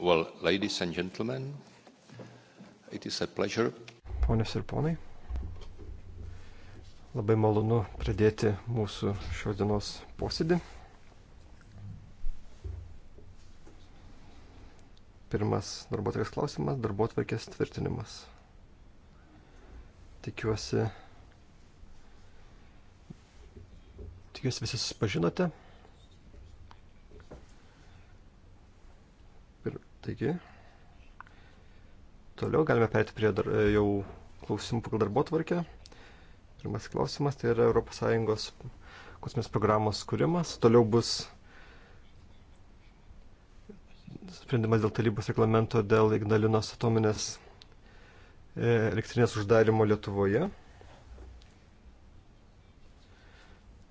Well, ladies and gentlemen, it is a pleasure. Ponios ir ponai, labai malonu pradėti mūsų šios dienos posėdį. Pirmas darbotvarkės klausimas - darbotvarkės tvirtinimas. Tikiuosi, tikiuosi visi susipažinote Taigi, toliau galime perėti prie dar, e, jau klausimų pagal darbo tvarkę. Pirmas klausimas tai yra ES kosminės programos kūrimas. Toliau bus sprendimas dėl tarybos reglamento dėl Ignalinos atominės e, elektrinės uždarimo Lietuvoje.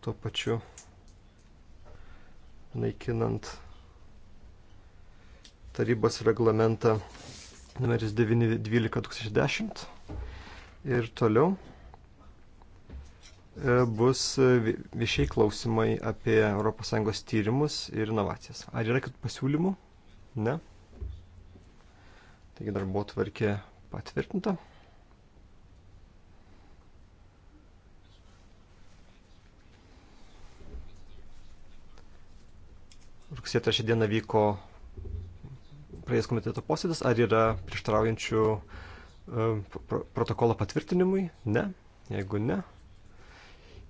Tuo pačiu naikinant tarybos reglamentą numeris 912-2010 ir toliau e, bus e, viešiai klausimai apie ES tyrimus ir inovacijas. Ar yra kitų pasiūlymų? Ne. Taigi darbo tvarkė patvirtinta. Rugsėjo 3 dieną vyko praėjęs komiteto posėdis, ar yra prieštaraujančių e, pro protokolo patvirtinimui? Ne. Jeigu ne,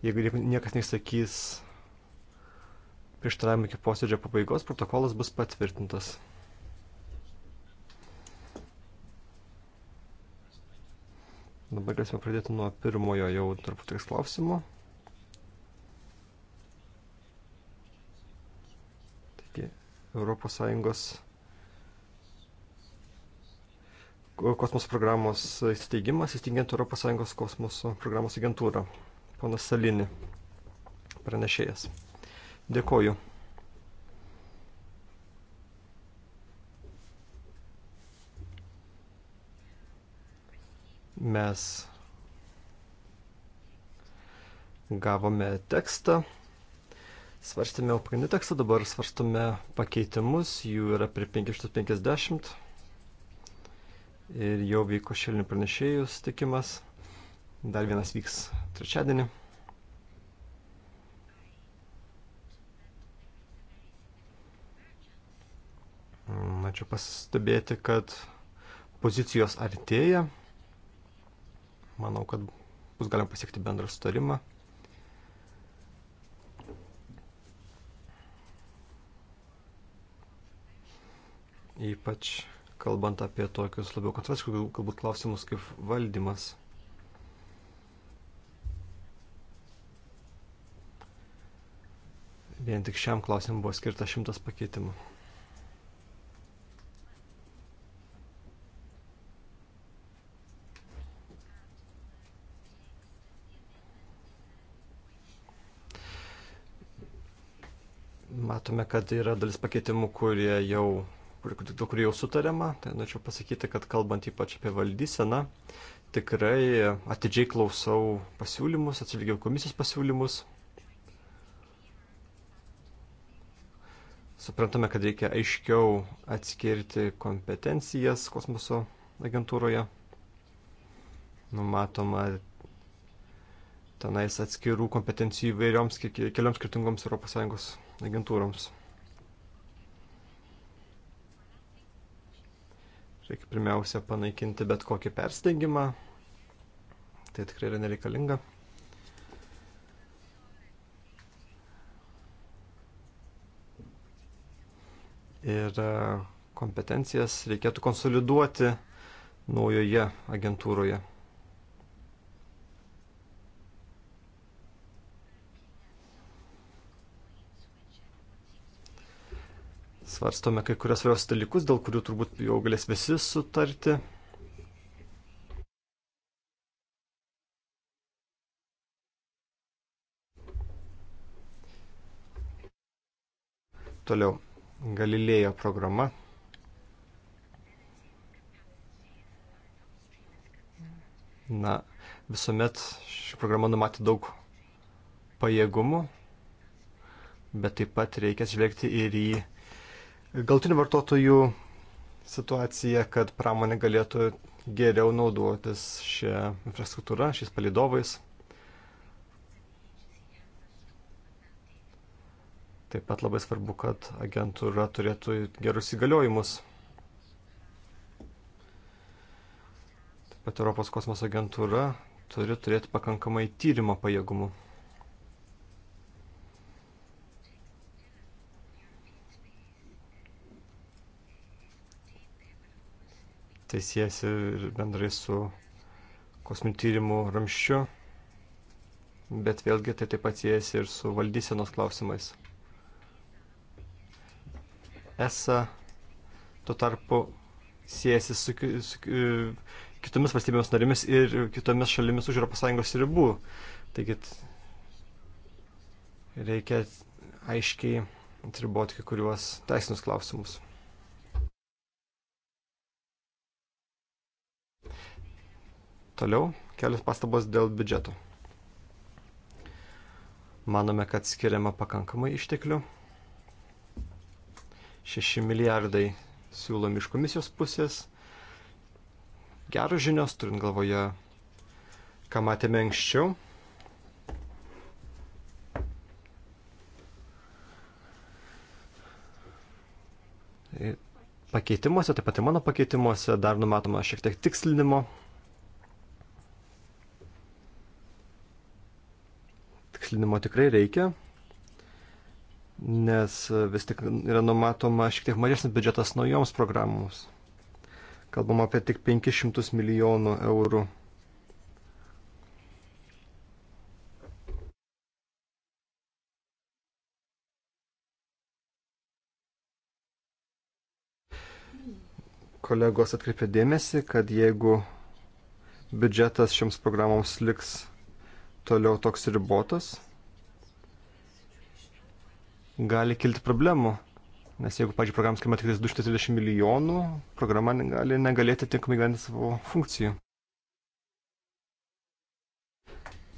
jeigu niekas neįsakys prieštaravimą iki posėdžio pabaigos, protokolas bus patvirtintas. Dabar galėsime pradėti nuo pirmojo jau tarptautės klausimo. Taigi, ES kosmoso programos įsteigimas, įsteigiant ES kosmoso programos agentūrą. Ponas Salini, pranešėjas. Dėkoju. Mes gavome tekstą, svarstėme pagrindinį tekstą, dabar svarstome pakeitimus, jų yra per 550 ir jau vyko šilinių pranešėjų sutikimas. Dar vienas vyks trečiadienį. Ačiū pasistebėti, kad pozicijos artėja. Manau, kad bus galima pasiekti bendrą sutarimą. Ypač kalbant apie tokius labiau kontroversiškus galbūt klausimus kaip valdymas. Vien tik šiam klausimui buvo skirta šimtas pakeitimų. Matome, kad yra dalis pakeitimų, kurie jau kur, dėl kurių jau sutarėma, tai norėčiau pasakyti, kad kalbant ypač apie valdyseną, tikrai atidžiai klausau pasiūlymus, atsivilgiau komisijos pasiūlymus. Suprantame, kad reikia aiškiau atskirti kompetencijas kosmoso agentūroje. Numatoma tenais atskirų kompetencijų įvairioms, kelioms skirtingoms ES agentūroms. Reikia pirmiausia panaikinti bet kokį persidengimą. Tai tikrai yra nereikalinga. ir e, kompetencijas reikėtų konsoliduoti naujoje agentūroje. svarstome kai kurias svarbiausius dalykus, dėl kurių turbūt jau galės visi sutarti. Toliau. Galilėjo programa. Na, visuomet ši programa numatė daug pajėgumų, bet taip pat reikia žvelgti ir į galtinių vartotojų situaciją, kad pramonė galėtų geriau naudotis šią infrastruktūrą, šiais palidovais. Taip pat labai svarbu, kad agentūra turėtų gerus įgaliojimus. Taip pat Europos kosmoso agentūra turi turėti pakankamai tyrimo pajėgumų. tai siejasi ir bendrai su kosminių tyrimų ramščiu, bet vėlgi tai taip pat siejasi ir su valdysenos klausimais. ESA tuo tarpu siejasi su, su kitomis valstybėmis narėmis ir kitomis šalimis už ES ribų. Taigi reikia aiškiai atriboti kai kuriuos teisinius klausimus. Toliau kelios pastabos dėl biudžeto. Manome, kad skiriama pakankamai išteklių. 6 milijardai siūlomi iš komisijos pusės. Geros žinios, turint galvoje, ką matėme anksčiau. Pakeitimuose, taip pat ir mano pakeitimuose dar numatoma šiek tiek tikslinimo patikslinimo tikrai reikia, nes vis tik yra numatoma šiek tiek mažesnis biudžetas naujoms programoms. Kalbam apie tik 500 milijonų eurų. Kolegos atkreipė dėmesį, kad jeigu biudžetas šiems programoms liks toliau toks ribotas, gali kilti problemų. Nes jeigu, pažiūrėjau, programas skirma tik 230 milijonų, programa gali negalėti tinkamai gyventi savo funkcijų.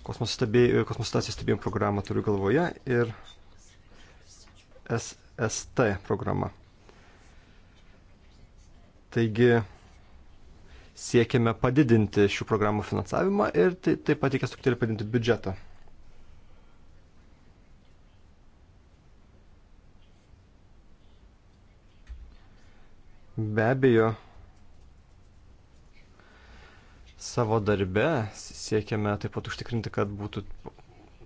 Kosmos stacijos stebėjimo programą turiu galvoje ir SST programą. Taigi, siekiame padidinti šių programų finansavimą ir tai, taip pat reikia truputėlį padidinti biudžetą. Be abejo, savo darbe siekiame taip pat užtikrinti, kad būtų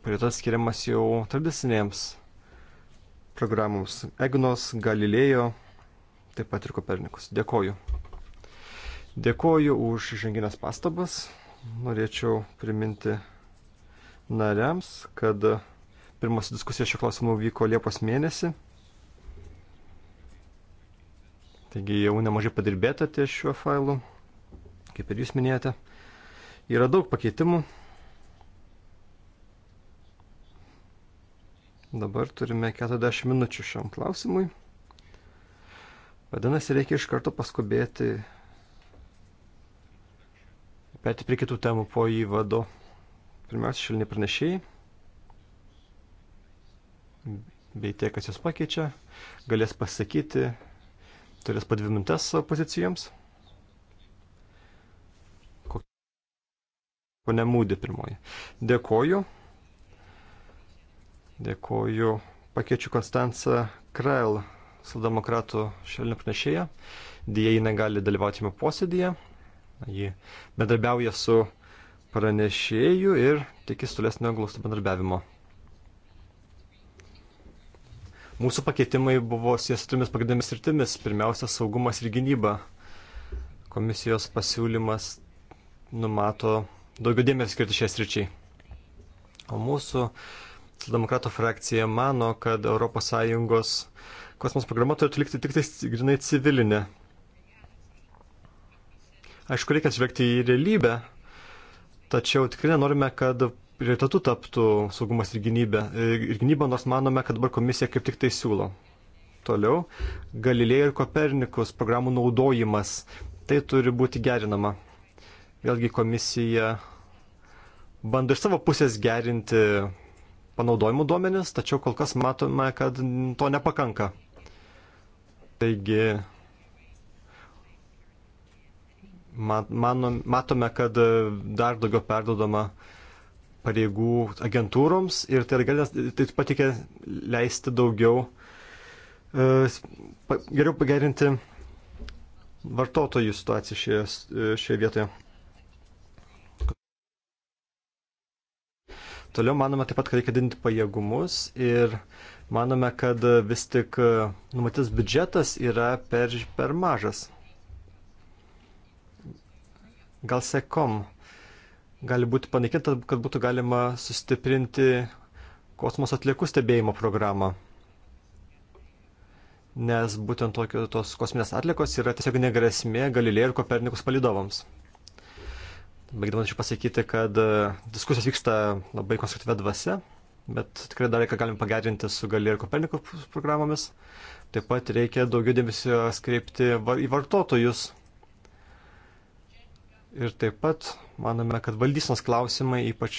prioritetas skiriamas jau tradicinėms programoms EGNOS, Galilėjo, taip pat ir Kopernikus. Dėkoju. Dėkoju už žanginės pastabas. Norėčiau priminti nariams, kad pirmas diskusija šio klausimu vyko Liepos mėnesį. Taigi jau nemažai padirbėta ties šiuo failu, kaip ir jūs minėjote. Yra daug pakeitimų. Dabar turime 40 minučių šiam klausimui. Vadinasi, reikia iš karto paskubėti Peti prie kitų temų po įvado. Pirmiausia, šilni pranešėjai. Bei tie, kas jos pakeičia, galės pasakyti, turės po dvi minutės pozicijoms. Pone Mūdė pirmoji. Dėkoju. Dėkoju. Pakeičiu Konstanciją Krail, saldemokratų šiandien pranešėją. Dėja, ji negali dalyvauti šiame posėdėje. Ji bedarbiauja su pranešėju ir tikis tolesnio glaustų bendarbiavimo. Mūsų pakeitimai buvo sies trimis pagrindėmis rytimis. Pirmiausia, saugumas ir gynyba. Komisijos pasiūlymas numato daugiau dėmesio skirti šiai sričiai. O mūsų Socialdemokratų frakcija mano, kad ES kosmos programa turėtų likti tik tai grinai civilinė Aišku, reikia žvelgti į realybę, tačiau tikrai nenorime, kad prioritetu taptų saugumas ir gynybė. Ir gynyba, nors manome, kad dabar komisija kaip tik tai siūlo. Toliau, Galilėjo ir Kopernikus programų naudojimas. Tai turi būti gerinama. Vėlgi komisija bando iš savo pusės gerinti panaudojimų duomenis, tačiau kol kas matome, kad to nepakanka. Taigi manom, matome, kad e, dar daugiau perdodama pareigų agentūroms ir tai, galės, tai patikė leisti daugiau, e, geriau pagerinti vartotojų situaciją šioje, e, šioje vietoje. Toliau manome taip pat, kad reikia didinti pajėgumus ir manome, kad vis tik numatytas biudžetas yra per, per mažas gal sekom gali būti panaikinta, kad būtų galima sustiprinti kosmoso atliekų stebėjimo programą. Nes būtent tokio, tos kosminės atlikos yra tiesiog negresmė Galilėjai ir Kopernikus palidovams. Baigdamas čia pasakyti, kad e, diskusijos vyksta labai konstruktyvė dvasia, bet tikrai dar reikia galim pagerinti su Galilėjai ir Kopernikus programomis. Taip pat reikia daugiau dėmesio skreipti į vartotojus Ir taip pat manome, kad valdysenos klausimai, ypač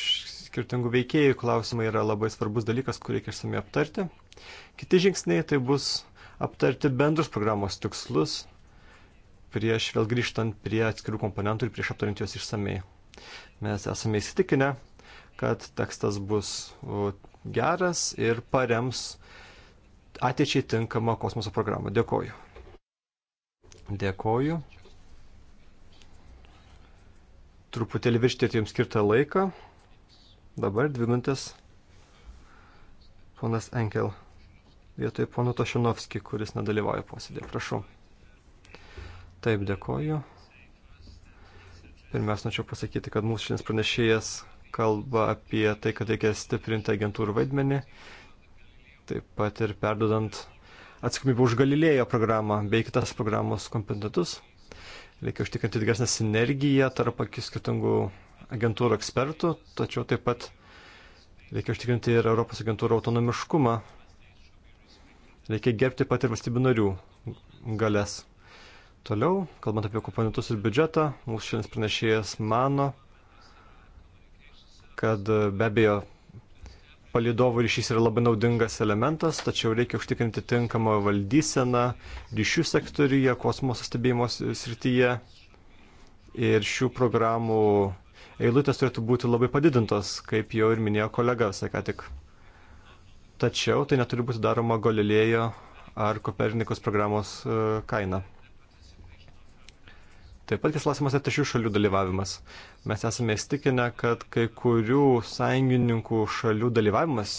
skirtingų veikėjų klausimai, yra labai svarbus dalykas, kurį reikia išsamei aptarti. Kiti žingsniai tai bus aptarti bendrus programos tikslus, prieš vėl grįžtant prie atskirų komponentų ir prieš aptarint juos išsamei. Mes esame įsitikinę, kad tekstas bus geras ir parems ateičiai tinkamą kosmoso programą. Dėkoju. Dėkoju truputėlį viršitėte jums skirtą laiką. Dabar dvi minutės ponas Enkel vietoj pono Tošinovski, kuris nedalyvauja posėdė. Prašau. Taip, dėkoju. Pirmiausia, norėčiau pasakyti, kad mūsų šiandien pranešėjas kalba apie tai, kad reikia stiprinti agentūrų vaidmenį, taip pat ir perdodant atsakomybę už Galilėjo programą bei kitas programos kompetentus. Reikia užtikrinti didesnę sinergiją tarp skirtingų agentūrų ekspertų, tačiau taip pat reikia užtikrinti ir Europos agentūrų autonomiškumą. Reikia gerbti pat ir valstybių narių galės. Toliau, kalbant apie komponentus ir biudžetą, mūsų šiandien pranešėjas mano, kad be abejo palidovų ryšys yra labai naudingas elementas, tačiau reikia užtikrinti tinkamą valdyseną ryšių sektoriuje, kosmoso stebėjimo srityje. Ir šių programų eilutės turėtų būti labai padidintos, kaip jau ir minėjo kolega visai ką tik. Tačiau tai neturi būti daroma Galilėjo ar Kopernikos programos e, kaina. Taip pat kis klausimas yra trečių šalių dalyvavimas. Mes esame įstikinę, kad kai kurių sąjungininkų šalių dalyvavimas,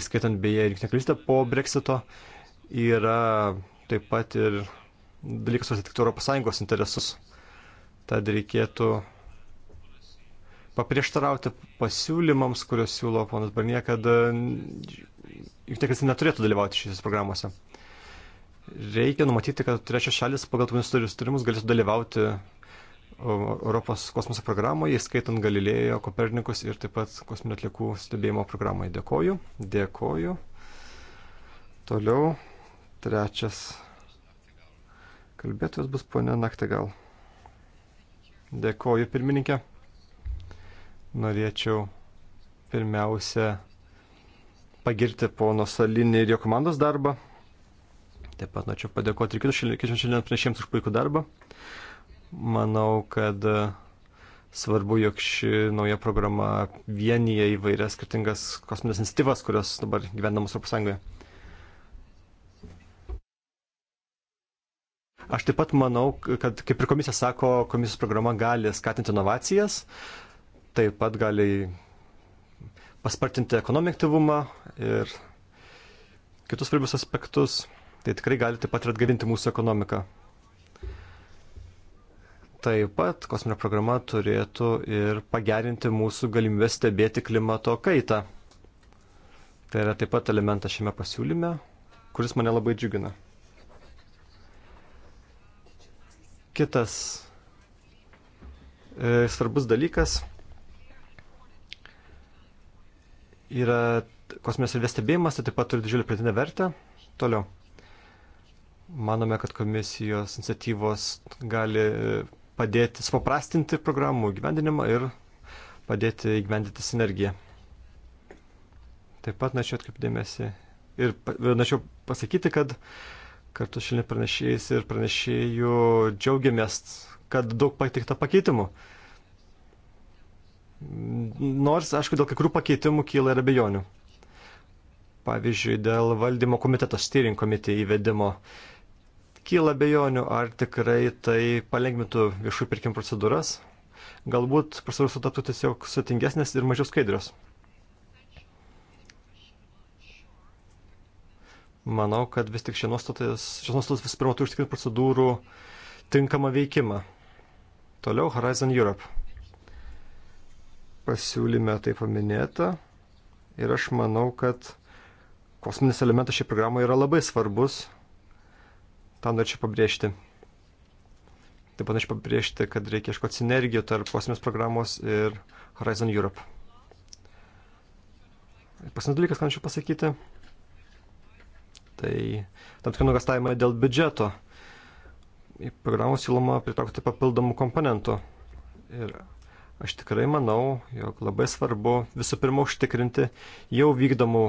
įskaitant beje ir Junktinė karalystė po breksito, yra taip pat ir dalykas, kuris atitiktų ES interesus. Tad reikėtų paprieštarauti pasiūlymams, kuriuos siūlo ponas Barnie, kad jungtinė karalystė neturėtų dalyvauti šiose programuose reikia numatyti, kad trečios šalis pagal tokius turimus galėtų dalyvauti Europos kosmoso programoje, įskaitant Galilėjo, Kopernikus ir taip pat kosminio atliekų stebėjimo programoje. Dėkoju. Dėkoju. Toliau trečias kalbėtojas bus ponė Naktigal. Dėkoju pirmininkė. Norėčiau pirmiausia pagirti pono Salinį ir jo komandos darbą. Taip pat norėčiau padėkoti ir kitus šiandien pranešėjams už puikų darbą. Manau, kad e, svarbu, jog ši nauja programa vienyje įvairias skirtingas kosminės iniciatyvas, kurios dabar gyvenamos Europos Sąjungoje. Aš taip pat manau, kad kaip ir komisija sako, komisijos programa gali skatinti inovacijas, taip pat gali paspartinti ekonomiktivumą ir kitus svarbius aspektus. Tai tikrai gali taip pat ir atgavinti mūsų ekonomiką. Taip pat kosminė programa turėtų ir pagerinti mūsų galimybę stebėti klimato kaitą. Tai yra taip pat elementas šiame pasiūlyme, kuris mane labai džiugina. Kitas e, svarbus dalykas yra kosminės erdvės stebėjimas, tai taip pat turi didžiulį pridėtinę vertę. Toliau. Manome, kad komisijos iniciatyvos gali e, padėti supaprastinti programų gyvendinimą ir padėti įgyvendinti sinergiją. Taip pat norėčiau atkreipdėmėsi ir e, norėčiau pasakyti, kad kartu šiandien pranešėjais ir pranešėjų džiaugiamės, kad daug pateikta pakeitimų. Nors, aišku, dėl kai kurių pakeitimų kyla ir abejonių. Pavyzdžiui, dėl valdymo komiteto steering komitė įvedimo. Uh, Kyla bejonių, ar tikrai tai palengvintų viešų pirkimų procedūras. Galbūt procedūros taptų tiesiog sutingesnės ir mažiau skaidrios. Manau, kad vis tik šios nuostatos vis pirma turi užtikrinti procedūrų tinkamą veikimą. Toliau Horizon Europe. Pasiūlyme tai paminėta ir aš manau, kad kosminis elementas šiai programai yra labai svarbus tą norėčiau pabrėžti. Taip pat norėčiau pabrėžti, kad reikia iškoti sinergijų tarp kosminės programos ir Horizon Europe. Pasinas dalykas, ką norėčiau pasakyti, tai tam tikrą nugastavimą dėl biudžeto. Į programą siūloma pritraukti papildomų komponentų. Ir aš tikrai manau, jog labai svarbu visų pirma užtikrinti jau vykdomų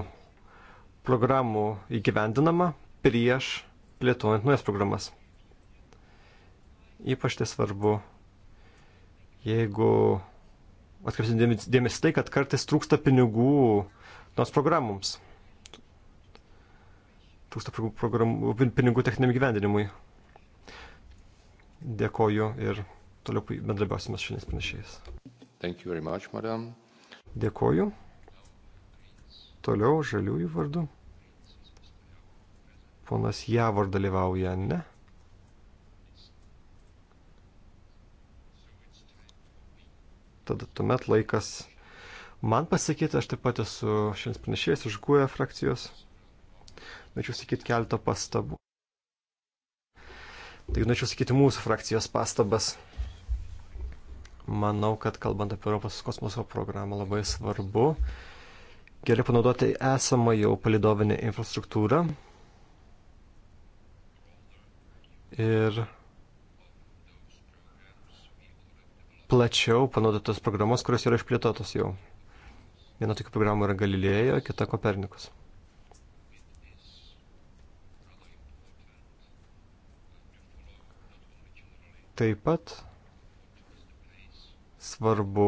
programų įgyvendinamą prieš plėtojant naujas programas. Ypač tai svarbu, jeigu atkreipsim dėmesį tai, kad kartais trūksta pinigų nors programoms. Trūksta programų, pinigų techniniam gyvendinimui. Dėkoju ir toliau bendrabiausime su šiandien pranešėjais. Dėkoju. Toliau žaliųjų vardu. Ponas Javor dalyvauja, ne? Tada tuomet laikas man pasakyti, aš taip pat esu šiandien pranešėjęs iš GUE frakcijos. Norėčiau sakyti keletą pastabų. Taigi norėčiau sakyti mūsų frakcijos pastabas. Manau, kad kalbant apie Europos kosmoso programą labai svarbu geriau panaudoti esamą jau palidovinę infrastruktūrą, ir plačiau panaudotos programos, kurios yra išplėtotos jau. Viena tokių programų yra Galilėjo, kita Kopernikus. Taip pat svarbu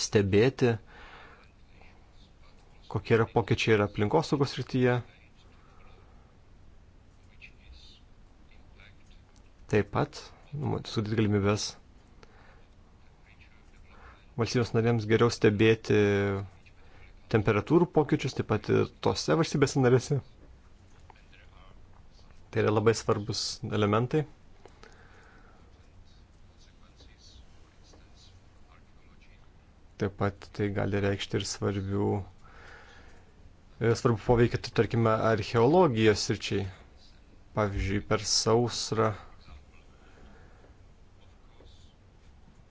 stebėti, kokie yra pokyčiai yra aplinkosaugos rytyje Taip pat sudėti nu, galimybės valstybės narėms geriau stebėti temperatūrų pokyčius, taip pat ir tose valstybėse narėse. Tai yra labai svarbus elementai. Taip pat tai gali reikšti ir svarbių, e, svarbu poveikį, tarkime, archeologijos sričiai. Pavyzdžiui, per sausrą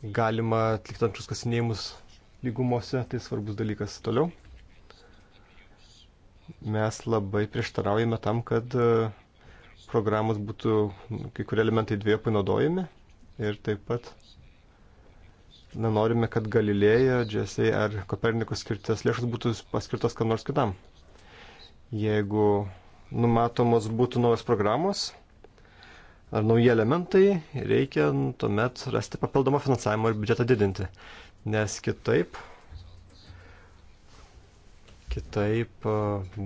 galima atlikti antrus kasinėjimus lygumose, tai svarbus dalykas. Toliau mes labai prieštaraujame tam, kad e, programos būtų nu, kai kurie elementai dviejopai naudojami ir taip pat nenorime, kad Galilėjo, Džesiai ar Kopernikos skirtas lėšas būtų paskirtos kam nors kitam. Jeigu numatomos būtų naujos programos, ar nauji elementai, reikia tuomet rasti papildomą finansavimą ir biudžetą didinti. Nes kitaip, kitaip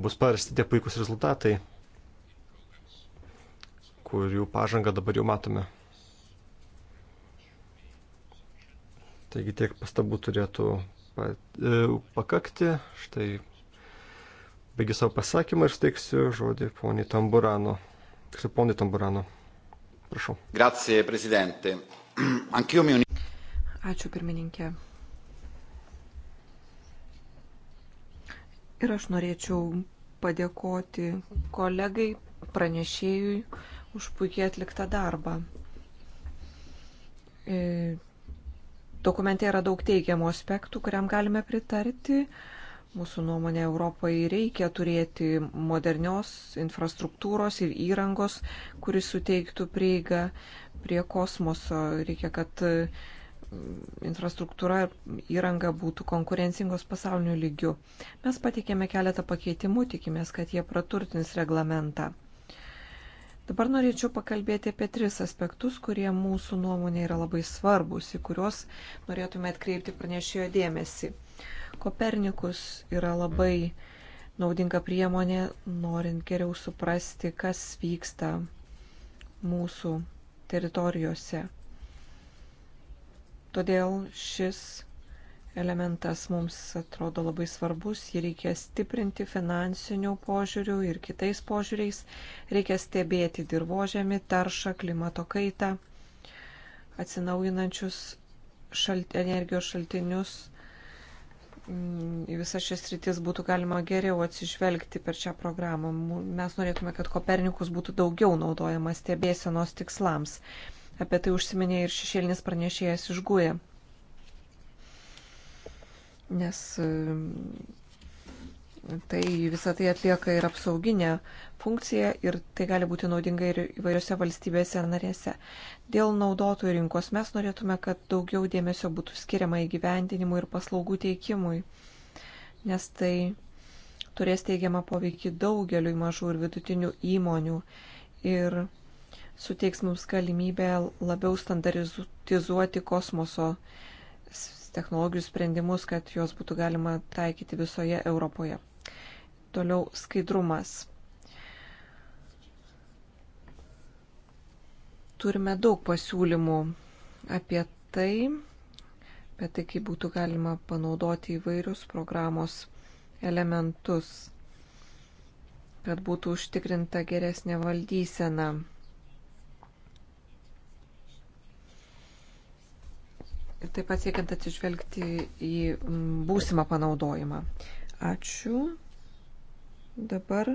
bus parasti tie puikūs rezultatai, kurių pažangą dabar jau matome. Taigi tiek pastabų turėtų e, pakakti. Štai baigiu savo pasakymą ir steiksiu žodį poniai Tamburano. Tiksliau, poniai Tamburano. Prašau. Grazie, prezidentė. Ačiū, pirmininkė. Ir aš norėčiau padėkoti kolegai, pranešėjui už puikiai atliktą darbą. E, dokumente yra daug teigiamų aspektų, kuriam galime pritarti. Mūsų nuomonė Europai reikia turėti modernios infrastruktūros ir įrangos, kuris suteiktų prieigą prie kosmoso. Reikia, kad mm, infrastruktūra ir įranga būtų konkurencingos pasauliniu lygiu. Mes pateikėme keletą pakeitimų, tikimės, kad jie praturtins reglamentą. Dabar norėčiau pakalbėti apie tris aspektus, kurie mūsų nuomonė yra labai svarbus, į kuriuos norėtume atkreipti pranešėjo dėmesį. Kopernikus yra labai naudinga priemonė, norint geriau suprasti, kas vyksta mūsų teritorijose. Todėl šis elementas mums atrodo labai svarbus, jį reikia stiprinti finansinių požiūrių ir kitais požiūriais, reikia stebėti dirbožėmį, taršą, klimato kaitą, atsinaujinančius šalt, energijos šaltinius į visas šias rytis būtų galima geriau atsižvelgti per šią programą. Mes norėtume, kad Kopernikus būtų daugiau naudojamas stebėsenos tikslams. Apie tai užsiminė ir šešėlinis pranešėjas iš Guja. Nes Tai visą tai atlieka ir apsauginė funkcija ir tai gali būti naudinga ir įvairiose valstybėse narėse. Dėl naudotojų rinkos mes norėtume, kad daugiau dėmesio būtų skiriama įgyvendinimui ir paslaugų teikimui, nes tai turės teigiamą poveikį daugeliui mažų ir vidutinių įmonių ir suteiks mums galimybę labiau standartizuoti kosmoso technologijų sprendimus, kad juos būtų galima taikyti visoje Europoje. Toliau skaidrumas. Turime daug pasiūlymų apie tai, apie tai, kaip būtų galima panaudoti įvairius programos elementus, kad būtų užtikrinta geresnė valdysena. Ir taip pat siekiant atsižvelgti į būsimą panaudojimą. Ačiū. Dabar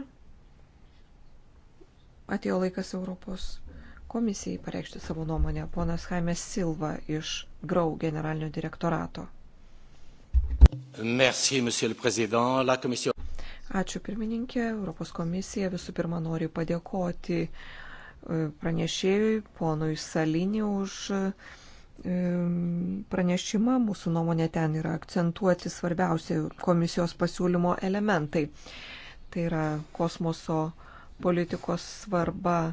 atėjo laikas Europos komisijai pareikšti savo nuomonę. Ponas Haimės Silva iš Grau generalinio direktorato. Merci, Commission... Ačiū pirmininkė. Europos komisija visų pirma nori padėkoti e, pranešėjui, ponui Salinį, už e, pranešimą. Mūsų nuomonė ten yra akcentuoti svarbiausi komisijos pasiūlymo elementai tai yra kosmoso politikos svarba e,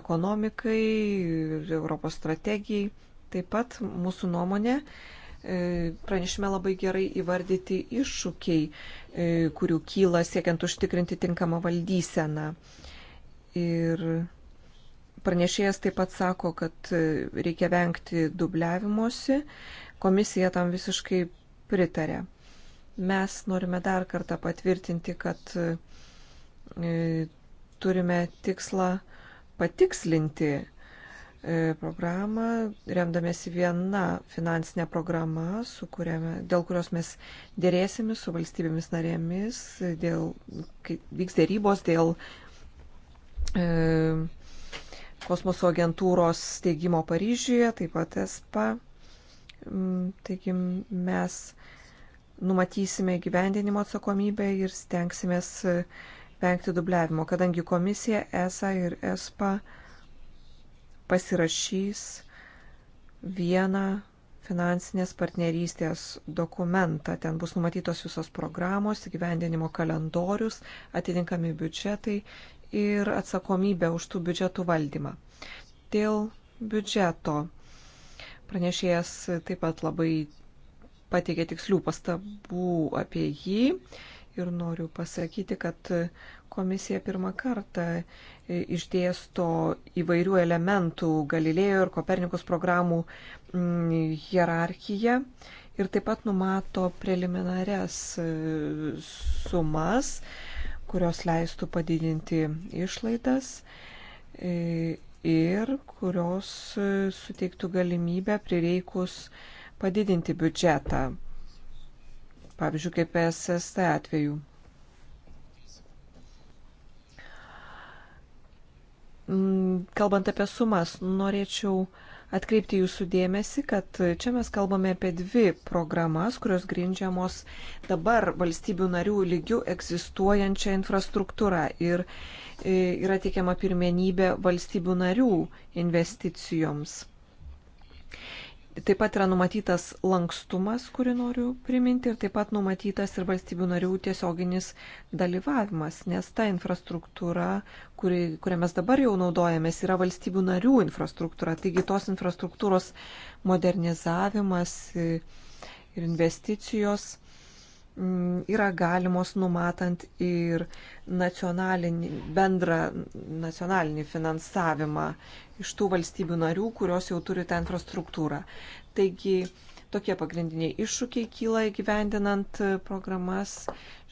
ekonomikai, Europos strategijai. Taip pat mūsų nuomonė e, pranešime labai gerai įvardyti iššūkiai, e, kurių kyla siekiant užtikrinti tinkamą valdyseną. Ir pranešėjas taip pat sako, kad reikia vengti dubliavimuose. Komisija tam visiškai pritarė. Mes norime dar kartą patvirtinti, kad e, turime tikslą patikslinti e, programą, remdamėsi viena finansinė programa, kuriame, dėl kurios mes dėrėsime su valstybėmis narėmis, dėl, kai vyks dėrybos dėl e, kosmoso agentūros steigimo Paryžiuje, taip pat ESPA. Mm, taigi mes numatysime gyvendinimo atsakomybę ir stengsimės e, vengti dubliavimo, kadangi komisija ESA ir ESPA pasirašys vieną finansinės partnerystės dokumentą. Ten bus numatytos visos programos, gyvendinimo kalendorius, atitinkami biudžetai ir atsakomybė už tų biudžetų valdymą. Dėl biudžeto pranešėjas taip pat labai pateikė tikslių pastabų apie jį ir noriu pasakyti, kad komisija pirmą kartą e, išdėsto įvairių elementų Galilėjo ir Kopernikos programų mm, hierarchiją ir taip pat numato preliminarias e, sumas, kurios leistų padidinti išlaidas e, ir kurios suteiktų galimybę prireikus padidinti biudžetą, pavyzdžiui, kaip SST atveju. Mm, kalbant apie sumas, norėčiau atkreipti jūsų dėmesį, kad čia mes kalbame apie dvi programas, kurios grindžiamos dabar valstybių narių lygių egzistuojančią infrastruktūrą ir e, yra teikiama pirmenybė valstybių narių investicijoms. Taip pat yra numatytas lankstumas, kurį noriu priminti, ir taip pat numatytas ir valstybių narių tiesioginis dalyvavimas, nes ta infrastruktūra, kuri, kurią mes dabar jau naudojamės, yra valstybių narių infrastruktūra. Taigi tos infrastruktūros modernizavimas ir investicijos Mm, yra galimos numatant ir nacionalinį, bendrą nacionalinį finansavimą iš tų valstybių narių, kurios jau turi tą infrastruktūrą. Taigi tokie pagrindiniai iššūkiai kyla įgyvendinant e, programas.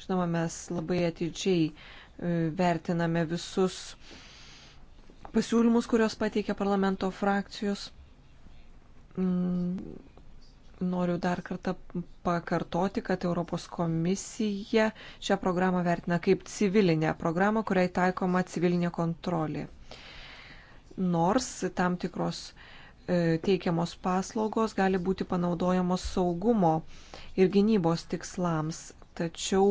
Žinoma, mes labai atidžiai e, vertiname visus pasiūlymus, kuriuos pateikia parlamento frakcijos mm, noriu dar kartą pakartoti, kad Europos komisija šią programą vertina kaip civilinę programą, kuriai taikoma civilinė kontrolė. Nors tam tikros e, teikiamos paslaugos gali būti panaudojamos saugumo ir gynybos tikslams, tačiau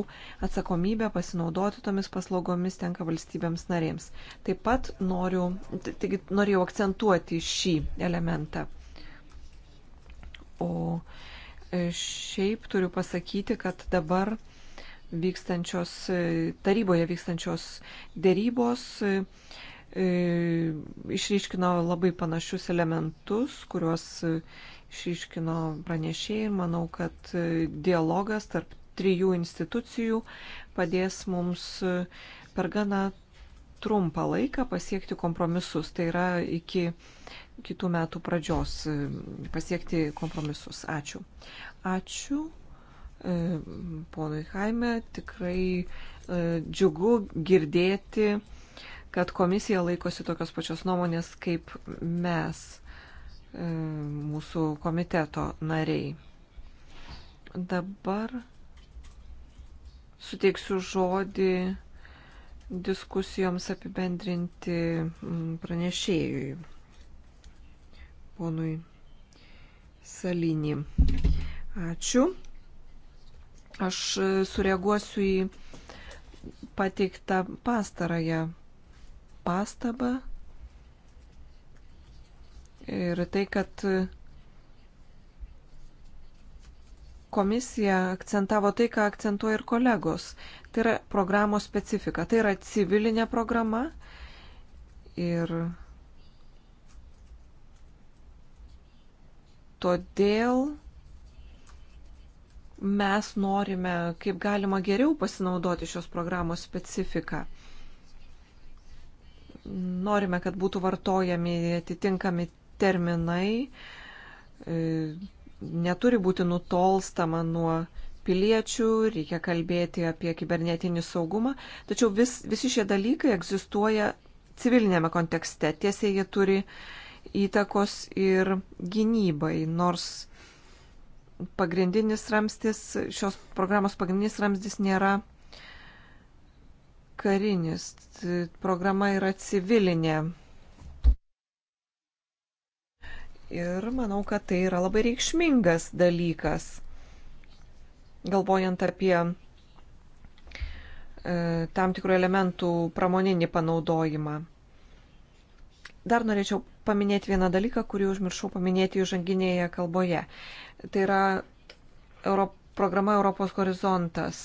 atsakomybę pasinaudoti tomis paslaugomis tenka valstybėms narėms. Taip pat noriu, taigi norėjau akcentuoti šį elementą. O e, šiaip turiu pasakyti, kad dabar vykstančios, e, taryboje vykstančios dėrybos e, išryškino labai panašius elementus, kuriuos išryškino pranešėjai ir manau, kad dialogas tarp trijų institucijų padės mums per gana trumpą laiką pasiekti kompromisus. Tai yra iki kitų metų pradžios e, pasiekti kompromisus. Ačiū. Ačiū e, ponui Haime. Tikrai e, džiugu girdėti, kad komisija laikosi tokios pačios nuomonės kaip mes, mūsų komiteto nariai. Dabar suteiksiu žodį diskusijoms apibendrinti pranešėjui ponui Salinį. Ačiū. Aš sureaguosiu į pateiktą pastarąją pastabą ir tai, kad komisija akcentavo tai, ką akcentuoja ir kolegos. Tai yra programos specifika. Tai yra civilinė programa ir Todėl mes norime kaip galima geriau pasinaudoti šios programos specifiką. Norime, kad būtų vartojami atitinkami terminai, e, neturi būti nutolstama nuo piliečių, reikia kalbėti apie kibernetinį saugumą, tačiau vis, visi šie dalykai egzistuoja civilinėme kontekste. Tiesiai jie turi uh, įtakos ir gynybai, nors pagrindinis ramstis, šios programos pagrindinis ramstis nėra karinis, programa yra civilinė. Ir manau, kad tai yra labai reikšmingas dalykas, galvojant apie e, tam tikrų elementų pramoninį panaudojimą. Dar norėčiau paminėti vieną dalyką, kurį užmiršau paminėti įžanginėje kalboje. Tai yra Euro, programa Europos horizontas.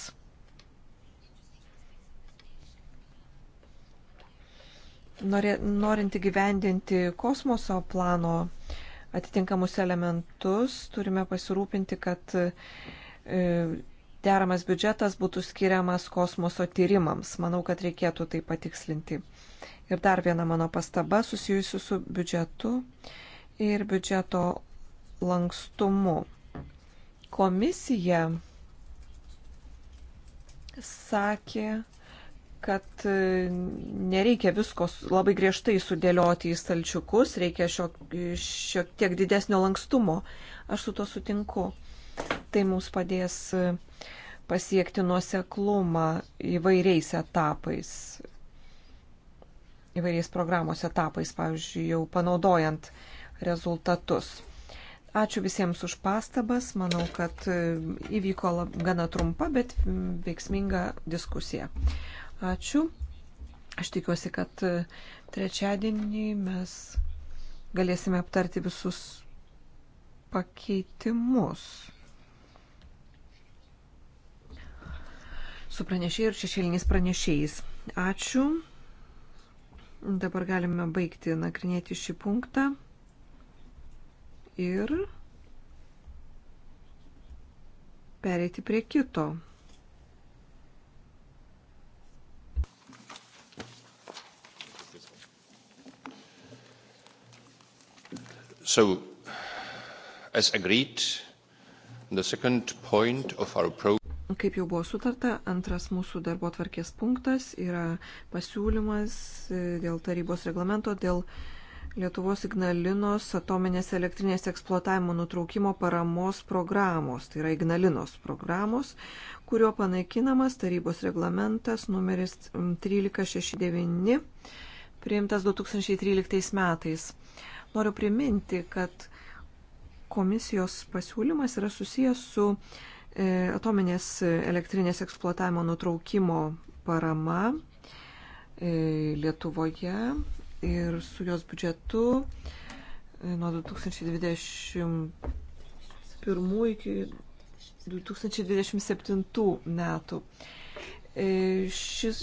Norė, norint įgyvendinti kosmoso plano atitinkamus elementus, turime pasirūpinti, kad e, deramas biudžetas būtų skiriamas kosmoso tyrimams. Manau, kad reikėtų tai patikslinti. Ir dar viena mano pastaba susijusi su biudžetu ir biudžeto lankstumu. Komisija sakė, kad e, nereikia visko labai griežtai sudėlioti į stalčiukus, reikia šiek tiek didesnio lankstumo. Aš su to sutinku. Tai mums padės e, pasiekti nuoseklumą įvairiais etapais įvairiais programos etapais, pavyzdžiui, jau panaudojant rezultatus. Ačiū visiems už pastabas. Manau, kad e, įvyko lab, gana trumpa, bet veiksminga diskusija. Ačiū. Aš tikiuosi, kad e, trečiadienį mes galėsime aptarti visus pakeitimus. Su pranešėjai ir šešėliniais pranešėjais. Ačiū. Dabar galime baigti nagrinėti šį punktą. Ir pereiti prie kito. So, as agreed, the second point of our program Kaip jau buvo sutarta, antras mūsų darbo tvarkės punktas yra pasiūlymas e, dėl tarybos reglamento dėl Lietuvos Ignalinos atominės elektrinės eksploatavimo nutraukimo paramos programos, tai yra Ignalinos programos, kurio panaikinamas tarybos reglamentas numeris 1369, priimtas 2013 metais. Noriu priminti, kad komisijos pasiūlymas yra susijęs su E, atominės elektrinės eksploatavimo nutraukimo parama e, Lietuvoje ir su jos biudžetu e, nuo 2021 iki 2027 metų. E, šis,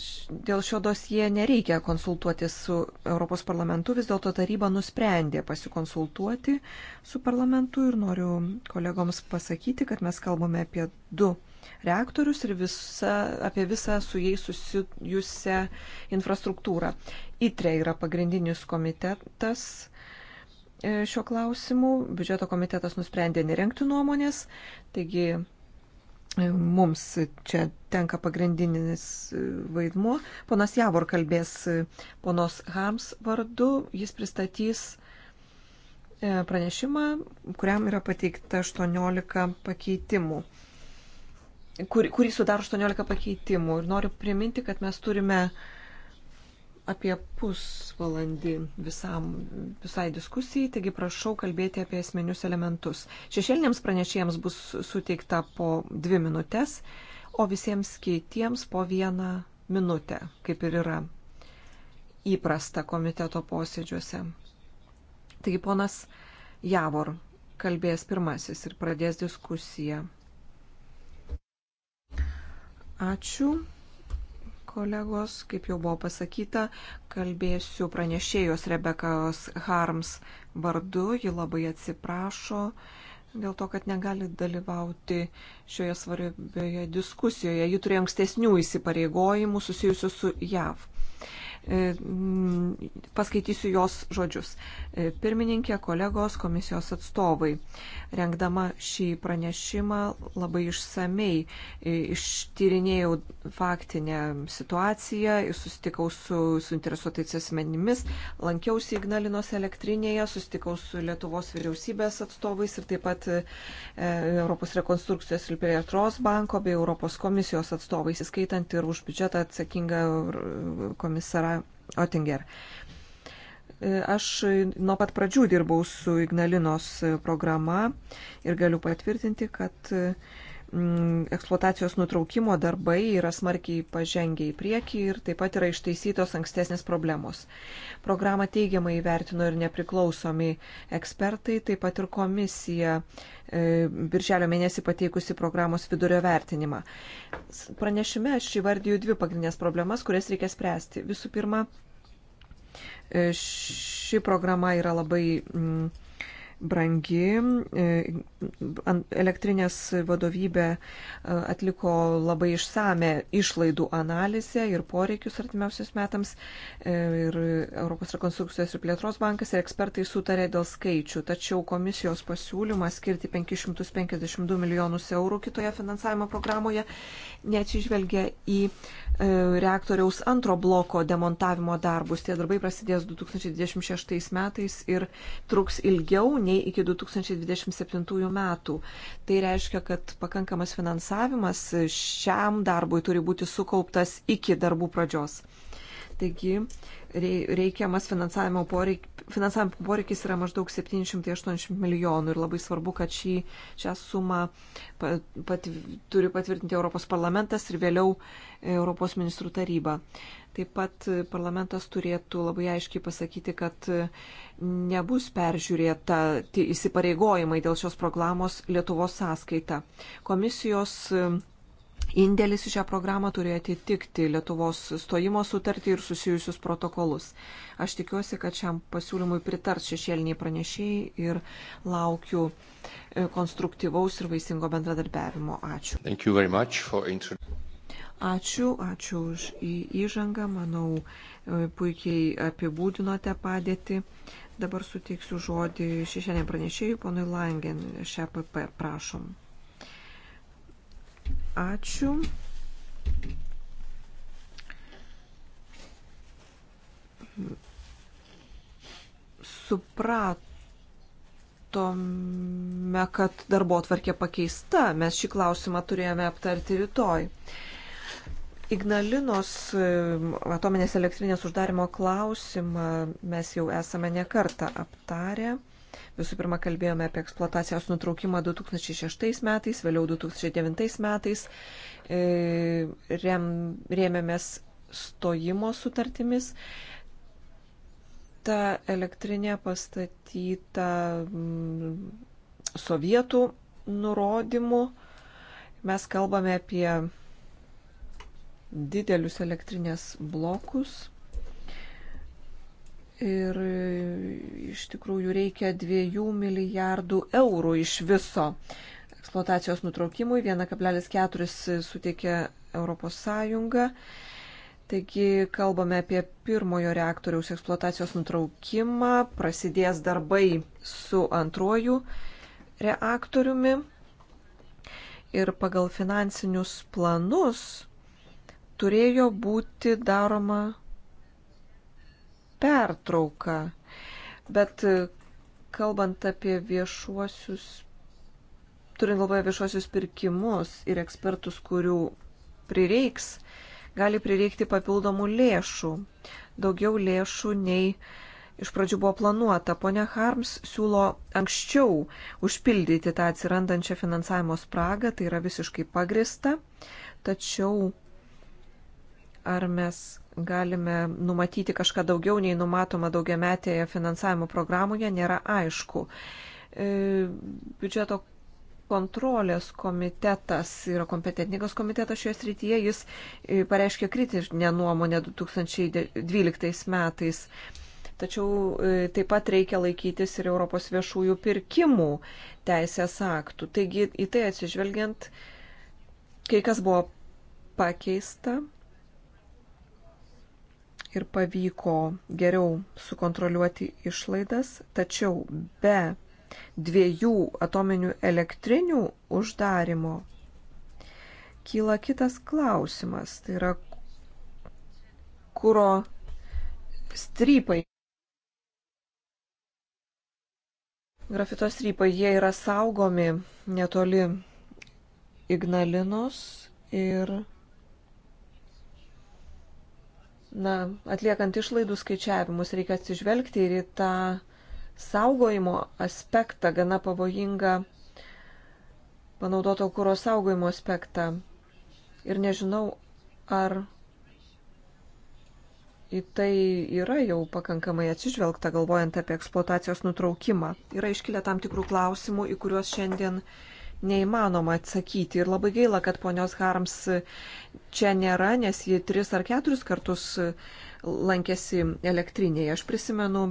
dėl šio dosie nereikia konsultuoti su Europos parlamentu, vis dėlto taryba nusprendė pasikonsultuoti su parlamentu ir noriu kolegoms pasakyti, kad mes kalbame apie du reaktorius ir visa, apie visą su jais susijusią infrastruktūrą. ITRE yra pagrindinis komitetas e, šio klausimu, biudžeto komitetas nusprendė nerenkti nuomonės, taigi mums čia tenka pagrindinis vaidmuo. Ponas Javor kalbės ponos Hams vardu, jis pristatys e, pranešimą, kuriam yra pateikta 18 pakeitimų, kur, kurį sudaro 18 pakeitimų. Ir noriu priminti, kad mes turime uh, apie pusvalandį visam, visai diskusijai, taigi prašau kalbėti apie esminius elementus. Šešėlinėms pranešėjams bus suteikta po dvi minutės, o visiems kitiems po vieną minutę, kaip ir yra įprasta komiteto posėdžiuose. Taigi ponas Javor kalbės pirmasis ir pradės diskusiją. Ačiū kolegos, kaip jau buvo pasakyta, kalbėsiu pranešėjos Rebekos Harms vardu. Ji labai atsiprašo dėl to, kad negali dalyvauti šioje svarbioje diskusijoje. Ji turėjo ankstesnių įsipareigojimų susijusių su JAV. E, paskaitysiu jos žodžius. E, pirmininkė, kolegos, komisijos atstovai. Rengdama šį pranešimą labai išsamei ištyrinėjau faktinę situaciją, sustikau su suinteresuotais asmenimis, lankiausi Ignalinos elektrinėje, sustikau su Lietuvos vyriausybės atstovais ir taip pat e, Europos rekonstrukcijos ir plėtros banko bei Europos komisijos atstovais, įskaitant ir už biudžetą atsakingą komisarą Oettinger. E, aš nuo pat pradžių dirbau su Ignalinos e, programa ir galiu patvirtinti, kad e, eksploatacijos nutraukimo darbai yra smarkiai pažengę į priekį ir taip pat yra ištaisytos ankstesnės problemos. Programą teigiamai įvertino ir nepriklausomi ekspertai, taip pat ir komisija birželio mėnesį pateikusi programos vidurio vertinimą. Pranešime aš įvardiju dvi pagrindinės problemas, kurias reikia spręsti. Visų pirma, Ši programa yra labai mm, brangi. E, elektrinės vadovybė e, atliko labai išsame išlaidų analizę ir poreikius artimiausius metams. E, ir Europos rekonstrukcijos ir plėtros bankas ir ekspertai sutarė dėl skaičių. Tačiau komisijos pasiūlymas skirti 552 milijonus eurų kitoje finansavimo programoje neatsižvelgia į reaktoriaus antro bloko demontavimo darbus. Tie darbai prasidės 2026 metais ir truks ilgiau nei nei iki 2027 metų. Tai reiškia, kad pakankamas finansavimas šiam darbui turi būti sukauptas iki darbų pradžios. Taigi reikiamas finansavimo, poreik, finansavimo poreikis yra maždaug 780 milijonų ir labai svarbu, kad šį, šią sumą pat, pat, turi patvirtinti Europos parlamentas ir vėliau Europos ministrų taryba. Taip pat parlamentas turėtų labai aiškiai pasakyti, kad nebus peržiūrėta įsipareigojimai dėl šios programos Lietuvos sąskaita. Komisijos Indėlis į šią programą turi atitikti Lietuvos stojimo sutartį ir susijusius protokolus. Aš tikiuosi, kad šiam pasiūlymui pritars šešėliniai pranešėjai ir laukiu e, konstruktyvaus ir vaisingo bendradarbiavimo. Ačiū. Ačiū, ačiū už įžangą, manau, e, puikiai apibūdinote padėtį. Dabar suteiksiu žodį šešėliniam pranešėjui, ponui Langen, šią e PP, prašom. Ačiū. Supratome, kad darbo atvarkė pakeista. Mes šį klausimą turėjome aptarti rytoj. Ignalinos atominės elektrinės uždarimo klausimą mes jau esame nekartą aptarę. Visų pirma, kalbėjome apie eksploatacijos nutraukimą 2006 metais, vėliau 2009 metais. E, rem, rėmėmės stojimo sutartimis. Ta elektrinė pastatyta mm, sovietų nurodymų. Mes kalbame apie didelius elektrinės blokus Ir e, iš tikrųjų reikia 2 milijardų eurų iš viso. Eksploatacijos nutraukimui 1,4 suteikė ES. Taigi kalbame apie pirmojo reaktoriaus eksploatacijos nutraukimą. Prasidės darbai su antruoju reaktoriumi. Ir pagal finansinius planus turėjo būti daroma pertrauką. Bet e, kalbant apie viešuosius, turint galvoje viešuosius pirkimus ir ekspertus, kurių prireiks, gali prireikti papildomų lėšų, daugiau lėšų nei iš pradžių buvo planuota. Pone Harms siūlo anksčiau užpildyti tą atsirandančią finansavimo spragą, tai yra visiškai pagrista, tačiau ar mes galime numatyti kažką daugiau nei numatoma daugiametėje finansavimo programoje, nėra aišku. E, biudžeto kontrolės komitetas yra kompetentingas komitetas šioje srityje, jis e, pareiškė kritinę nuomonę 2012 metais. Tačiau e, taip pat reikia laikytis ir Europos viešųjų pirkimų teisės aktų. Taigi į tai atsižvelgiant, kai kas buvo pakeista, ir pavyko geriau sukontroliuoti išlaidas, tačiau be dviejų atominių elektrinių uždarimo kyla kitas klausimas, tai yra kūro strypai. Grafito strypai, jie yra saugomi netoli Ignalinos ir na, atliekant išlaidų skaičiavimus, reikia atsižvelgti ir į tą saugojimo aspektą, gana pavojingą panaudoto kūro saugojimo aspektą. Ir nežinau, ar į tai yra jau pakankamai atsižvelgta, galvojant apie eksploatacijos nutraukimą. Yra iškilę tam tikrų klausimų, į kuriuos šiandien neįmanoma atsakyti. Ir labai gaila, kad ponios Harms čia nėra, nes ji tris ar keturis kartus lankėsi elektrinėje. Aš prisimenu,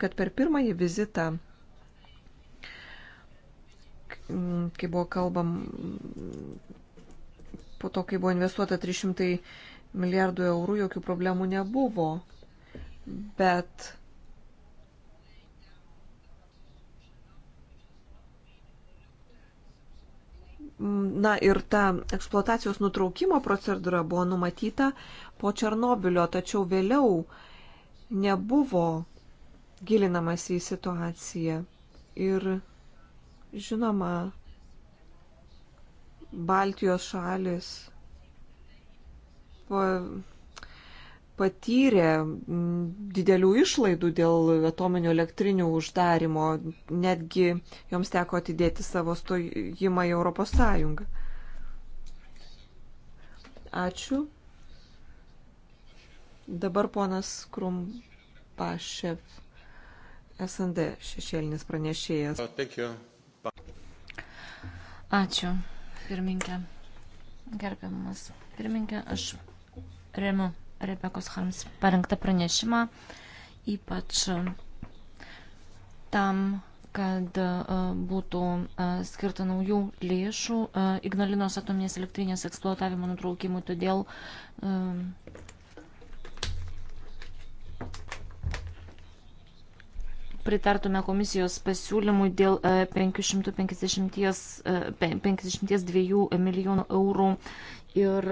kad per pirmąjį vizitą, kai buvo kalbam, po to, kai buvo investuota 300 milijardų eurų, jokių problemų nebuvo. Bet Na ir ta eksploatacijos nutraukimo procedūra buvo numatyta po Černobilio, tačiau vėliau nebuvo gilinamas į situaciją. Ir žinoma, Baltijos šalis po patyrė didelių išlaidų dėl atominių elektrinių uždarimo, netgi joms teko atidėti savo stojimą į Europos Sąjungą. Ačiū. Dabar ponas Krumpašev, SND šešėlinis pranešėjas. Oh, Ačiū, pirminkė. Gerbiamas pirminkė, aš remiu Rebekos Harms parengtą pranešimą, ypač e, tam, kad e, būtų e, skirta naujų lėšų Ignalinos atominės elektrinės eksploatavimo nutraukimui. Todėl pritartume komisijos pasiūlymui dėl 552 milijonų eurų ir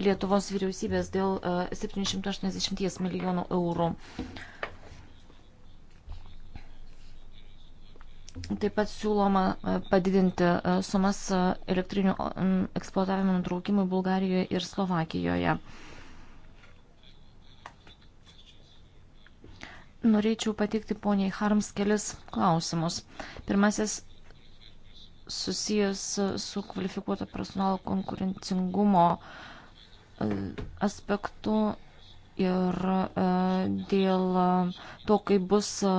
Lietuvos vyriausybės dėl 780 e, milijonų eurų. Taip pat siūloma e, padidinti e, sumas elektrinių eksploatavimo nutraukimui Bulgarijoje ir Slovakijoje. Norėčiau patikti poniai Harms kelis klausimus. Pirmasis susijęs su kvalifikuoto personalo konkurencingumo uh, aspektų ir e, dėl to, kaip bus e,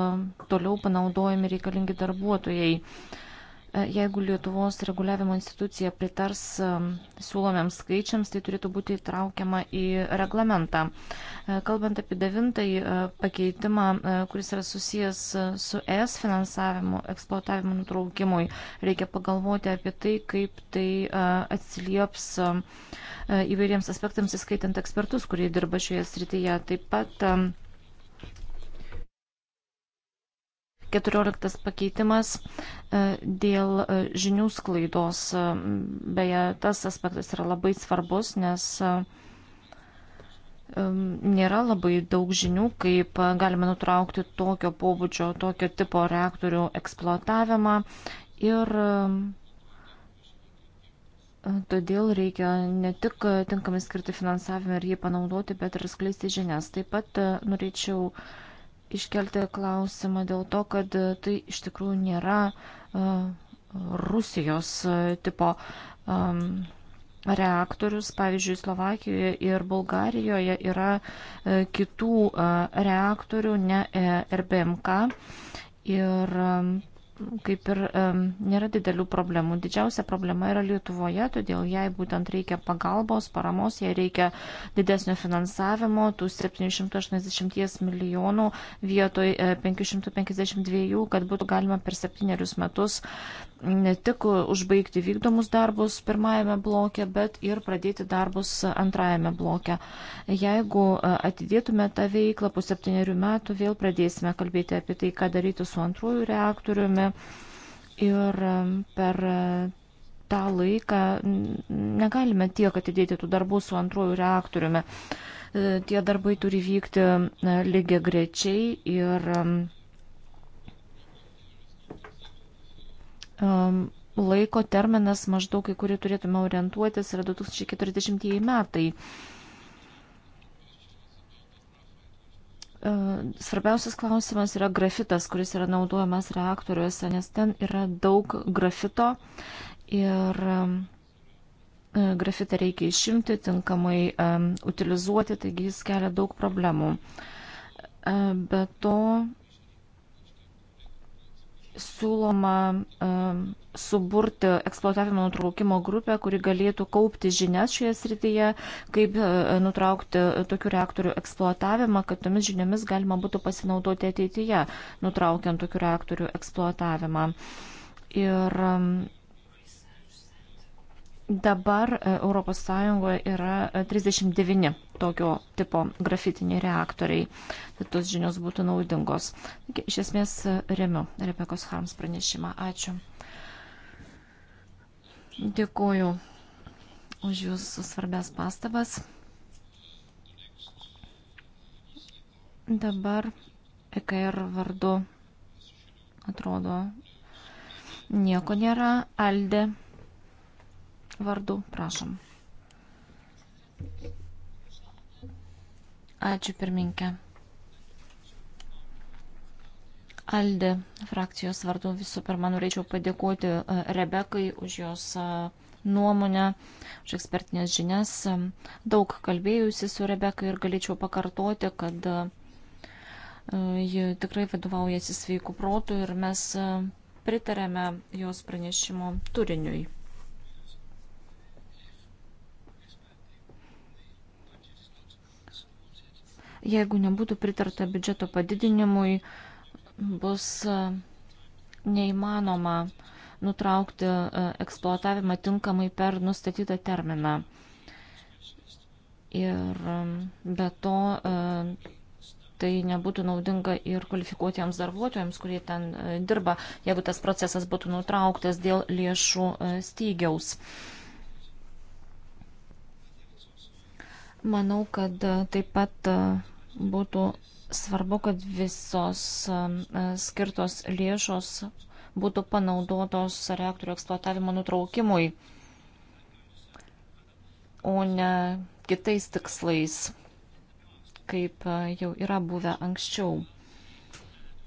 toliau panaudojami reikalingi darbuotojai. E, jeigu Lietuvos reguliavimo institucija pritars siūlomiams skaičiams, tai turėtų būti įtraukiama į reglamentą. E, kalbant apie devintąjį e, pakeitimą, e, kuris yra susijęs su ES finansavimu, eksploatavimo nutraukimui, reikia pagalvoti apie tai, kaip tai atsilieps įvairiems aspektams, įskaitant ekspertus, kurie dirba šioje srityje. Taip pat 14 pakeitimas dėl žinių sklaidos. Beje, tas aspektas yra labai svarbus, nes nėra labai daug žinių, kaip galima nutraukti tokio pobūdžio, tokio tipo reaktorių eksploatavimą ir todėl reikia ne tik tinkamai skirti finansavimą ir jį panaudoti, bet ir skleisti žinias. Taip pat e, norėčiau iškelti klausimą dėl to, kad e, tai iš tikrųjų nėra e, Rusijos tipo um, reaktorius, pavyzdžiui, Slovakijoje ir Bulgarijoje yra e, kitų e, reaktorių, ne e, RBMK. Ir kaip ir nėra didelių problemų. Didžiausia problema yra Lietuvoje, todėl jai būtent reikia pagalbos, paramos, jai reikia didesnio finansavimo, tų 780 milijonų vietoj 552, e, kad būtų galima per septynerius metus ne tik užbaigti vykdomus darbus pirmajame bloke, bet ir pradėti darbus antrajame bloke. Jeigu e, atidėtume tą veiklą po septyniarių metų, vėl pradėsime kalbėti apie tai, ką daryti su antrųjų reaktoriumi ir per e, tą laiką negalime tiek atidėti tų darbų su antruoju reaktoriumi. E, tie darbai turi vykti e, lygiai grečiai ir laiko terminas maždaug, į kurį turėtume orientuotis, yra 2040 metai. E, svarbiausias klausimas yra grafitas, kuris yra naudojamas reaktoriuose, nes ten yra daug grafito ir e, grafitą reikia išimti, tinkamai e, utilizuoti, taigi jis kelia daug problemų. Be to siūloma suburti eksploatavimo nutraukimo grupę, kuri galėtų kaupti žinias šioje srityje, kaip e, nutraukti e, tokių reaktorių eksploatavimą, kad tomis žiniomis galima būtų pasinaudoti ateityje, nutraukiant tokių reaktorių eksploatavimą. Ir Dabar ES yra 39 e, tokio tipo grafitiniai reaktoriai. Tai tos žinios būtų naudingos. Taigi, iš esmės e, remiu Rebekos Harms pranešimą. Ačiū. Dėkuoju už Jūsų svarbės pastabas. Dabar EKR vardu atrodo nieko nėra. Alde vardu. Prašom. Ačiū pirminkė. Alde frakcijos vardu visų pirma norėčiau padėkoti e, Rebekai už jos e, nuomonę, už ekspertinės žinias. Daug kalbėjusi su Rebeka ir galėčiau pakartoti, kad e, ji tikrai vadovaujasi sveiku protu ir mes pritarėme jos pranešimo turiniui. Jeigu nebūtų pritarta biudžeto padidinimui, bus e, neįmanoma nutraukti e, eksploatavimą tinkamai per nustatytą terminą. Ir e, be to tai nebūtų naudinga ir kvalifikuotiems darbuotojams, kurie ten dirba, jeigu tas procesas būtų nutrauktas dėl lėšų stygiaus. Manau, kad taip pat būtų svarbu, kad visos um, skirtos lėšos būtų panaudotos reaktorių eksploatavimo nutraukimui, o ne kitais tikslais, kaip uh, jau yra buvę anksčiau.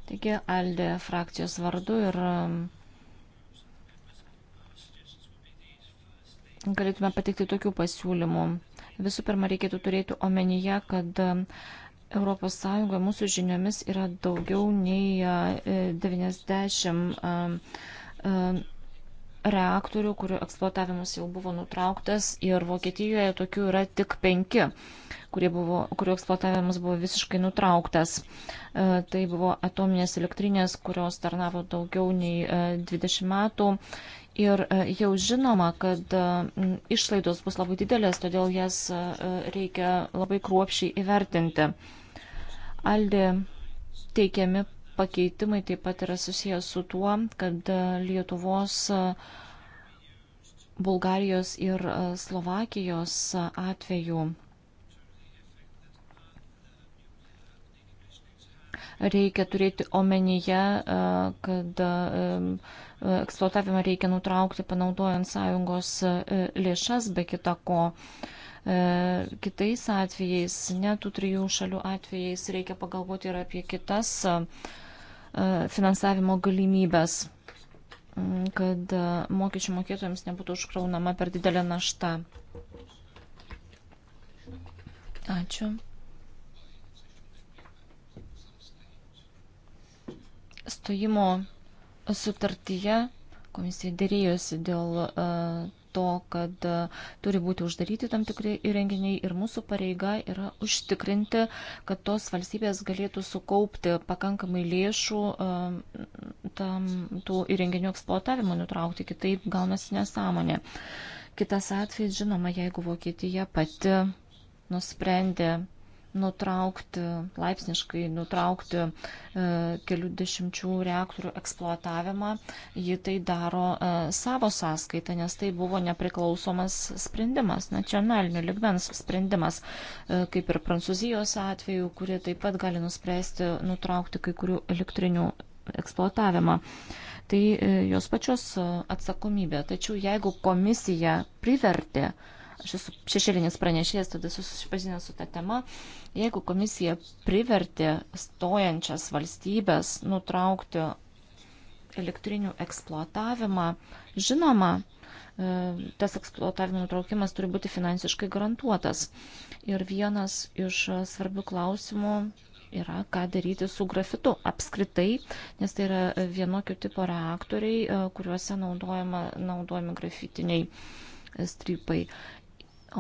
Taigi, Aldė frakcijos vardu ir um, galėtume patikti tokių pasiūlymų. Visų pirma, reikėtų turėti omenyje, kad um, ES mūsų žiniomis yra daugiau nei 90 e, e, e, reaktorių, kurių eksploatavimas jau buvo nutrauktas ir Vokietijoje tokių yra tik penki, buvo, kurių eksploatavimas buvo visiškai nutrauktas. Tai buvo atominės elektrinės, kurios tarnavo daugiau nei 20 metų. Ir jau žinoma, kad išlaidos bus labai didelės, todėl jas reikia labai kruopšiai įvertinti. Aldė teikiami pakeitimai taip pat yra susijęs su tuo, kad Lietuvos, Bulgarijos ir Slovakijos atveju reikia turėti omenyje, kad eksploatavimą reikia nutraukti panaudojant sąjungos e, lėšas, be kita ko. E, kitais atvejais, ne tų trijų šalių atvejais, reikia pagalvoti ir apie kitas e, finansavimo galimybės, kad e, mokesčių mokėtojams nebūtų užkraunama per didelė našta. Ačiū. Stojimo sutartyje komisija dėrėjosi dėl uh, to, kad e, turi būti uždaryti tam tikri įrenginiai ir mūsų pareiga yra užtikrinti, kad tos valstybės galėtų sukaupti pakankamai lėšų e, tam, tų įrenginių eksploatavimo nutraukti, kitaip gaunasi nesąmonė. Kitas atvejs, žinoma, jeigu Vokietija pati nusprendė nutraukti, laipsniškai nutraukti e, kelių dešimčių reaktorių eksploatavimą, ji tai daro e, savo sąskaitą, nes tai buvo nepriklausomas sprendimas, nacionalinių ligmens sprendimas, e, kaip ir Prancūzijos atveju, kurie taip pat gali nuspręsti nutraukti kai kurių elektrinių eksploatavimą. Tai e, jos pačios atsakomybė. Tačiau jeigu komisija privertė aš esu šešėlinis pranešėjas, tada susipažinęs su tą temą, Jeigu komisija privertė stojančias valstybės nutraukti elektrinių eksploatavimą, žinoma, e, tas eksploatavimo nutraukimas turi būti finansiškai garantuotas. Ir vienas iš svarbių klausimų yra, ką daryti su grafitu apskritai, nes tai yra vienokio tipo reaktoriai, e, kuriuose naudojami grafitiniai strypai.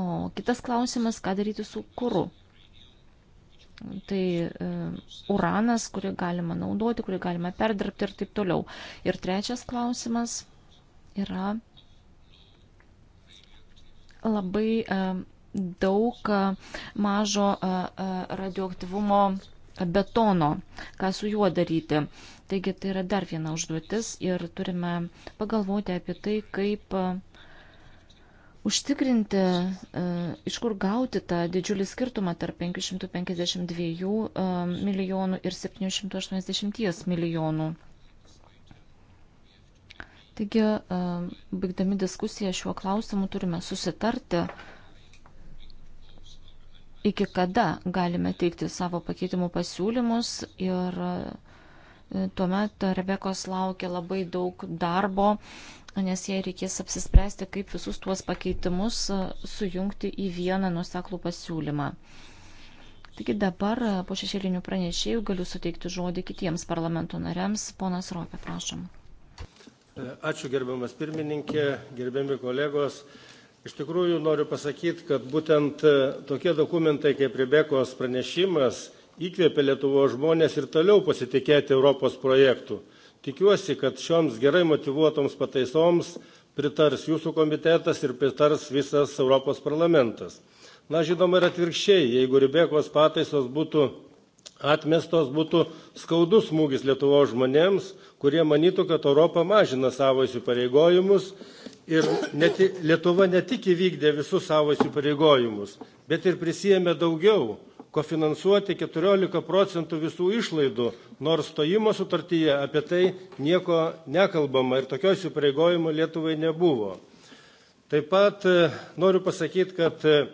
O kitas klausimas, ką daryti su kuru Tai e, uranas, kurį galima naudoti, kurį galima perdirbti ir taip toliau. Ir trečias klausimas yra labai e, daug e, mažo radioaktyvumo betono, ką su juo daryti. Taigi tai yra dar viena užduotis ir turime pagalvoti apie tai, kaip užtikrinti, e, iš kur gauti tą didžiulį skirtumą tarp 552 e, milijonų ir 780 milijonų. Taigi, e, baigdami diskusiją šiuo klausimu, turime susitarti, iki kada galime teikti savo pakeitimų pasiūlymus ir tuomet Rebekos laukia labai daug darbo Nu, nes jai reikės apsispręsti, kaip visus tuos pakeitimus sujungti į vieną nuseklų pasiūlymą. Taigi dabar po šešėlinių pranešėjų galiu suteikti žodį kitiems parlamento nariams. Ponas Ropė, prašom. E, ačiū gerbiamas pirmininkė, gerbiami kolegos. Iš tikrųjų noriu pasakyti, kad būtent e, tokie dokumentai kaip Ribekos pranešimas įkvėpė Lietuvos žmonės ir toliau pasitikėti Europos projektų tikiuosi kad šioms gerai motyvuotoms pataisoms pritars jūsų komitetas ir pritars visas europos parlamentas. na žinoma ir atvirkščiai jeigu ribekos pataisos būtų atmestos būtų skaudus smūgis lietuvos žmonėms kurie manytų kad europa mažina savo įsipareigojimus ir net, lietuva ne tik įvykdė visus savo įsipareigojimus bet ir prisiėmė daugiau kofinansuoti 14 procentų visų išlaidų, nors stojimo sutartyje apie tai nieko nekalbama ir tokio įsipareigojimo Lietuvai nebuvo. Taip pat e, noriu pasakyti, kad e,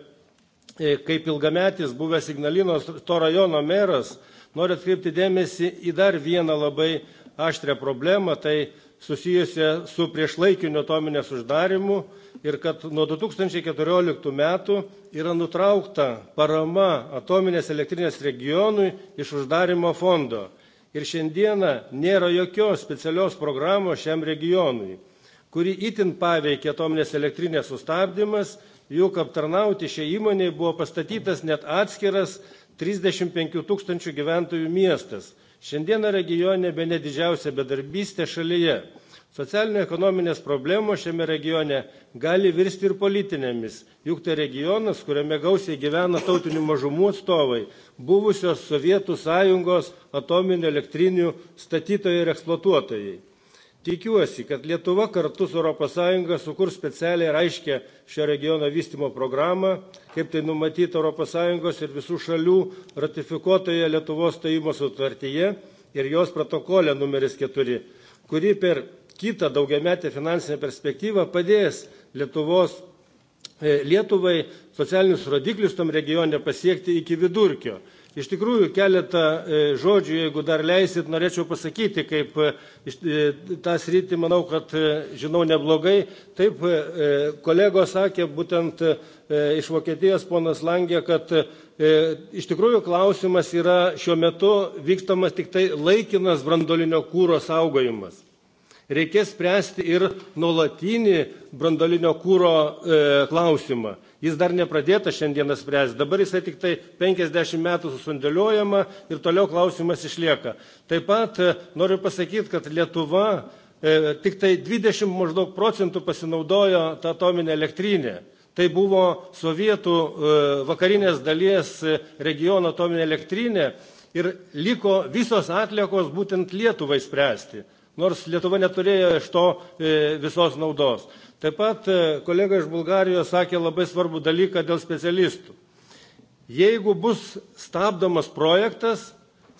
kaip ilgametis buvęs Ignalinos to rajono meras, noriu atkreipti dėmesį į dar vieną labai aštrią problemą, tai susijusią su priešlaikiniu atominės uždarimu ir kad nuo 2014 metų yra nutraukta parama atominės elektrinės regionui iš uždarimo fondo. Ir šiandieną nėra jokios specialios programos šiam regionui, kuri itin paveikia atominės elektrinės sustabdymas, juk aptarnauti šiai įmoniai buvo pastatytas net atskiras 35 tūkstančių gyventojų miestas – Šiandieną regione be ne didžiausia bedarbystė šalyje. Socialinio-ekonominės problemos šiame regione gali virsti ir politinėmis, juk tai regionas, kuriame gausiai gyvena tautinių mažumų atstovai, buvusios Sovietų sąjungos atominių elektrinių statytojai ir eksploatuotojai. Tikiuosi, kad Lietuva kartu su ES sukurs specialią ir aiškę šio regiono vystimo programą, kaip tai numatyta ES ir visų šalių ratifikuotoje Lietuvos stojimo sutartyje ir jos protokolė numeris 4, kuri per kitą daugiametę finansinę perspektyvą padės Lietuvos, e, Lietuvai socialinius rodiklius tam regione pasiekti iki vidurkio Iš tikrųjų, keletą e, žodžių, jeigu dar leisit, norėčiau pasakyti, kaip e, e, tą sritį, manau, kad žinau neblogai. Taip, kolegos sakė, būtent iš Vokietijos ponas Langė, kad iš tikrųjų klausimas yra šiuo metu vykstamas tik tai laikinas brandolinio kūro saugojimas reikės spręsti ir nuolatinį brandolinio kūro e, klausimą jis dar nepradėtas šiandieną spręsti dabar jisai tik tai penkiasdešimt metų susandėliuojama ir toliau klausimas išlieka taip pat e, noriu pasakyti kad lietuva e, tik tai dvidešimt maždaug procentų pasinaudojo ta atomine elektrine tai buvo sovietų e, vakarinės dalies regiono atominė elektrinė ir liko visos atliekos būtent lietuvai spręsti nors lietuva neturėjo iš to visos naudos Taip pat e, kolega iš Bulgarijos sakė labai svarbų dalyką dėl specialistų. Jeigu bus stabdomas projektas,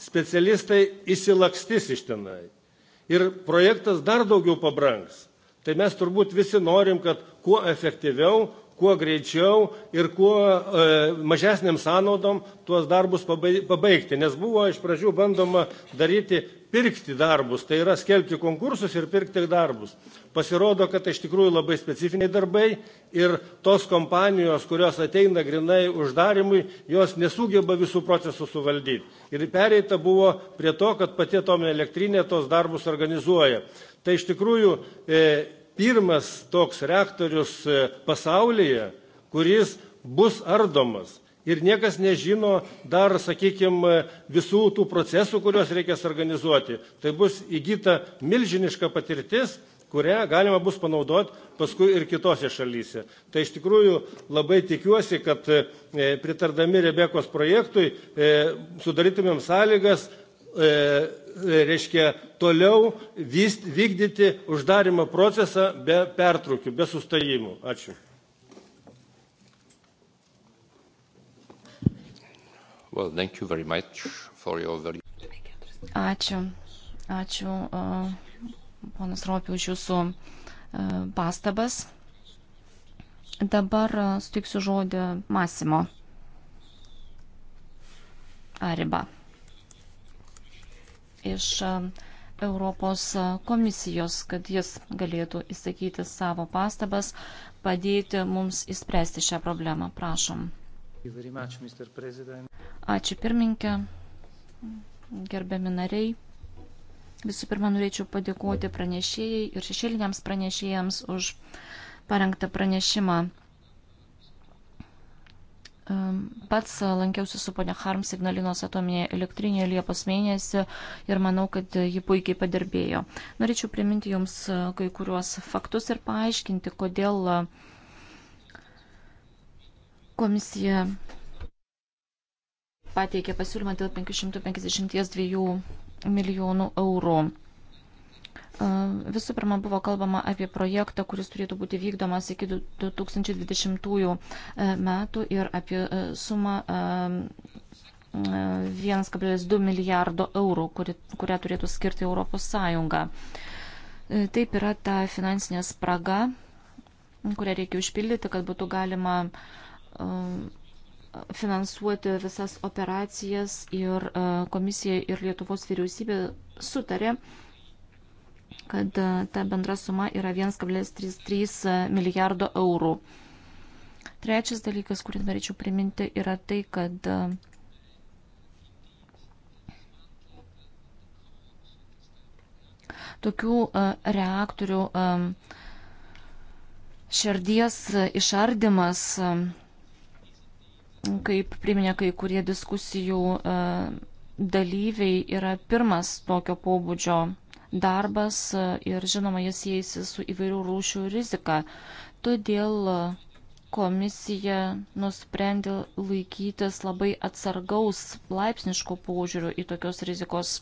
specialistai įsilakstys iš tenai. Ir projektas dar daugiau pabranks. Tai mes turbūt visi norim, kad kuo efektyviau, kuo greičiau ir kuo e, mažesniam sąnaudom tuos darbus pabaigti. Nes buvo iš pradžių bandoma daryti pirkti darbus, tai yra skelbti konkursus ir pirkti darbus. Pasirodo, kad iš tikrųjų labai specifiniai darbai ir tos kompanijos, kurios ateina grinai uždarimui, jos nesugeba visų procesų suvaldyti. Ir pereita buvo prie to, kad pati atominė elektrinė tos darbus organizuoja. Tai iš tikrųjų e, pirmas toks reaktorius e, pasaulyje, kuris bus ardomas. Ir niekas nežino dar, sakykime, visų tų procesų, kuriuos reikės organizuoti. Tai bus įgyta milžiniška patirtis kurią galima bus panaudoti paskui ir kitose šalyse. Tai iš tikrųjų labai tikiuosi, kad e, pritardami Rebekos projektui e, sudarytumėm sąlygas e, reiškia toliau vyst, vykdyti uždarimo procesą be pertraukių, be sustojimų. Ačiū. Well, thank you very much for your very... Ačiū. Ačiū. Uh ponas Ropiu, už jūsų e, pastabas. Dabar e, sutiksiu žodį Masimo. Ariba. Iš e, Europos komisijos, kad jis galėtų įsakyti savo pastabas, padėti mums įspręsti šią problemą. Prašom. Ačiū pirminkė, gerbiami nariai. Visų pirma, norėčiau padėkoti pranešėjai ir šešėliniams pranešėjams už parengtą pranešimą. Pats lankiausi su ponia Harms Ignalinos atominėje elektrinėje Liepos mėnesį ir manau, kad ji puikiai padirbėjo. Norėčiau priminti Jums e, kai kuriuos faktus ir paaiškinti, kodėl e, komisija pateikė pasiūlymą dėl 552 milijonų eurų. Visų pirma, buvo kalbama apie projektą, kuris turėtų būti vykdomas iki 2020 e, metų ir apie e, sumą 1,2 e, milijardo eurų, kuri, kurią turėtų skirti Europos Sąjunga. Taip yra ta finansinė spraga, kurią reikia užpildyti, kad būtų galima finansuoti visas operacijas ir e, komisija ir Lietuvos vyriausybė sutarė, kad e, ta bendra suma yra 1,33 milijardo eurų. Trečias dalykas, kurį norėčiau priminti, yra tai, kad e, tokių reaktorių širdies išardimas kaip priminė kai kurie diskusijų e, dalyviai, yra pirmas tokio pobūdžio darbas e, ir žinoma, jis jėsi su įvairių rūšių rizika. Todėl komisija nusprendė laikytis labai atsargaus laipsniško požiūrių į tokios rizikos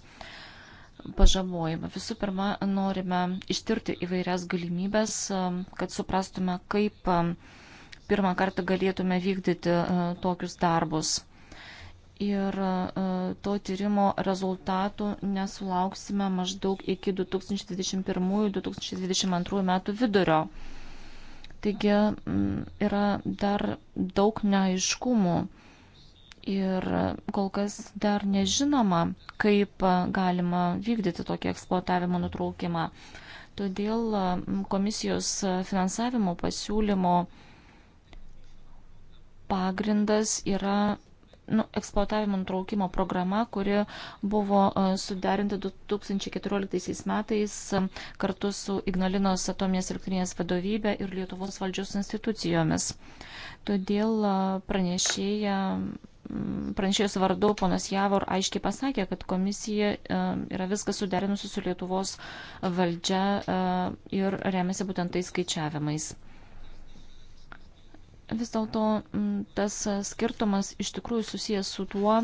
pažabojimą. Visų pirma, norime ištirti įvairias galimybės, e, kad suprastume, kaip pirmą kartą galėtume vykdyti e, tokius darbus. Ir e, to tyrimo rezultatų nesulauksime maždaug iki 2021-2022 metų vidurio. Taigi yra dar daug neaiškumų ir kol kas dar nežinoma, kaip galima vykdyti tokį eksploatavimo nutraukimą. Todėl komisijos finansavimo pasiūlymo uh, pagrindas yra nu, eksploatavimo nutraukimo programa, kuri buvo e, suderinta 2014 metais e, kartu su Ignalinos atominės elektrinės vadovybė ir Lietuvos valdžios institucijomis. Todėl e, pranešėja. Pranešėjos vardu ponas Javor aiškiai pasakė, kad komisija yra viskas suderinusi su Lietuvos valdžia ir remiasi būtent tais skaičiavimais. Vis dėlto mm, tas skirtumas iš tikrųjų susijęs su tuo,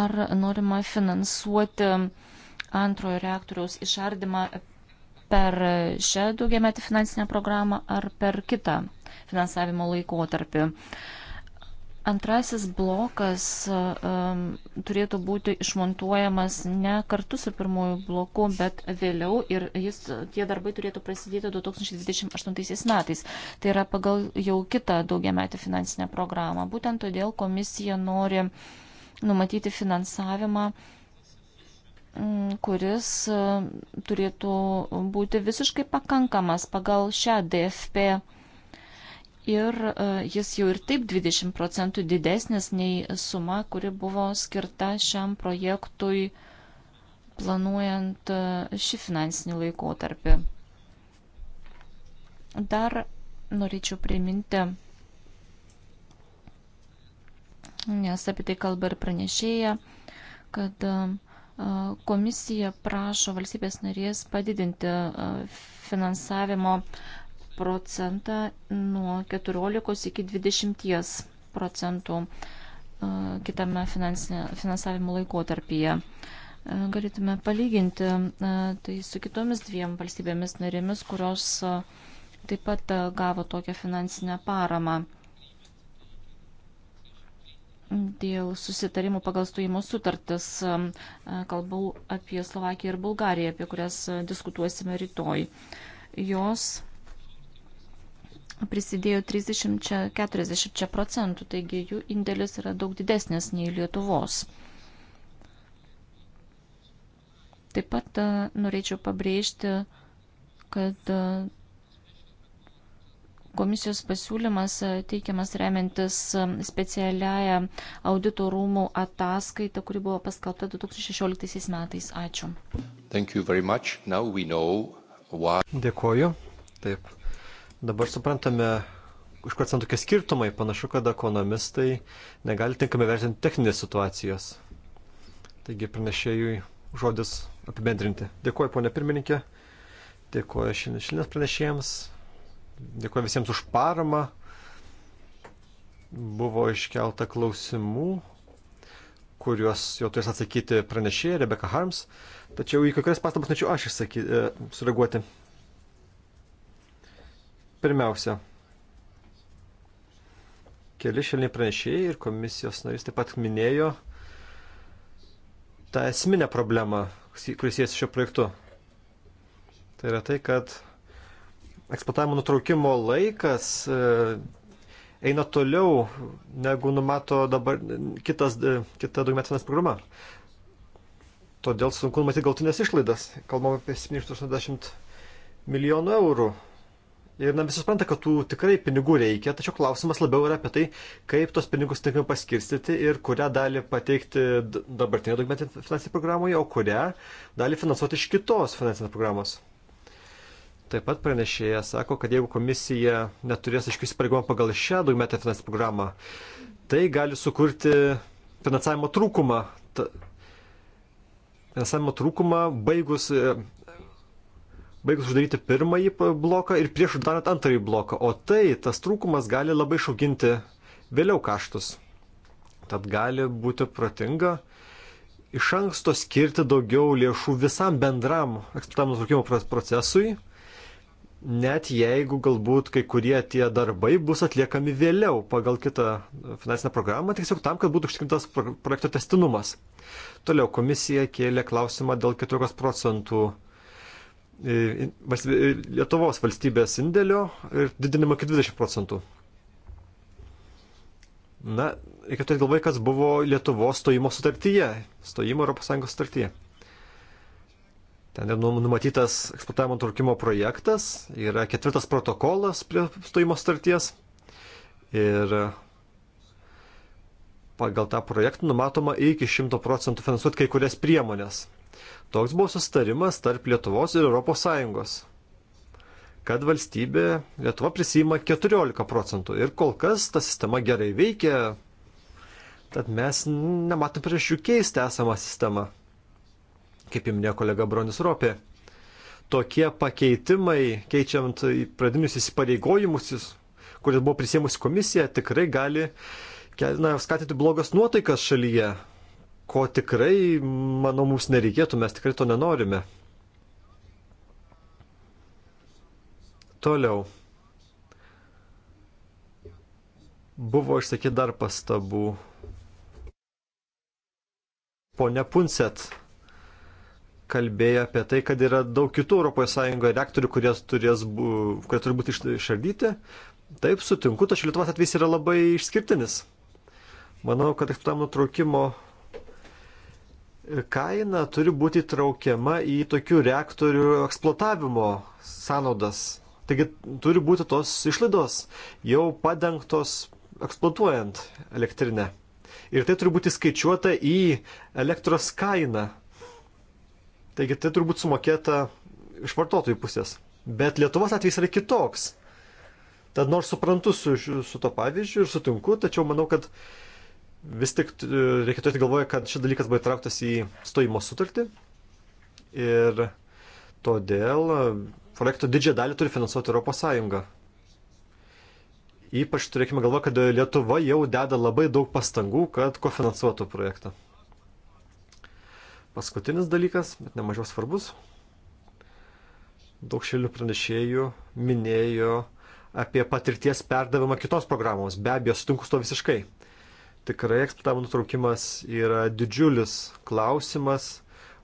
ar norima finansuoti antrojo reaktoriaus išardymą per šią daugiametį finansinę programą ar per kitą finansavimo laikotarpį. Uh, Antrasis blokas um, turėtų būti išmontuojamas ne kartu su pirmoju bloku, bet vėliau ir jis, tie darbai turėtų prasidėti 2028 metais. Tai yra pagal jau kitą daugiametį finansinę programą. Būtent todėl komisija nori numatyti finansavimą kuris turėtų būti visiškai pakankamas pagal šią DFP ir e, jis jau ir taip 20 procentų didesnis nei suma, kuri buvo skirta šiam projektui planuojant e, šį finansinį laikotarpį. Dar norėčiau priminti, nes apie tai kalba ir pranešėja, kad e, komisija prašo valstybės narės padidinti finansavimo procentą nuo 14 iki 20 procentų e, kitame finansavimo laikotarpyje. E, galėtume palyginti e, tai su kitomis dviem valstybėmis narėmis, kurios taip pat gavo tokią finansinę paramą dėl susitarimų pagal stojimo sutartis. Kalbau apie Slovakiją ir Bulgariją, apie kurias diskutuosime rytoj. Jos prisidėjo 30-40 procentų, taigi jų indėlis yra daug didesnis nei Lietuvos. Taip pat e, norėčiau pabrėžti, kad e, komisijos pasiūlymas e, teikiamas remiantis specialiaja audito rūmų ataskaita, kuri buvo paskelbta 2016 metais. Ačiū. Why... Dėkoju. Taip, Dabar suprantame, už kur atsiranda tokie skirtumai. Panašu, kad ekonomistai negali tinkamai vertinti techninės situacijos. Taigi pranešėjui žodis apibendrinti. Dėkuoju, ponė pirmininkė. Dėkuoju šiandienos pranešėjams. Dėkuoju visiems už paramą. Buvo iškelta klausimų, kuriuos jau turės atsakyti pranešėja Rebecca Harms. Tačiau į kokias pastabas norėčiau aš išsakyti, e, sureaguoti. Pirmiausia, keli šelniai pranešėjai ir komisijos narys taip pat minėjo tą esminę problemą, kuris jės šio projektu. Tai yra tai, kad eksploatavimo nutraukimo laikas e, eina toliau, negu numato dabar kitas, e, kita daugmetinės programa. Todėl sunku numatyti galtinės išlaidas. Kalbam apie 780 milijonų eurų Ir na, visi supranta, kad tų tikrai pinigų reikia, tačiau klausimas labiau yra apie tai, kaip tos pinigus tinkamai paskirstyti ir kurią dalį pateikti dabartinio dokumentinio finansinėje programoje, o kurią dalį finansuoti iš kitos finansinės programos. Taip pat pranešėja sako, kad jeigu komisija neturės aiškių įsipareigojimų pagal šią daugiametę finansinę programą, tai gali sukurti finansavimo trūkumą. Ta, finansavimo trūkumą baigus e, baigus uždaryti pirmąjį bloką ir prieš uždarant antrąjį bloką. O tai, tas trūkumas gali labai šauginti vėliau kaštus. Tad gali būti protinga iš anksto skirti daugiau lėšų visam bendram eksploatavimo nutraukimo procesui, net jeigu galbūt kai kurie tie darbai bus atliekami vėliau pagal kitą finansinę programą, tiesiog tam, kad būtų užtikrintas projekto testinumas. Toliau komisija kėlė klausimą dėl 14 procentų Lietuvos valstybės indėlio ir didinimo iki 20 procentų. Na, reikia turėti galvoje, kas buvo Lietuvos stojimo sutartyje, stojimo ES sutartyje. Ten yra numatytas eksploatavimo trukimo projektas, yra ketvirtas protokolas prie stojimo sutarties ir pagal tą projektą numatoma iki 100 procentų finansuoti kai kurias priemonės Toks buvo sustarimas tarp Lietuvos ir ES, kad valstybė Lietuva prisima 14 procentų ir kol kas ta sistema gerai veikia, tad mes nematom prieš jų keisti esamą sistemą. Kaip jau minėjo kolega Bronis Ropė, tokie pakeitimai, keičiant pradinius įsipareigojimus, kuris buvo prisėmusi komisija, tikrai gali na, skatinti blogas nuotaikas šalyje, ko tikrai, manau, mums nereikėtų, mes tikrai to nenorime. Toliau. Buvo išsakyti dar pastabų. Pone Punset kalbėjo apie tai, kad yra daug kitų ES reaktorių, kurie, turės, bu, kurie turi būti išardyti. Taip, sutinku, tačiau Lietuvos atvejs yra labai išskirtinis. Manau, kad eksploatavimo nutraukimo kaina turi būti traukiama į tokių reaktorių eksploatavimo sąnaudas. Taigi turi būti tos išlaidos jau padengtos eksploatuojant elektrinę. Ir tai turi būti skaičiuota į elektros kainą. Taigi tai turi būti sumokėta iš vartotojų pusės. Bet Lietuvos atvejs yra kitoks. Tad nors suprantu su, su to pavyzdžiu ir sutinku, tačiau manau, kad uh, Vis tik reikia turėti galvoje, kad šis dalykas buvo įtrauktas į stojimo sutartį ir todėl projekto didžiąją dalį turi finansuoti ES. Ypač turėkime galvoje, kad Lietuva jau deda labai daug pastangų, kad kofinansuotų projektą. Paskutinis dalykas, bet nemažiau svarbus. Daug šilinių pranešėjų minėjo apie patirties perdavimą kitos programos. Be abejo, sutinku su to visiškai tikrai eksportavimo nutraukimas yra didžiulis klausimas,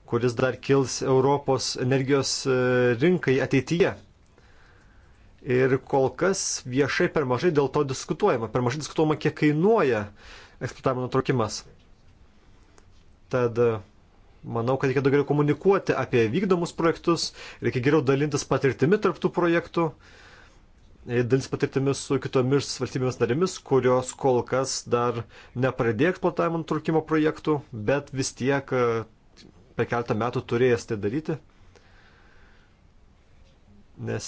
kuris dar kils Europos energijos e, rinkai ateityje. Ir kol kas viešai per mažai dėl to diskutuojama. Per mažai diskutuojama, kiek kainuoja eksportavimo nutraukimas. Tad e, manau, kad reikia daugiau komunikuoti apie vykdomus projektus, reikia geriau dalintis patirtimi tarptų projektų. Uh, E, dalis patirtimis su kitomis valstybėmis narėmis, kurios kol kas dar nepradėjo eksploatavimo nutraukimo projektų, bet vis tiek e, per keletą metų turėjęs tai daryti. Nes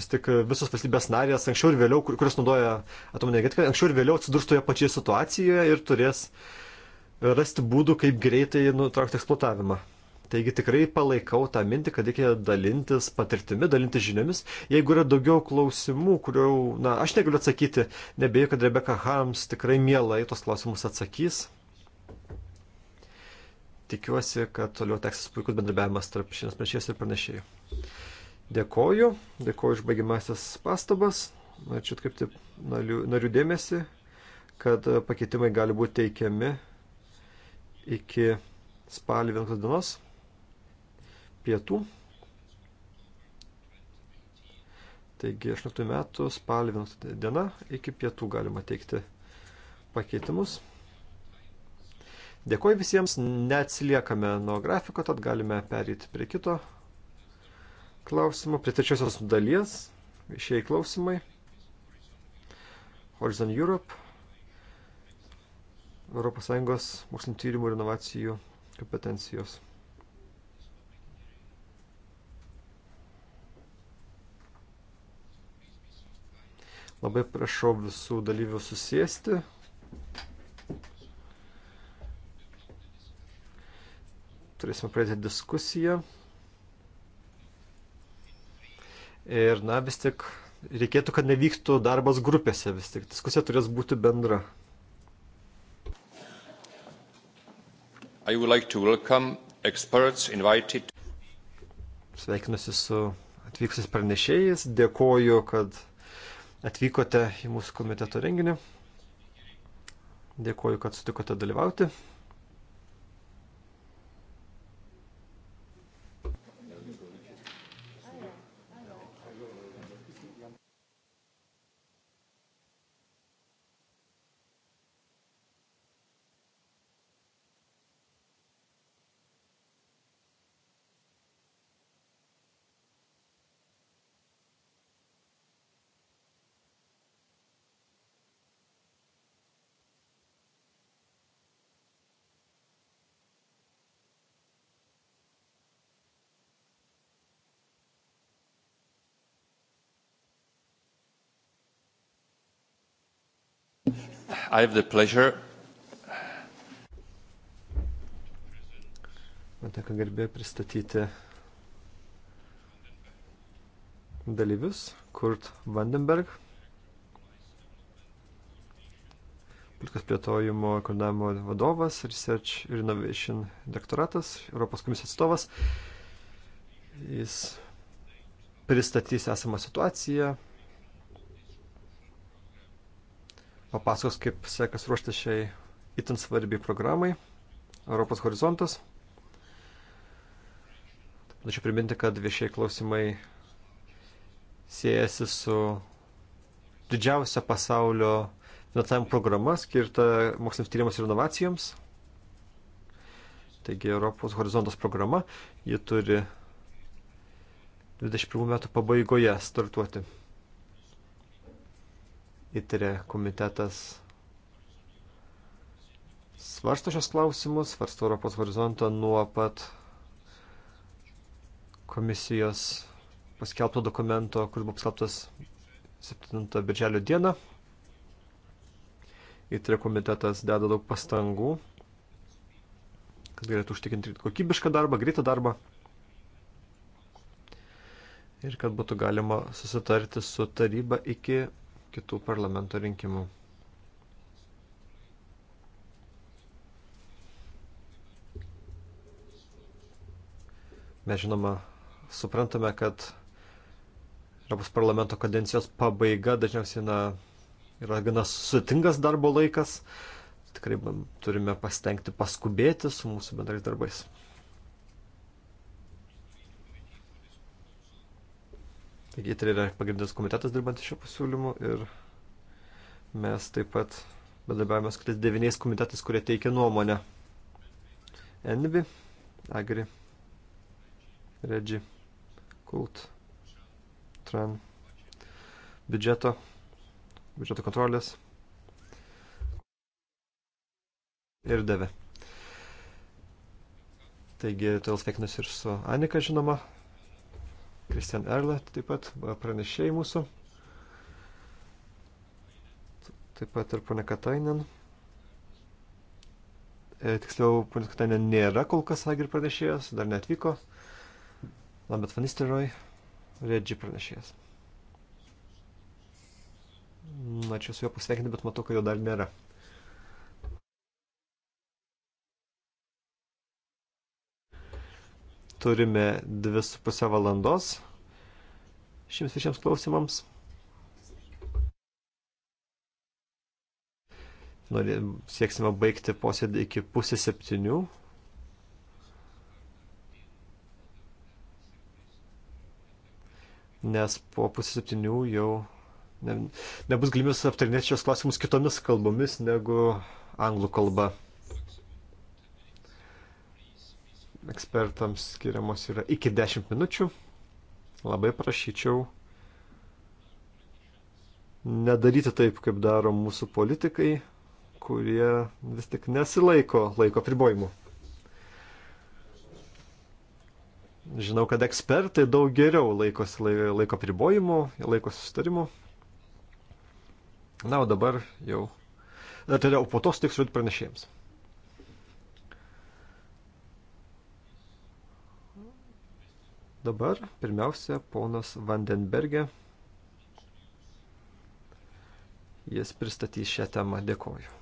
vis tik e, visos valstybės narės anksčiau ir vėliau, kur, kurios naudoja atominę energetiką, anksčiau ir vėliau atsidurs toje pačioje situacijoje ir turės rasti būdų, kaip greitai nutraukti eksploatavimą. Taigi tikrai palaikau tą mintį, kad reikia dalintis patirtimi, dalintis žiniomis. Jeigu yra daugiau klausimų, kurių, na, aš negaliu atsakyti, nebejoju, kad Rebeka Harms tikrai mielai tos klausimus atsakys. Tikiuosi, kad toliau teksis puikus bendrabiavimas tarp šios pranešėjos ir pranešėjų. Dėkoju, dėkoju išbaigiamasis pastabas. Ačiū kaip taip narių, narių dėmesį, kad pakeitimai gali būti teikiami iki spalio 11 dienos pietų. Taigi 18 metų spalio 11 diena iki pietų galima teikti pakeitimus. Dėkuoju visiems, neatsiliekame nuo grafiko, tad galime perėti prie kito klausimo, prie trečiosios dalies, išėjai klausimai. Horizon Europe, ES mokslinio tyrimų ir inovacijų kompetencijos. Labai prašau visų dalyvių susėsti. Turėsime pradėti diskusiją. Ir, na, vis tik reikėtų, kad nevyktų darbas grupėse, vis tik diskusija turės būti bendra. Like Sveikinusi su atvykusiais pranešėjais, dėkoju, kad atvykote į mūsų komiteto renginį. Dėkuoju, kad sutikote dalyvauti. I have the pleasure. Man teko garbė pristatyti dalyvius Kurt Vandenberg, politikos plėtojimo koordinavimo vadovas, Research ir Innovation doktoratas, Europos komisijos atstovas. Jis pristatys esamą situaciją, papasakos, kaip sekas ruoštis šiai itin svarbiai programai Europos horizontas. Tačiau priminti, kad viešiai klausimai siejasi su didžiausia pasaulio finansavimo programa skirta moksliniams tyrimams ir inovacijoms. Taigi Europos horizontas programa, ji turi 21 metų pabaigoje startuoti įtarė komitetas svarsto šios klausimus, svarsto Europos horizontą nuo pat komisijos paskelbto dokumento, kuris buvo paskelbtas 7 birželio dieną. Įtrė komitetas deda daug pastangų, kad galėtų užtikrinti kokybišką darbą, greitą darbą ir kad būtų galima susitarti su taryba iki kitų parlamento rinkimų. Mes žinoma, suprantame, kad Europos parlamento kadencijos pabaiga dažniausiai na, yra gana sutingas darbo laikas. Tikrai turime pastengti paskubėti su mūsų bendrais darbais. Taigi, tai yra pagrindinis komitetas dirbantis šio pasiūlymu ir mes taip pat bendrabiavame su kitais devyniais komitetais, kurie teikia nuomonę. Envi, Agri, Regi, Kult, Tran, biudžeto, biudžeto kontrolės ir devė. Taigi, todėl sveikinus ir su Anika, žinoma, Kristian Erla, taip pat pranešėjai mūsų. Taip pat ir ponė Katainen. E, tiksliau, ponė Katainen nėra kol kas Agir pranešėjas, dar netvyko. Lambert van Nistelrooy, Redži pranešėjas. Ačiū su juo pasveikinti, bet matau, kad jo dar nėra. turime 2,5 valandos šiems visiems klausimams. Norė, sieksime baigti posėdį iki pusės septynių. Nes po pusės septynių jau ne, nebus galimybės aptarinėti šios klausimus kitomis kalbomis negu anglų kalba. Ekspertams skiriamos yra iki 10 minučių. Labai prašyčiau nedaryti taip, kaip daro mūsų politikai, kurie vis tik nesilaiko laiko pribojimų. Žinau, kad ekspertai daug geriau laikosi laiko pribojimų, laikosi sustarimų. Na, o dabar jau. Ar tai yra, o po to stiksiu pranešėjams. Dabar pirmiausia ponas Vandenberge. Jis pristatys šią temą. Dėkoju.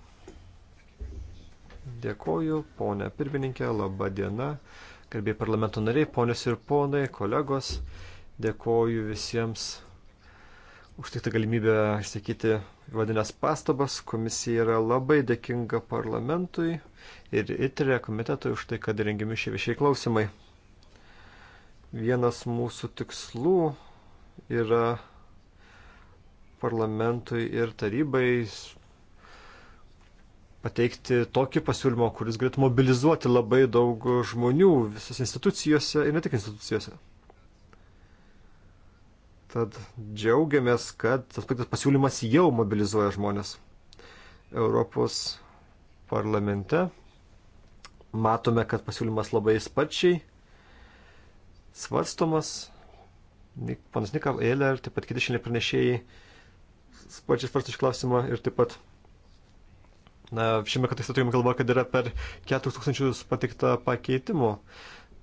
Dėkoju, ponė pirmininkė, laba diena, garbiai parlamento nariai, ponios ir ponai, kolegos. Dėkoju visiems už tik tą galimybę išsakyti vadinės pastabas. Komisija yra labai dėkinga parlamentui ir įtrė komitetui už tai, kad rengiami šie viešiai klausimai. Vienas mūsų tikslų yra parlamentui ir tarybai pateikti tokį pasiūlymą, kuris galėtų mobilizuoti labai daug žmonių visose institucijose ir ne tik institucijose. Tad džiaugiamės, kad tas pateiktas pasiūlymas jau mobilizuoja žmonės. Europos parlamente matome, kad pasiūlymas labai sparčiai svarstomas. Panas Nika Eiler, taip pat kiti šiandien pranešėjai sparčiai svarsto šį klausimą ir taip pat na, šiame kontekste turime galvoje, kad yra per 4000 pateikta pakeitimų.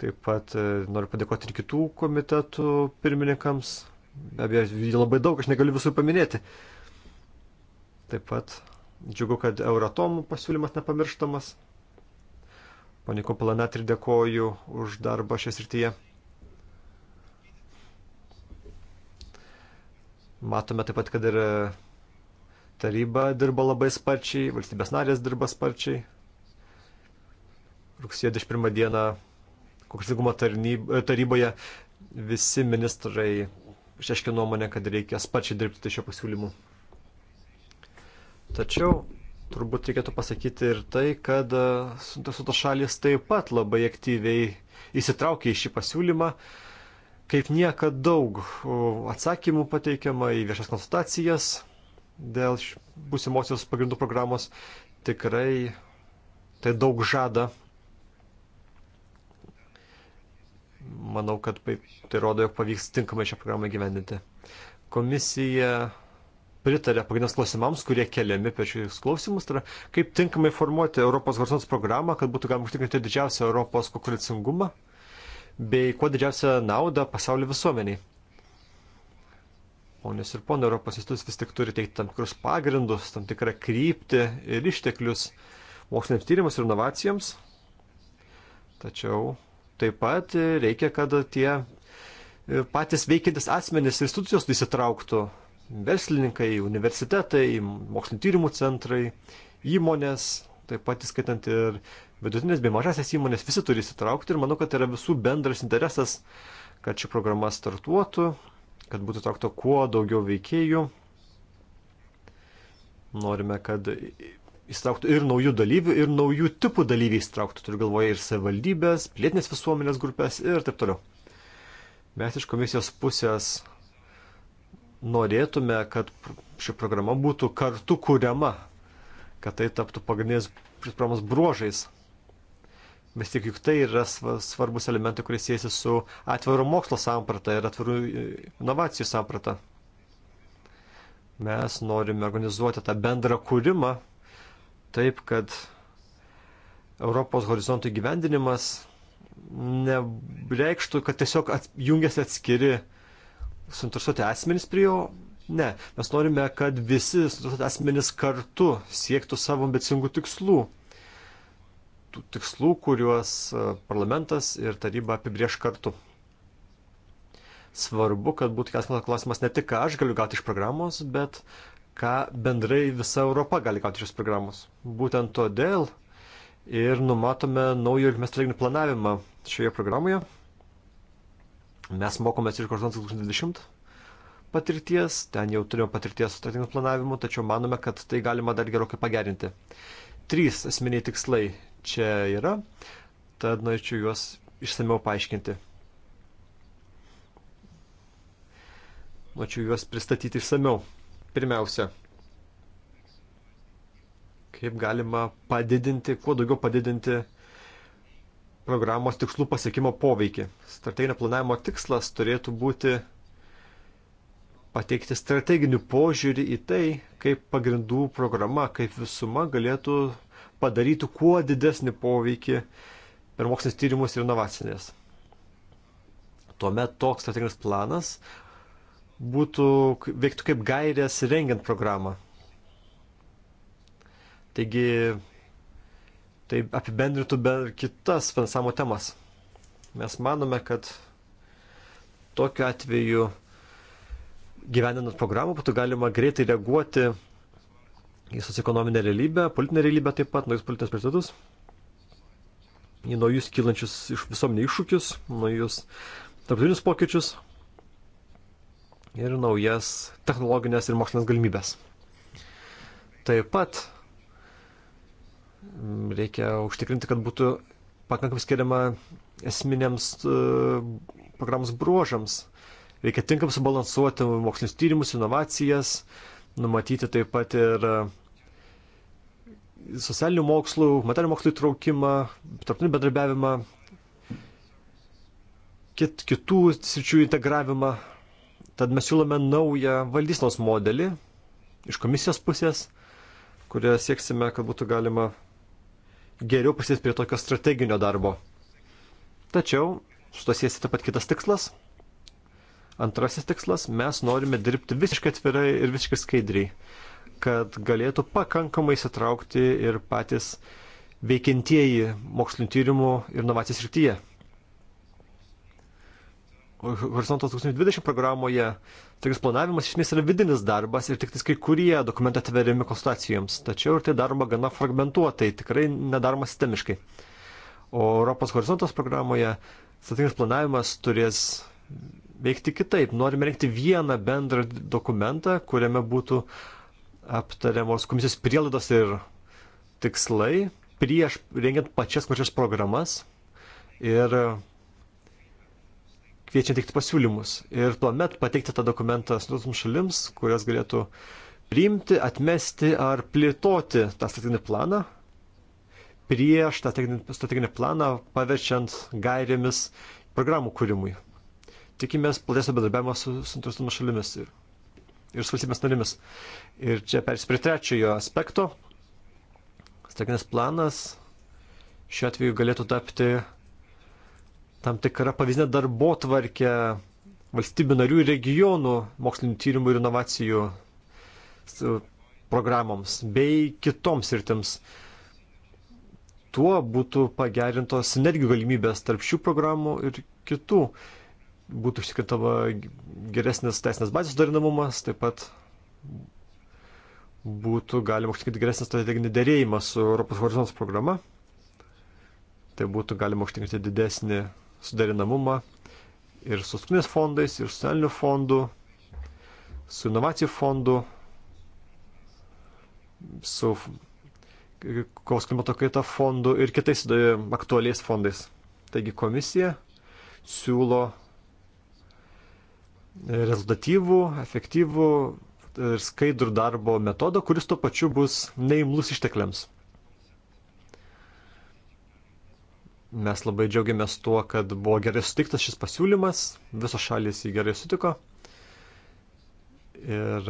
Taip pat e, noriu padėkoti ir kitų komitetų pirmininkams. Be abejo, jų labai daug, aš negaliu visų paminėti. Taip pat džiugu, kad Euratomų pasiūlymas nepamirštamas. Pane Kopalanet ir dėkoju už darbą šią srityje. Matome taip pat, kad ir e, taryba dirba labai sparčiai, valstybės narės dirba sparčiai. Rugsėjo 21 dieną konkurencingumo e, taryboje visi ministrai išreiškė nuomonę, kad reikia sparčiai dirbti tai šio pasiūlymu. Tačiau turbūt reikėtų pasakyti ir tai, kad e, suinteresuotos šalis taip pat labai aktyviai įsitraukė į šį pasiūlymą kaip niekad daug atsakymų pateikiama į viešas konsultacijas dėl būsimosios pagrindų programos. Tikrai tai daug žada. Manau, kad tai, tai rodo, jog pavyks tinkamai šią programą gyvendinti. Komisija pritarė pagrindiniams klausimams, kurie keliami per šius klausimus, tai yra kaip tinkamai formuoti Europos horizontus programą, kad būtų galima užtikrinti didžiausią Europos konkurencingumą bei kuo didžiausią naudą pasaulio visuomeniai. Ponios ir ponai, Europos institucijos vis tik turi teikti tam tikrus pagrindus, tam tikrą kryptį ir išteklius moksliniams tyrimams ir inovacijams. Tačiau taip pat reikia, kad tie e, patys veikiantis asmenys ir institucijos įsitrauktų. Verslininkai, universitetai, mokslinio tyrimų centrai, įmonės, taip pat įskaitant ir vidutinės bei mažasias įmonės visi turi įsitraukti ir manau, kad tai yra visų bendras interesas, kad ši programa startuotų, kad būtų traukta kuo daugiau veikėjų. Norime, kad įstrauktų ir naujų dalyvių, ir naujų tipų dalyviai įstrauktų. Turiu galvoje ir savivaldybės, plėtinės visuomenės grupės ir taip toliau. Mes iš komisijos pusės norėtume, kad ši programa būtų kartu kuriama, kad tai taptų pagrindinės programos bruožais. Vis tik juk tai yra svarbus elementai, kuris siejasi su atvirų mokslo samprata ir atvirų e, inovacijų samprata. Mes norime organizuoti tą bendrą kūrimą taip, kad Europos horizontų gyvendinimas nereikštų, kad tiesiog at, jungiasi atskiri suinteresuoti asmenys prie jo. Ne, mes norime, kad visi suinteresuoti asmenys kartu siektų savo ambicingų tikslų tų tikslų, kuriuos e, parlamentas ir taryba apibrieš kartu. Svarbu, kad būtų keliamas klausimas ne tik, ką aš galiu gauti iš programos, bet ką bendrai visa Europa gali gauti iš šios programos. Būtent todėl ir numatome naujo ir mes strateginį planavimą šioje programoje. Mes mokomės iš Horizontas 2020 patirties, ten jau turėjome patirties su strateginiu planavimu, tačiau manome, kad tai galima dar gerokai pagerinti. Trys esminiai tikslai čia yra, tad norėčiau juos išsameu paaiškinti. Norėčiau juos pristatyti išsameu. Pirmiausia, kaip galima padidinti, kuo daugiau padidinti programos tikslų pasiekimo poveikį. Strateginio planavimo tikslas turėtų būti pateikti strateginių požiūrį į tai, kaip pagrindų programa, kaip visuma galėtų padarytų kuo didesnį poveikį per mokslinis tyrimus ir inovacinės. Tuomet toks strateginis planas būtų, veiktų kaip gairės rengiant programą. Taigi, tai apibendrintų ber kitas finansavimo temas. Mes manome, kad tokiu atveju gyvenant programą būtų galima greitai reaguoti į socioekonominę realybę, politinę realybę taip pat, naujus politinius prioritetus, į naujus kylančius iš visuomenį iššūkius, naujus tarptautinius pokyčius ir naujas technologinės ir mokslinės galimybės. Taip pat mm, reikia užtikrinti, kad būtų pakankamai skiriama esminėms e, programos bruožams. Reikia tinkamai subalansuoti mokslinius tyrimus, inovacijas, numatyti taip pat ir socialinių mokslų, materialinių mokslų įtraukimą, tarptautinį bendrabiavimą, kit, kitų sričių integravimą. Tad mes siūlome naują valdysenos modelį iš komisijos pusės, kurioje sieksime, kad būtų galima geriau pasės prie tokio strateginio darbo. Tačiau su to siejasi taip pat kitas tikslas. Antrasis tikslas - mes norime dirbti visiškai atvirai ir visiškai skaidriai kad galėtų pakankamai įsitraukti ir patys veikintieji mokslinio tyrimų ir inovacijų srityje. Horizontas 2020 programoje toks planavimas iš esmės yra vidinis darbas ir tik tais kai kurie dokumentai atveriami konsultacijoms, tačiau ir tai daroma gana fragmentuotai, tikrai nedaroma sistemiškai. O Europos horizontas programoje strateginis planavimas turės veikti kitaip. Norime rinkti vieną bendrą dokumentą, kuriame būtų aptariamos komisijos prielaidos ir tikslai prieš rengiant pačias pačias programas ir kviečiant teikti pasiūlymus. Ir tuomet pateikti tą dokumentą sutartoms šalims, kurios galėtų priimti, atmesti ar plėtoti tą strateginį planą prieš tą strateginį planą paverčiant gairėmis programų kūrimui. Tikimės platesnio bendradarbiavimo su suinteresuotomis šalimis. Ir ir su valstybės narimis. Ir čia persis prie trečiojo aspekto. Strateginis planas šiuo atveju galėtų tapti tam tikra pavyzdinė darbo tvarkė valstybių narių ir regionų mokslinių tyrimų ir inovacijų programoms bei kitoms rytims. Tuo būtų pagerintos netgi galimybės tarp šių programų ir kitų būtų užtikrinama geresnis teisinės bazės darinamumas, taip pat būtų galima užtikrinti geresnį strateginį dėrėjimą su Europos horizontos programa. Tai būtų galima užtikrinti didesnį suderinamumą ir su struktūrinės fondais, ir socialinių fondų, su inovacijų fondu, su kovos klimato kaita fondu ir kitais e, aktualiais fondais. Taigi komisija siūlo rezultatyvų, efektyvų ir skaidrų darbo metodą, kuris tuo pačiu bus neimlus ištekliams. Mes labai džiaugiamės tuo, kad buvo gerai sutiktas šis pasiūlymas, visos šalis jį gerai sutiko. Ir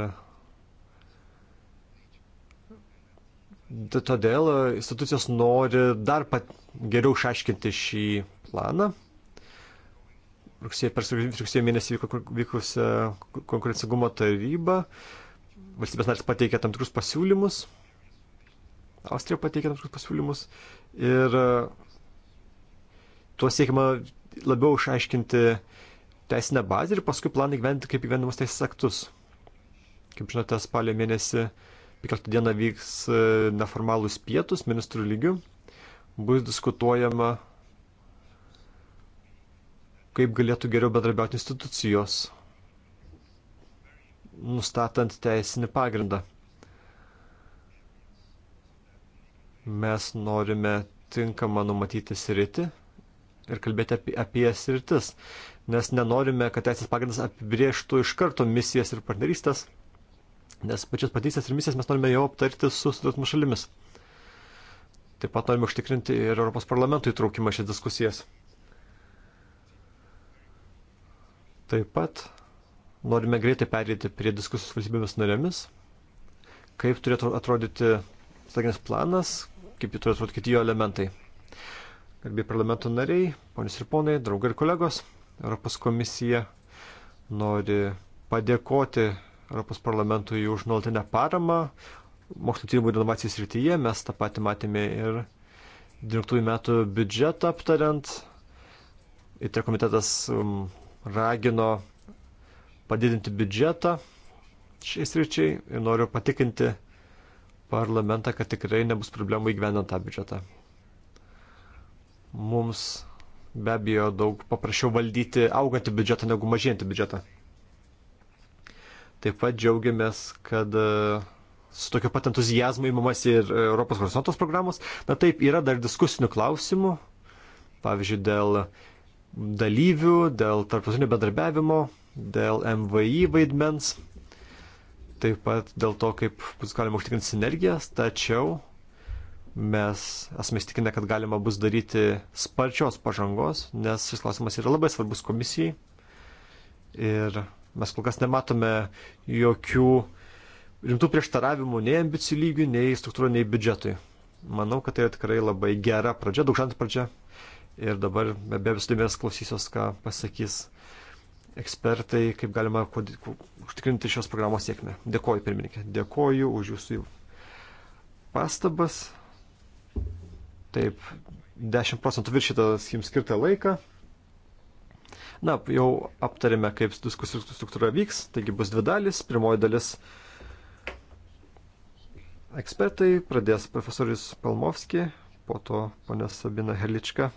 todėl institucijos nori dar pat geriau išaiškinti šį planą rugsėjo, per rugsėjo mėnesį vyko, vykusią e, konkurencingumo tarybą. Valstybės narės pateikė tam tikrus pasiūlymus. Austrija pateikė tam tikrus pasiūlymus. Ir e, tuo siekima labiau išaiškinti teisinę bazę ir paskui planą gyventi kaip gyvenimus teisės aktus. Kaip žinote, spalio mėnesį 15 dieną vyks e, neformalūs pietus ministrų lygių. Bus diskutuojama kaip galėtų geriau bendrabiauti institucijos, nustatant teisinį pagrindą. Mes norime tinkamą numatyti sritį ir kalbėti apie, apie sritis, nes nenorime, kad teisės pagrindas apibrieštų iš karto misijas ir partnerystės, nes pačias partnerystės ir misijas mes norime jau aptarti su sutartimu šalimis. Taip pat norime užtikrinti ir Europos parlamento įtraukimą šias diskusijas. Taip pat norime greitai perėti prie diskusijos su valstybėmis narėmis, kaip turėtų atrodyti strateginis planas, kaip jį turėtų atrodyti kiti jo elementai. Garbiai parlamento nariai, ponis ir ponai, draugai ir kolegos, Europos komisija nori padėkoti Europos parlamentui už nuolatinę paramą mokslo tyrimų ir inovacijų srityje. Mes tą patį matėme ir 19 metų biudžetą aptariant. Ir tai komitetas um, ragino padidinti biudžetą šiais ryčiai ir noriu patikinti parlamentą, kad tikrai nebus problemų įgyvenant tą biudžetą. Mums be abejo daug paprasčiau valdyti augantį biudžetą negu mažėjantį biudžetą. Taip pat džiaugiamės, kad e, su tokiu pat entuzijazmu įmamas ir e, Europos horizontos programos. Na taip, yra dar diskusinių klausimų, pavyzdžiui, dėl dalyvių, dėl tarptautinio bedarbiavimo, dėl MVI vaidmens, taip pat dėl to, kaip bus galima užtikrinti sinergijas, tačiau mes esame įstikinę, kad galima bus daryti sparčios pažangos, nes šis klausimas yra labai svarbus komisijai ir mes kol kas nematome jokių rimtų prieštaravimų nei ambicijų lygių, nei struktūrų, nei biudžetui. Manau, kad tai yra tikrai labai gera pradžia, daug šantų pradžia ir dabar be visdumės klausysios, ką pasakys ekspertai, kaip galima užtikrinti šios programos sėkmę. Dėkoju, pirmininkė. Dėkoju už jūsų pastabas. Taip, 10 procentų viršytas jums skirtą laiką. Na, jau aptarėme, kaip diskusijų struktūra vyks, taigi bus dvi dalis. Pirmoji dalis ekspertai pradės profesorius Palmovski, po to ponė Sabina Helička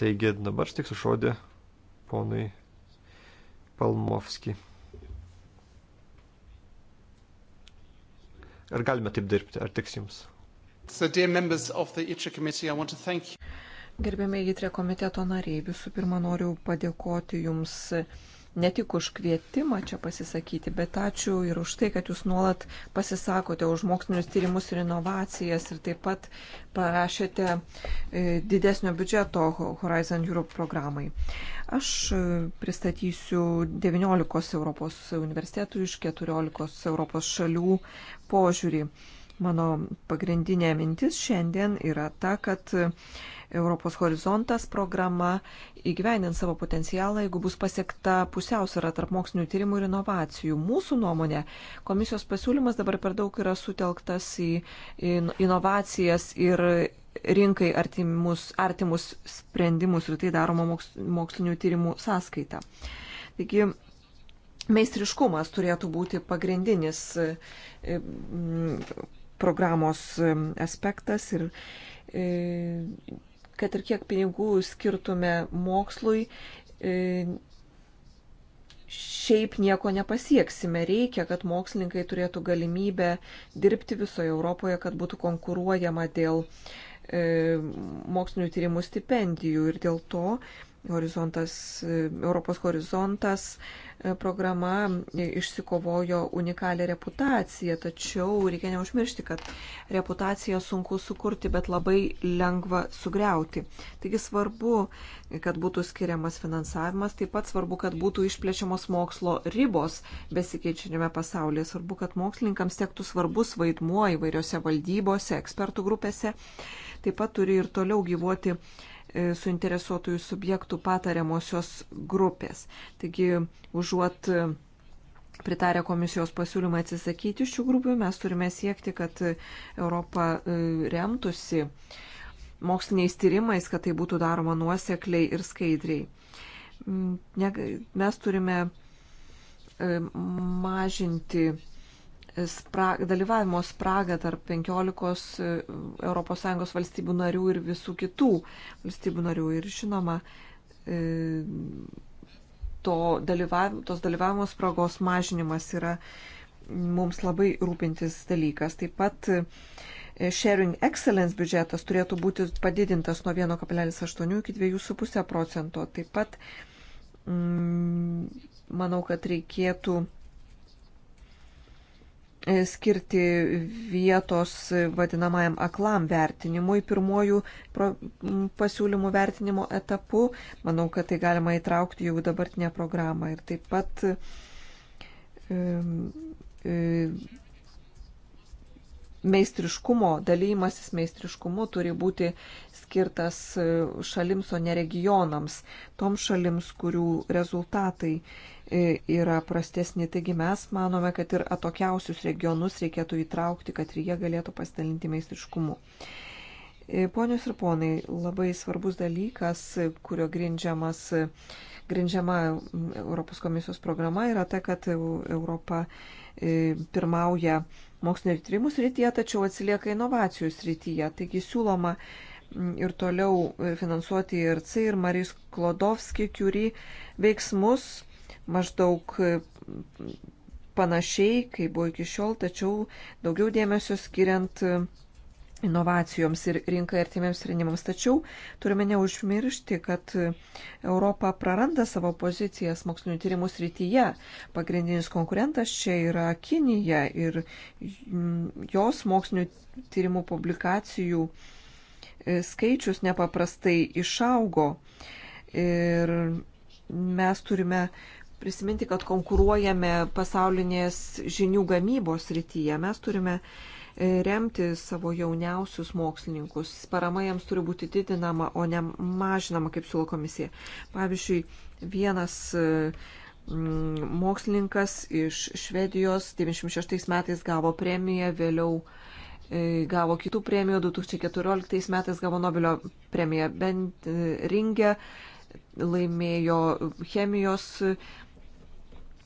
Taigi dabar tik sušodė ponui Palmovski. Ar galime taip dirbti, ar tiks jums? So, e Gerbėmiai įtrė e komiteto nariai, visų pirma noriu padėkoti Jums ne tik už kvietimą čia pasisakyti, bet ačiū ir už tai, kad jūs nuolat pasisakote už mokslinius tyrimus ir inovacijas ir taip pat parašėte e, didesnio biudžeto Horizon Europe programai. Aš e, pristatysiu 19 Europos universitetų iš 14 Europos šalių požiūrį. Mano pagrindinė mintis šiandien yra ta, kad Europos horizontas programa įgyvenint savo potencialą, jeigu bus pasiekta pusiausvėra tarp mokslinių tyrimų ir inovacijų. Mūsų nuomonė, komisijos pasiūlymas dabar per daug yra sutelktas į inovacijas ir rinkai artimus, artimus sprendimus ir tai daroma mokslinių tyrimų sąskaita. Taigi, meistriškumas turėtų būti pagrindinis e, programos e, aspektas ir e, kad ir kiek pinigų skirtume mokslui, e, šiaip nieko nepasieksime. Reikia, kad mokslininkai turėtų galimybę dirbti visoje Europoje, kad būtų konkuruojama dėl e, mokslinių tyrimų stipendijų ir dėl to Horizontas, e, Europos horizontas e, programa e, išsikovojo unikalią reputaciją, tačiau reikia neužmiršti, kad reputaciją sunku sukurti, bet labai lengva sugriauti. Taigi svarbu, kad būtų skiriamas finansavimas, taip pat svarbu, kad būtų išplečiamos mokslo ribos besikeičiančiame pasaulyje, svarbu, kad mokslininkams tektų svarbus vaidmuo įvairiose valdybose, ekspertų grupėse, taip pat turi ir toliau gyvuoti E, suinteresuotųjų subjektų patariamosios grupės. Taigi, užuot e, pritarę komisijos pasiūlymą atsisakyti šių grupių, mes turime siekti, kad Europa e, remtųsi moksliniais tyrimais, kad tai būtų daroma nuosekliai ir skaidriai. Mes turime mažinti sprag, dalyvavimo spragą tarp 15 ES valstybių narių ir visų kitų valstybių narių. Ir žinoma, e, to dalyvavimo, tos dalyvavimo spragos mažinimas yra mums labai rūpintis dalykas. Taip pat e, Sharing Excellence biudžetas turėtų būti padidintas nuo 1,8 iki 2,5 procento. Taip pat mm, manau, kad reikėtų E, skirti vietos vadinamajam aklam vertinimui pirmojų pasiūlymų vertinimo etapu. Manau, kad tai galima įtraukti jau dabartinę programą. Ir taip pat e, e, meistriškumo, dalymasis meistriškumu turi būti skirtas šalims, o ne regionams, toms šalims, kurių rezultatai yra prastesni. Taigi mes manome, kad ir atokiausius regionus reikėtų įtraukti, kad ir jie galėtų pasidalinti meistriškumu. Ponios ir ponai, labai svarbus dalykas, kurio grindžiamas, grindžiama Europos komisijos programa yra ta, kad e Europa pirmauja mokslinio tyrimų srityje, tačiau atsilieka inovacijų srityje. Taigi siūloma ir toliau e, finansuoti ir C, ir Marijos Klodovski, Kiuri veiksmus maždaug panašiai, kaip buvo iki šiol, tačiau daugiau dėmesio skiriant inovacijoms ir rinkai artimiems sprendimams. Tačiau turime neužmiršti, kad Europa praranda savo pozicijas mokslinio tyrimų srityje. Pagrindinis konkurentas čia yra Kinija ir jos mokslinio tyrimų publikacijų e, skaičius nepaprastai išaugo. Ir mes turime prisiminti, kad konkuruojame pasaulinės žinių gamybos rytyje. Mes turime e, remti savo jauniausius mokslininkus. Parama jiems turi būti didinama, o ne mažinama, kaip siūlo komisija. Pavyzdžiui, vienas e, mokslininkas iš Švedijos 96 metais gavo premiją, vėliau e, gavo kitų premijų, 2014 metais gavo Nobelio premiją. Bent Ringė laimėjo chemijos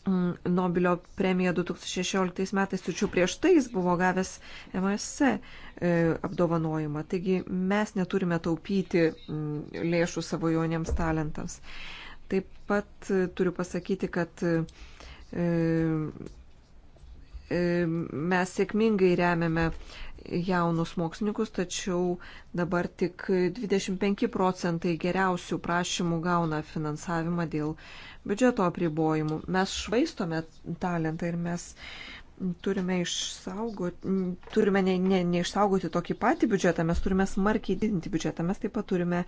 Mm, Nobelio premiją 2016 metais, tačiau prieš tai jis buvo gavęs MSC e, apdovanojimą. Taigi mes neturime taupyti mm, lėšų savo jauniems talentams. Taip pat e, turiu pasakyti, kad e, mes sėkmingai remiame jaunus mokslininkus, tačiau dabar tik 25 procentai geriausių prašymų gauna finansavimą dėl biudžeto apribojimų. Mes švaistome talentą ir mes turime, išsaugoti, turime ne, ne, neišsaugoti tokį patį biudžetą, mes turime smarkiai didinti biudžetą, mes taip pat turime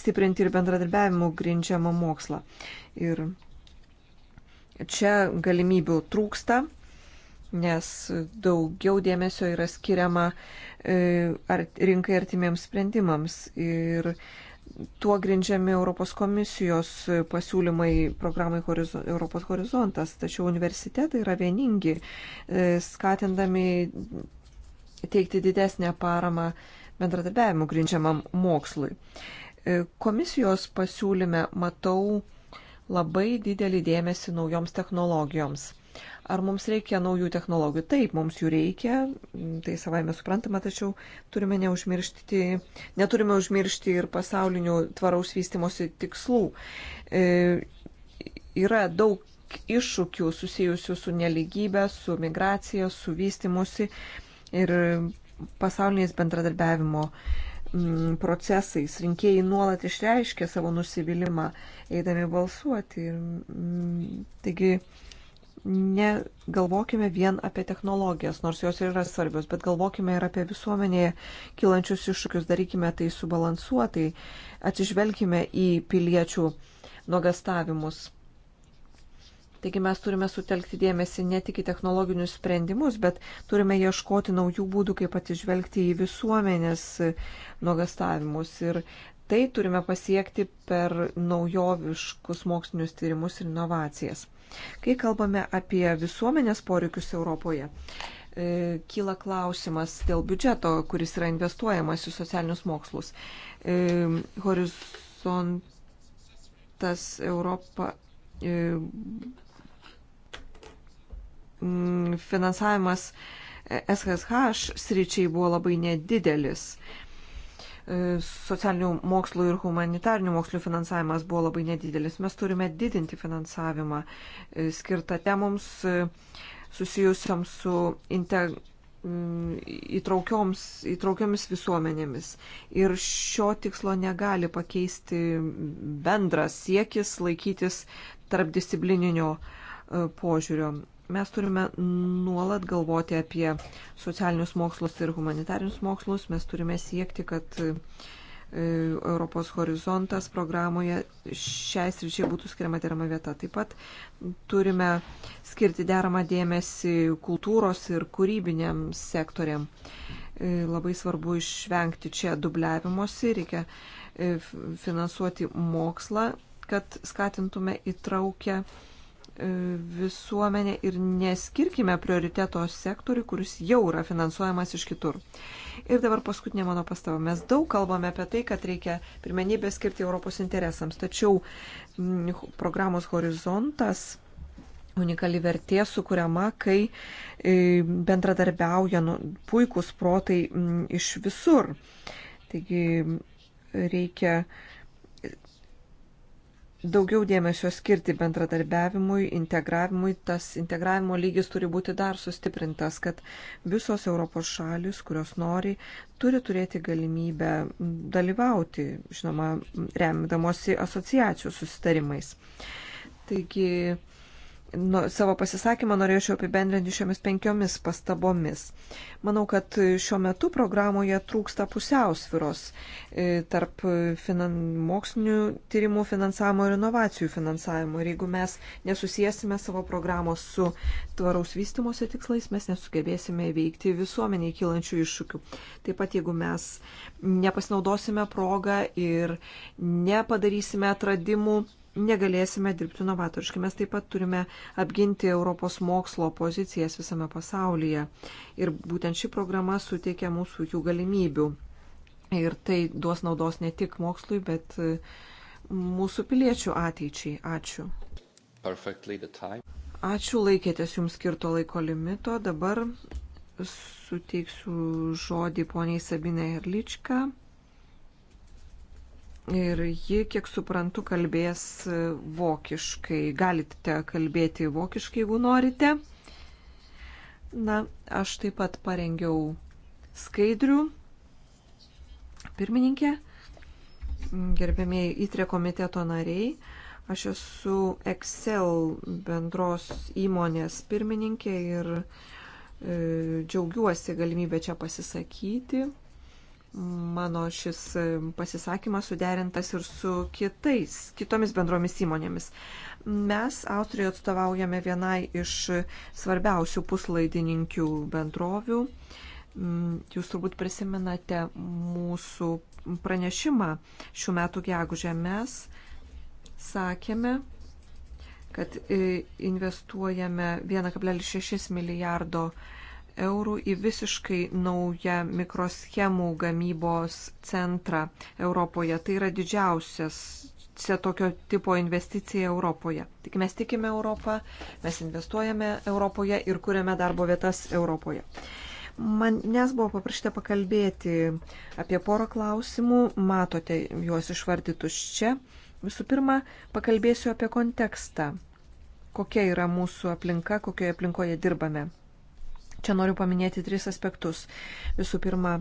stiprinti ir bendradarbiavimų grindžiamą mokslą. Ir čia galimybių trūksta, nes daugiau dėmesio yra skiriama e, rinkai artimiems sprendimams. Ir Tuo grindžiami Europos komisijos pasiūlymai programai horizo, Europos horizontas, tačiau universitetai yra vieningi, e, skatindami teikti didesnę paramą bendradarbiavimu grindžiamam mokslui. E, komisijos pasiūlyme matau labai didelį dėmesį naujoms technologijoms. Ar mums reikia naujų technologijų? Taip, mums jų reikia, tai savai mes suprantame, tačiau turime neužmiršti, neturime užmiršti ir pasaulinių tvaraus vystimosi tikslų. E, yra daug iššūkių susijusių su neligybė, su migracija, su vystimusi ir pasauliniais bendradarbiavimo mm, procesais. Rinkėjai nuolat išreiškia savo nusivylimą, eidami balsuoti. Ir, mm, taigi, negalvokime vien apie technologijas, nors jos yra svarbios, bet galvokime ir apie visuomenėje kilančius iššūkius, darykime tai subalansuotai, atsižvelgime į piliečių nuogastavimus. Taigi mes turime sutelkti dėmesį ne tik į technologinius sprendimus, bet turime ieškoti naujų būdų, kaip atsižvelgti į visuomenės nuogastavimus. Ir Tai turime pasiekti per naujoviškus mokslinius tyrimus ir inovacijas. Kai kalbame apie visuomenės poreikius Europoje, e, kyla klausimas dėl biudžeto, kuris yra investuojamas į socialinius mokslus. E, horizontas Europa e, finansavimas SSH sričiai buvo labai nedidelis. E, socialinių mokslų ir humanitarinių mokslų finansavimas buvo labai nedidelis. Mes turime didinti finansavimą e, skirtą temoms e, susijusiam su integ... Mm, įtraukiomis visuomenėmis. Ir šio tikslo negali pakeisti bendras siekis laikytis tarpdisciplininio e, požiūrio mes turime nuolat galvoti apie socialinius mokslus ir humanitarinius mokslus. Mes turime siekti, kad e, Europos horizontas programoje šiai sričiai būtų skiriama derama vieta. Taip pat turime skirti deramą dėmesį kultūros ir kūrybiniam sektoriam. E, labai svarbu išvengti čia dubliavimosi, reikia e, finansuoti mokslą, kad skatintume įtraukę visuomenę ir neskirkime prioriteto sektoriui, kuris jau yra finansuojamas iš kitur. Ir dabar paskutinė mano pastaba. Mes daug kalbame apie tai, kad reikia pirmenybę skirti Europos interesams, tačiau m, mm, programos horizontas unikali vertė sukuriama, kai e, bendradarbiauja nu, puikūs protai m, mm, iš visur. Taigi reikia e, daugiau dėmesio skirti bendradarbiavimui, integravimui. Tas integravimo lygis turi būti dar sustiprintas, kad visos Europos šalis, kurios nori, turi turėti galimybę dalyvauti, žinoma, remdamosi asociacijų susitarimais. Taigi, nu, savo pasisakymą norėčiau apibendrinti šiomis penkiomis pastabomis. Manau, kad šiuo metu programoje trūksta pusiausviros e, tarp finan, mokslinių tyrimų finansavimo ir inovacijų finansavimo. Ir jeigu mes nesusijęsime savo programos su tvaraus vystimosi tikslais, mes nesugebėsime įveikti visuomeniai kylančių iššūkių. Taip pat, jeigu mes nepasinaudosime progą ir nepadarysime atradimų, negalėsime dirbti novatoriškai. Mes taip pat turime apginti Europos mokslo pozicijas visame pasaulyje. Ir būtent ši programa suteikia mūsų jų galimybių. Ir tai duos naudos ne tik mokslui, bet e, mūsų piliečių ateičiai. Ačiū. Ačiū laikėtės jums skirto laiko limito. Dabar suteiksiu žodį poniai Sabinė Erličką ir ji, kiek suprantu, kalbės e, vokiškai. Galite kalbėti vokiškai, jeigu norite. Na, aš taip pat parengiau skaidrių. Pirmininkė, gerbėmiai įtrė komiteto nariai, aš esu Excel bendros įmonės pirmininkė ir e, džiaugiuosi galimybę čia pasisakyti mano šis pasisakymas suderintas ir su kitais, kitomis bendromis įmonėmis. Mes Austrijoje atstovaujame vienai iš svarbiausių puslaidininkių bendrovių. Mm, jūs turbūt prisimenate mūsų pranešimą šių metų gegužę. Mes sakėme, kad e, investuojame 1,6 milijardo eurų eurų į visiškai naują mikroschemų gamybos centrą Europoje. Tai yra didžiausias tokio tipo investicija Europoje. Tik mes tikime Europą, mes investuojame Europoje ir kuriame darbo vietas Europoje. Manęs buvo paprašyta pakalbėti apie porą klausimų, matote juos išvardytus čia. Visų pirma, pakalbėsiu apie kontekstą kokia yra mūsų aplinka, kokioje aplinkoje dirbame. Čia noriu paminėti tris aspektus. Visų pirma,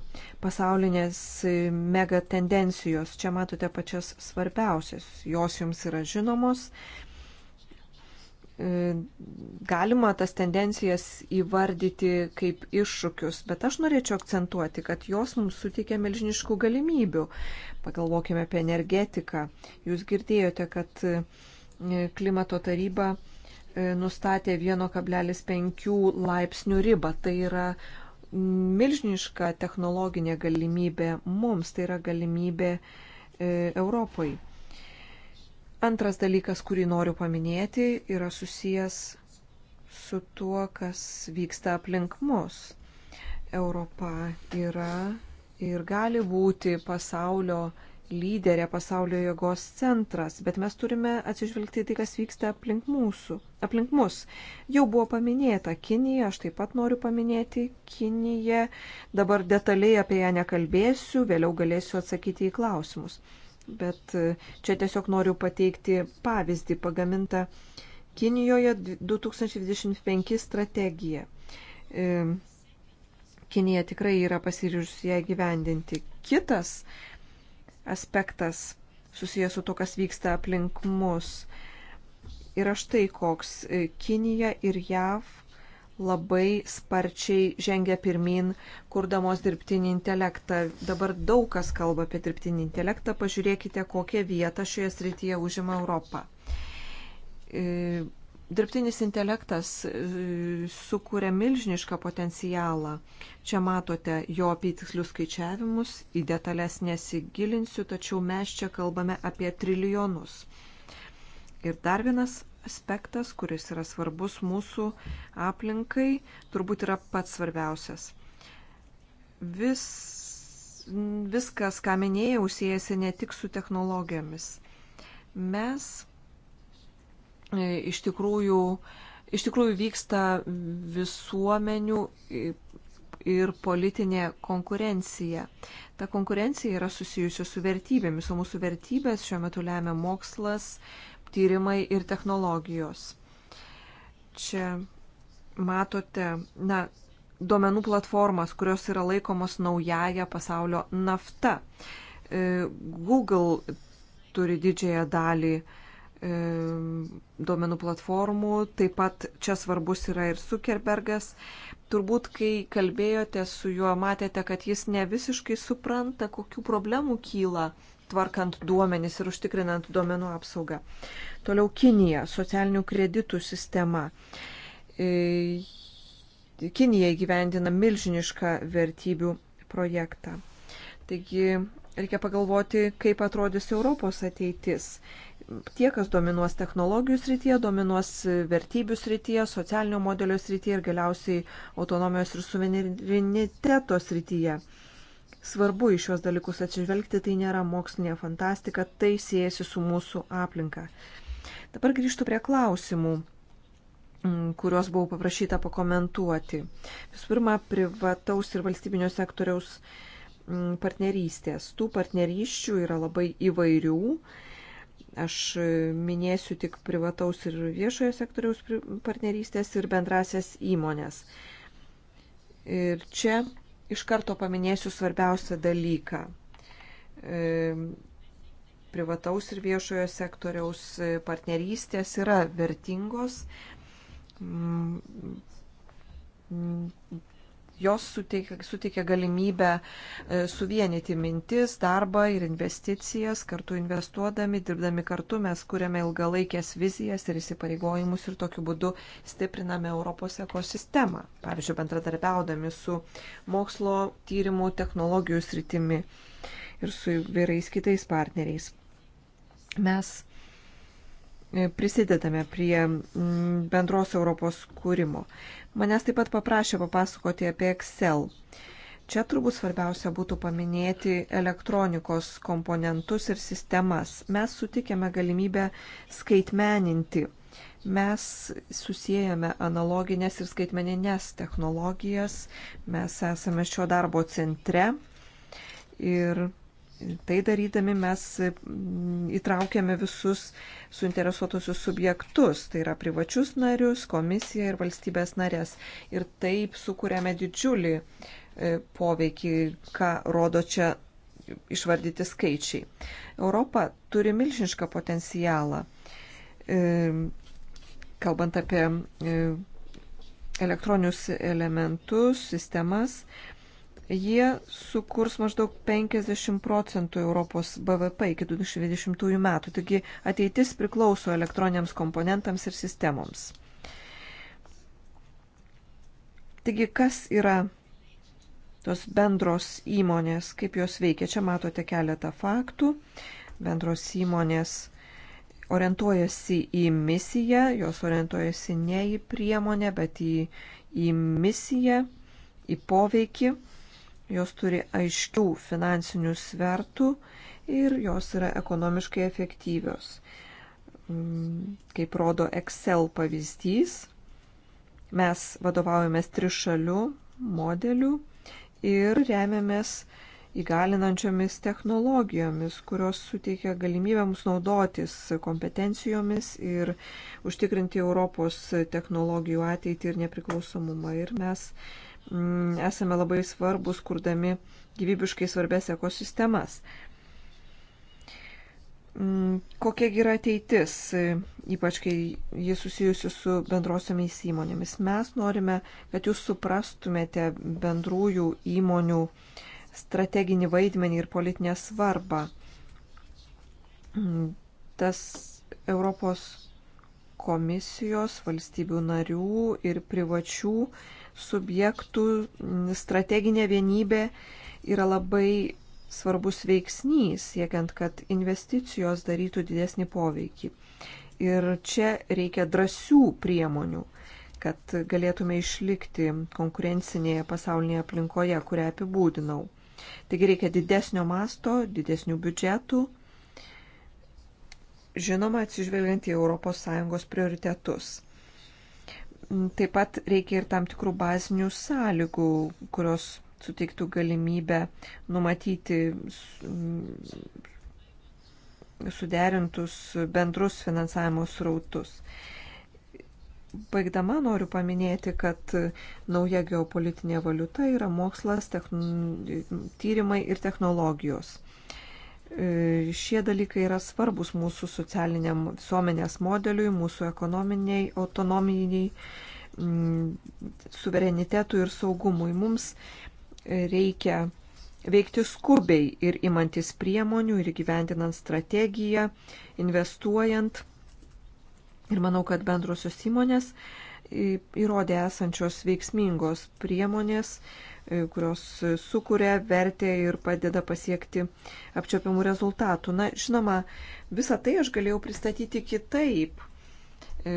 pasaulinės mega tendencijos. Čia matote pačias svarbiausias. Jos jums yra žinomos. E, galima tas tendencijas įvardyti kaip iššūkius, bet aš norėčiau akcentuoti, kad jos mums suteikia milžiniškų galimybių. Pagalvokime apie energetiką. Jūs girdėjote, kad e, klimato taryba E, nustatė 1,5 laipsnių ribą. Tai yra milžiniška technologinė galimybė mums, tai yra galimybė e, Europai. Antras dalykas, kurį noriu paminėti, yra susijęs su tuo, kas vyksta aplink mus. Europa yra ir gali būti pasaulio lyderė pasaulio jėgos centras, bet mes turime atsižvelgti tai, kas vyksta aplink, mūsų, aplink mus. Jau buvo paminėta Kinija, aš taip pat noriu paminėti Kiniją, dabar detaliai apie ją nekalbėsiu, vėliau galėsiu atsakyti į klausimus. Bet e, čia tiesiog noriu pateikti pavyzdį pagamintą Kinijoje 2025 strategiją. E, Kinija tikrai yra pasiryžusi ją gyvendinti. Kitas aspektas susijęs su to, kas vyksta aplink mus. Yra štai koks Kinija ir JAV labai sparčiai žengia pirmin, kurdamos dirbtinį intelektą. Dabar daug kas kalba apie dirbtinį intelektą. Pažiūrėkite, kokią vietą šioje srityje užima Europą. E, Dirbtinis intelektas e, sukūrė milžinišką potencialą. Čia matote jo apytikslius skaičiavimus, į detalės nesigilinsiu, tačiau mes čia kalbame apie trilijonus. Ir dar vienas aspektas, kuris yra svarbus mūsų aplinkai, turbūt yra pats svarbiausias. Vis, viskas, ką minėjau, siejasi ne tik su technologijomis. Mes E, iš tikrųjų, iš tikrųjų vyksta visuomenių ir politinė konkurencija. Ta konkurencija yra susijusi su vertybėmis, o mūsų vertybės šiuo metu lemia mokslas, tyrimai ir technologijos. Čia matote, na, duomenų platformas, kurios yra laikomos naujaja pasaulio nafta. E, Google turi didžiąją dalį uh, E, duomenų platformų. Taip pat čia svarbus yra ir Zuckerbergas. Turbūt, kai kalbėjote su juo, matėte, kad jis ne visiškai supranta, kokių problemų kyla tvarkant duomenis ir užtikrinant duomenų apsaugą. Toliau Kinija, socialinių kreditų sistema. E, Kinija įgyvendina milžinišką vertybių projektą. Taigi reikia pagalvoti, kaip atrodys Europos ateitis tie, kas dominuos technologijų srityje, dominuos vertybių srityje, socialinio modelio srityje ir galiausiai autonomijos ir suvereniteto srityje. Svarbu į šios dalykus atsižvelgti, tai nėra mokslinė fantastika, tai siejasi su mūsų aplinka. Dabar grįžtu prie klausimų, mm, kuriuos buvau paprašyta pakomentuoti. Visų pirma, privataus ir valstybinio sektoriaus mm, partnerystės. Tų partnerysčių yra labai įvairių Aš minėsiu tik privataus ir viešojo sektoriaus partnerystės ir bendrasias įmonės. Ir čia iš karto paminėsiu svarbiausią dalyką. E, privataus ir viešojo sektoriaus partnerystės yra vertingos Jos suteikia, suteikia galimybę e, suvienyti mintis, darbą ir investicijas, kartu investuodami, dirbdami kartu mes kuriame ilgalaikės vizijas ir įsipareigojimus ir tokiu būdu stipriname Europos ekosistemą, pavyzdžiui, bendradarbiaudami su mokslo tyrimų technologijų sritimi ir su vyrais kitais partneriais. Mes E, prisidedame prie mm, bendros Europos kūrimo. Manęs taip pat paprašė papasakoti apie Excel. Čia turbūt svarbiausia būtų paminėti elektronikos komponentus ir sistemas. Mes sutikėme galimybę skaitmeninti. Mes susijęjame analoginės ir skaitmeninės technologijas. Mes esame šio darbo centre. Ir Tai darydami mes mm, įtraukiame visus suinteresuotusius subjektus, tai yra privačius narius, komisiją ir valstybės narės. Ir taip sukūrėme didžiulį e, poveikį, ką rodo čia išvardyti skaičiai. Europa turi milžinišką potencialą, e, kalbant apie e, elektroninius elementus, sistemas. Jie sukurs maždaug 50 procentų Europos BVP iki 2020 metų, taigi ateitis priklauso elektroniniams komponentams ir sistemoms. Taigi, kas yra tos bendros įmonės, kaip jos veikia? Čia matote keletą faktų. Bendros įmonės orientuojasi į misiją, jos orientuojasi ne į priemonę, bet į, į misiją, į poveikį jos turi aiškių finansinių svertų ir jos yra ekonomiškai efektyvios. Mm, kaip rodo Excel pavyzdys, mes vadovaujamės trišalių modelių ir remiamės įgalinančiomis technologijomis, kurios suteikia galimybę mums naudotis kompetencijomis ir užtikrinti Europos technologijų ateitį ir nepriklausomumą. Ir mes uh, Mm, esame labai svarbus, kurdami gyvybiškai svarbės ekosistemas. Mm, Kokia yra ateitis, ypač kai jis susijusi su bendrosiomis įmonėmis? Mes norime, kad jūs suprastumėte bendrųjų įmonių strateginį vaidmenį ir politinę svarbą. Mm, tas Europos komisijos, valstybių narių ir privačių uh, subjektų strateginė vienybė yra labai svarbus veiksnys, siekiant, kad investicijos darytų didesnį poveikį. Ir čia reikia drąsių priemonių, kad galėtume išlikti konkurencinėje pasaulinėje aplinkoje, kurią apibūdinau. Taigi reikia didesnio masto, didesnių biudžetų, žinoma, atsižvelgiant į ES prioritetus. Taip pat reikia ir tam tikrų bazinių sąlygų, kurios suteiktų galimybę numatyti suderintus bendrus finansavimo srautus. Baigdama noriu paminėti, kad nauja geopolitinė valiuta yra mokslas, techn... tyrimai ir technologijos. E, šie dalykai yra svarbus mūsų socialiniam visuomenės modeliui, mūsų ekonominiai, autonominiai, mm, suverenitetui ir saugumui. Mums reikia veikti skubiai ir imantis priemonių ir gyvendinant strategiją, investuojant. Ir manau, kad bendrosios įmonės įrodė esančios veiksmingos priemonės E, kurios sukuria vertę ir padeda pasiekti apčiopiamų rezultatų. Na, žinoma, visą tai aš galėjau pristatyti kitaip, e,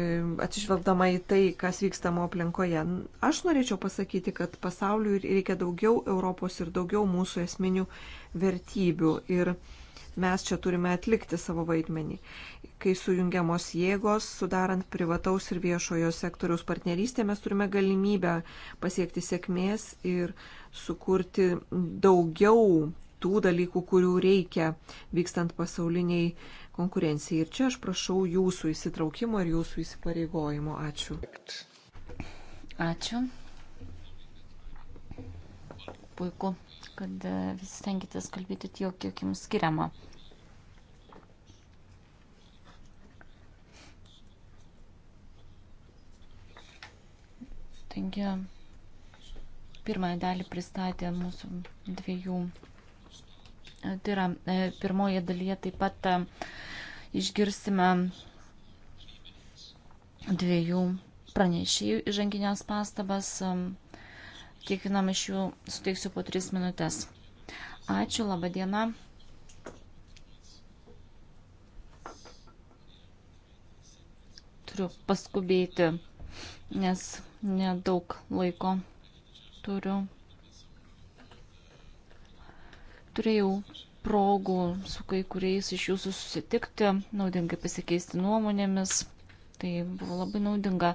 atsižvelgdama į tai, kas vyksta mano aplinkoje. Aš norėčiau pasakyti, kad pasauliui reikia daugiau Europos ir daugiau mūsų esminių vertybių. Ir mes čia turime atlikti savo vaidmenį, kai sujungiamos jėgos, sudarant privataus ir viešojo sektoriaus partnerystę, mes turime galimybę pasiekti sėkmės ir sukurti daugiau tų dalykų, kurių reikia vykstant pasauliniai konkurencijai. Ir čia aš prašau jūsų įsitraukimo ir jūsų įsipareigojimo. Ačiū. Ačiū. Puiku, kad e, vis tenkitės kalbėti tiek, kiek jums skiriama. Taigi, pirmąją dalį pristatė mūsų dviejų. E, tai yra, e, pirmoje dalyje taip pat e, išgirsime dviejų pranešėjų įžanginės pastabas. Kiekvienam iš jų suteiksiu po tris minutės. Ačiū, laba diena. Turiu paskubėti nes nedaug laiko turiu. Turėjau progų su kai kuriais iš jūsų susitikti, naudingai pasikeisti nuomonėmis. Tai buvo labai naudinga.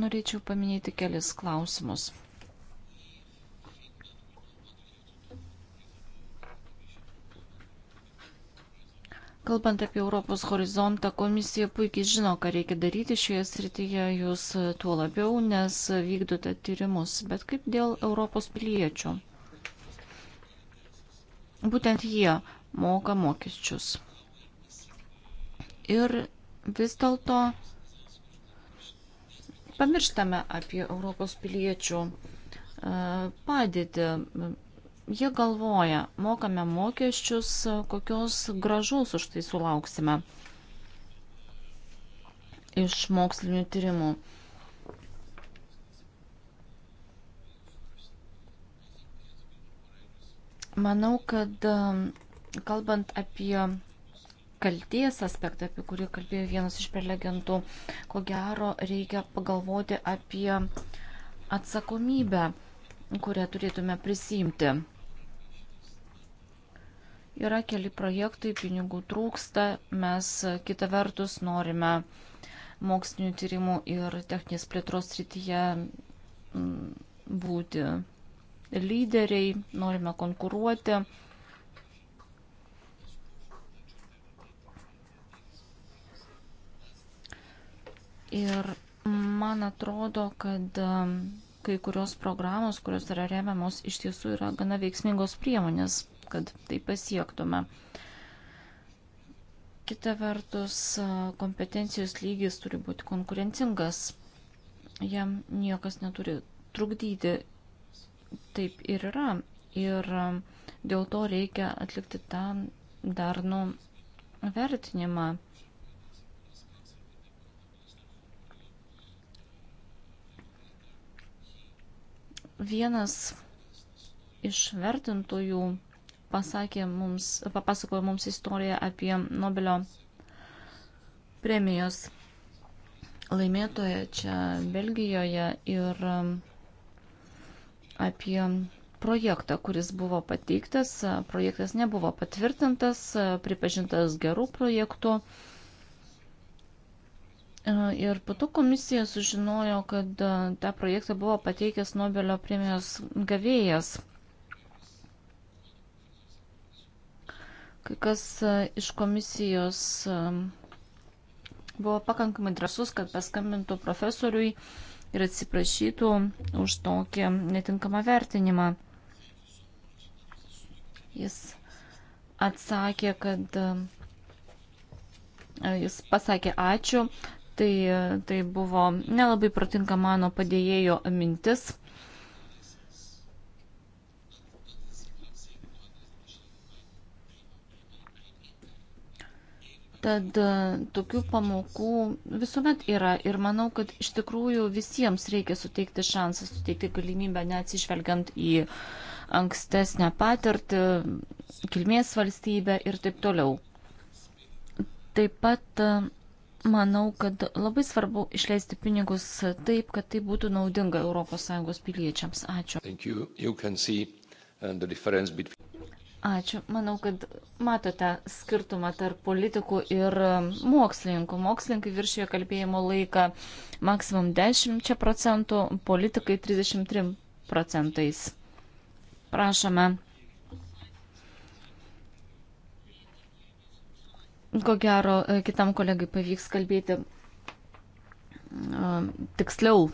Norėčiau paminėti kelis klausimus. Kalbant apie Europos horizontą, komisija puikiai žino, ką reikia daryti šioje srityje, jūs tuo labiau, nes vykdote tyrimus. Bet kaip dėl Europos piliečių? Būtent jie moka mokesčius. Ir vis dėlto pamirštame apie Europos piliečių padėtį. Jie galvoja, mokame mokesčius, kokios gražos už tai sulauksime iš mokslinių tyrimų. Manau, kad um, kalbant apie kalties aspektą, apie kurį kalbėjo vienas iš prelegentų, ko gero reikia pagalvoti apie atsakomybę, kurią turėtume prisimti. Yra keli projektai, pinigų trūksta, mes kita vertus norime mokslinių tyrimų ir techninės plėtros srityje mm, būti lyderiai, norime konkuruoti. Ir man atrodo, kad mm, kai kurios programos, kurios yra remiamos, iš tiesų yra gana veiksmingos priemonės kad tai pasiektume. Kita vertus, kompetencijos lygis turi būti konkurencingas. Jam niekas neturi trukdyti. Taip ir yra. Ir dėl to reikia atlikti tą darnų vertinimą. Vienas iš vertintojų pasakė mums, papasakojo mums istoriją apie Nobelio premijos laimėtoją čia Belgijoje ir um, apie projektą, kuris buvo pateiktas. Projektas nebuvo patvirtintas, pripažintas gerų projektų. E, ir po to komisija sužinojo, kad e, tą projektą buvo pateikęs Nobelio premijos gavėjas Kai kas e, iš komisijos e, buvo pakankamai drasus, kad paskambintų profesoriui ir atsiprašytų už tokį netinkamą vertinimą. Jis atsakė, kad e, jis pasakė ačiū, tai, tai buvo nelabai protinga mano padėjėjo mintis. Tad e, tokių pamokų visuomet yra ir manau, kad iš tikrųjų visiems reikia suteikti šansą, suteikti galimybę neatsižvelgiant į ankstesnę patirtį, kilmės valstybę ir taip toliau. Taip pat e, manau, kad labai svarbu išleisti pinigus taip, kad tai būtų naudinga ES piliečiams. Ačiū. Ačiū. Manau, kad matote skirtumą tarp politikų ir um, mokslininkų. Mokslininkai viršėjo kalbėjimo laiką maksimum 10 procentų, politikai 33 procentais. Prašome. Ko gero, e, kitam kolegai pavyks kalbėti um, tiksliau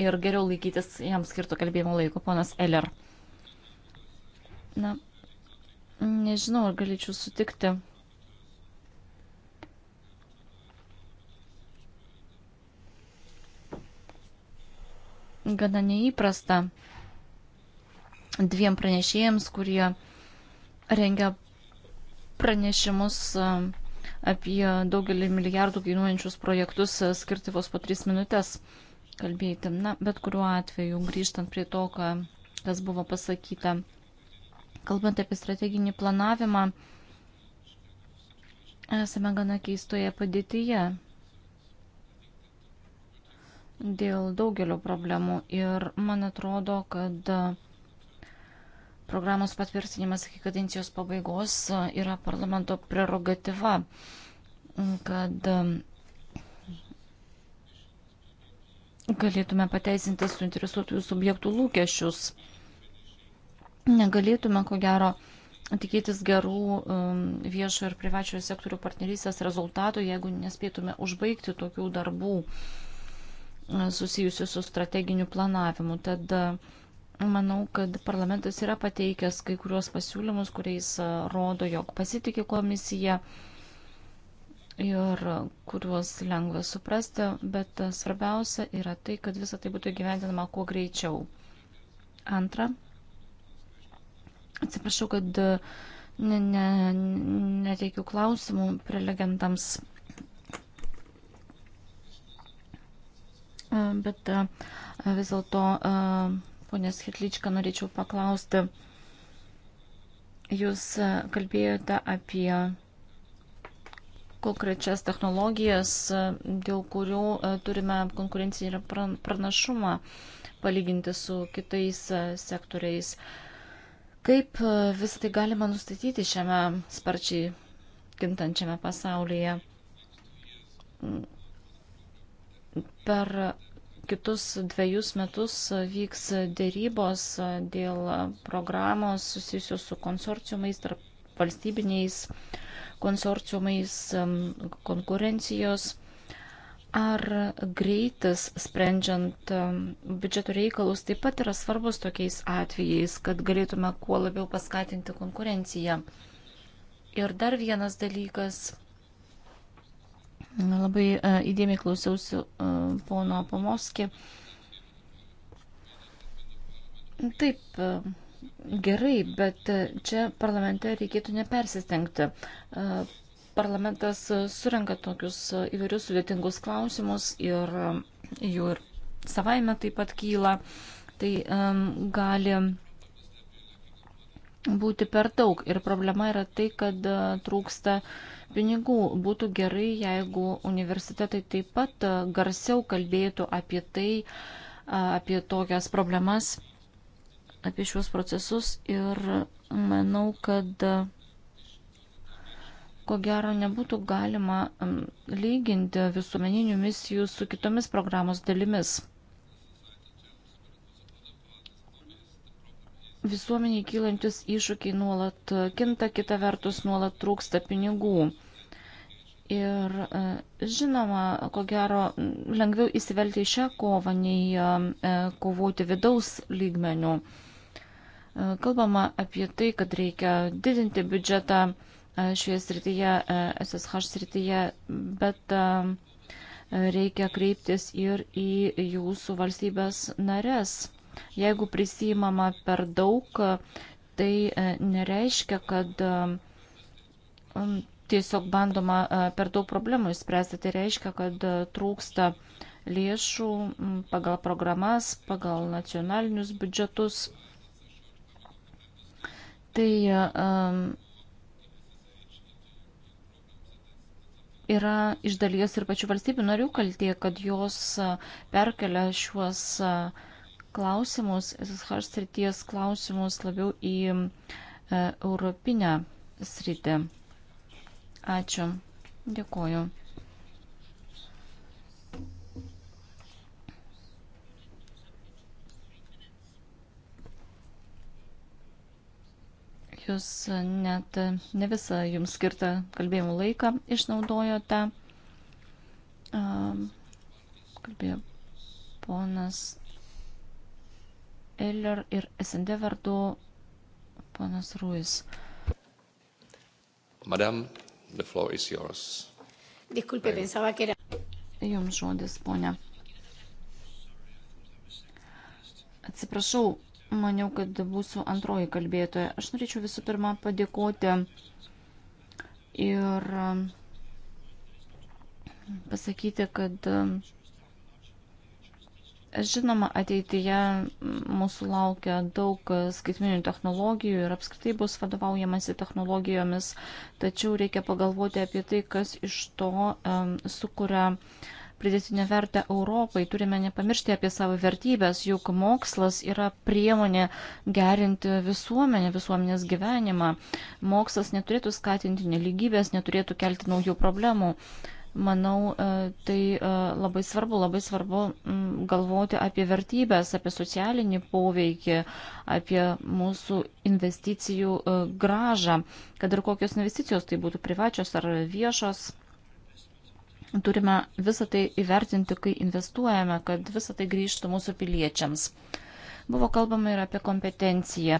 ir geriau laikytis jam skirto kalbėjimo laiko, ponas Eller. Na, Nežinau, ar galėčiau sutikti. Gana neįprasta dviem pranešėjams, kurie rengia pranešimus e, apie daugelį milijardų kainuojančius projektus e, skirti vos po tris minutės kalbėti. Na, bet kuriuo atveju, grįžtant prie to, kas buvo pasakyta Kalbant apie strateginį planavimą, esame gana keistoje padėtyje dėl daugelio problemų ir man atrodo, kad programos patvirtinimas iki kadencijos pabaigos yra parlamento prerogatyva, kad galėtume pateisinti suinteresuotųjų subjektų lūkesčius negalėtume, ko gero, tikėtis gerų um, viešo ir privačiojo sektorių partnerystės rezultatų, jeigu nespėtume užbaigti tokių darbų uh, susijusių su strateginiu planavimu. Tad uh, manau, kad parlamentas yra pateikęs kai kuriuos pasiūlymus, kuriais uh, rodo, jog pasitikė komisija ir kuriuos lengva suprasti, bet svarbiausia yra tai, kad visą tai būtų gyvendinama kuo greičiau. Antra, Atsiprašau, kad e, ne, ne, neteikiu klausimų prelegentams. E, bet e, vis dėlto, ponės Hitličką, norėčiau paklausti. Jūs kalbėjote apie konkrečias technologijas, dėl kurių turime konkurencinį pranašumą palyginti su kitais sektoriais. Kaip e, vis tai galima nustatyti šiame sparčiai kintančiame pasaulyje? Per kitus dviejus metus vyks dėrybos dėl programos susijusios su konsorciumais, tarp valstybiniais konsorciumais, konkurencijos Ar greitis sprendžiant um, biudžeto reikalus taip pat yra svarbus tokiais atvejais, kad galėtume kuo labiau paskatinti konkurenciją? Ir dar vienas dalykas. Labai e, įdėmiai klausiausi e, pono Pomoski. Taip, e, gerai, bet čia parlamente reikėtų nepersistengti parlamentas e, surenka tokius e, įvairius sudėtingus klausimus ir e, jų ir savaime taip pat kyla, tai um, gali būti per daug. Ir problema yra tai, kad trūksta pinigų. Būtų gerai, jeigu universitetai taip pat garsiau kalbėtų apie tai, apie tokias problemas, apie šiuos procesus. Ir manau, kad ko gero nebūtų galima lyginti visuomeninių misijų su kitomis programos dalimis. Visuomeniai kylantis iššūkiai nuolat kinta, kita vertus nuolat trūksta pinigų. Ir e, žinoma, ko gero, lengviau įsivelti į šią kovą, nei e, kovoti vidaus lygmenių. E, kalbama apie tai, kad reikia didinti biudžetą E, šioje srityje, e, SSH srityje, bet e, reikia kreiptis ir į jūsų valstybės narės. Jeigu prisimama per daug, tai nereiškia, kad tiesiog bandoma per daug problemų išspręsti. Tai reiškia, kad trūksta lėšų pagal programas, pagal nacionalinius biudžetus. Tai yra iš dalies ir pačių valstybių narių kaltė, kad jos perkelia šiuos klausimus, SSH srities klausimus labiau į e, europinę sritį. Ačiū. Dėkuoju. jūs net ne visą jums skirtą kalbėjimų laiką išnaudojote. Kalbėjo ponas Eller ir SND vardu ponas Ruiz. Madam, the floor is yours. Disculpe, pensaba que era. Jums žodis, ponia. Atsiprašau, maniau, kad būsiu antroji kalbėtoja. Aš norėčiau visų pirma padėkoti ir um, pasakyti, kad um, žinoma, ateityje mūsų laukia daug skaitminių technologijų ir apskritai bus vadovaujamasi technologijomis, tačiau reikia pagalvoti apie tai, kas iš to um, sukuria uh, pridėtinę vertę Europai, turime nepamiršti apie savo vertybės, juk mokslas yra priemonė gerinti visuomenę, visuomenės gyvenimą. Mokslas neturėtų skatinti neligybės, neturėtų kelti naujų problemų. Manau, e, tai e, labai svarbu, labai svarbu galvoti apie vertybės, apie socialinį poveikį, apie mūsų investicijų e, gražą, kad ir kokios investicijos tai būtų privačios ar viešos turime visą tai įvertinti, kai investuojame, kad visą tai grįžtų mūsų piliečiams. Buvo kalbama ir apie kompetenciją.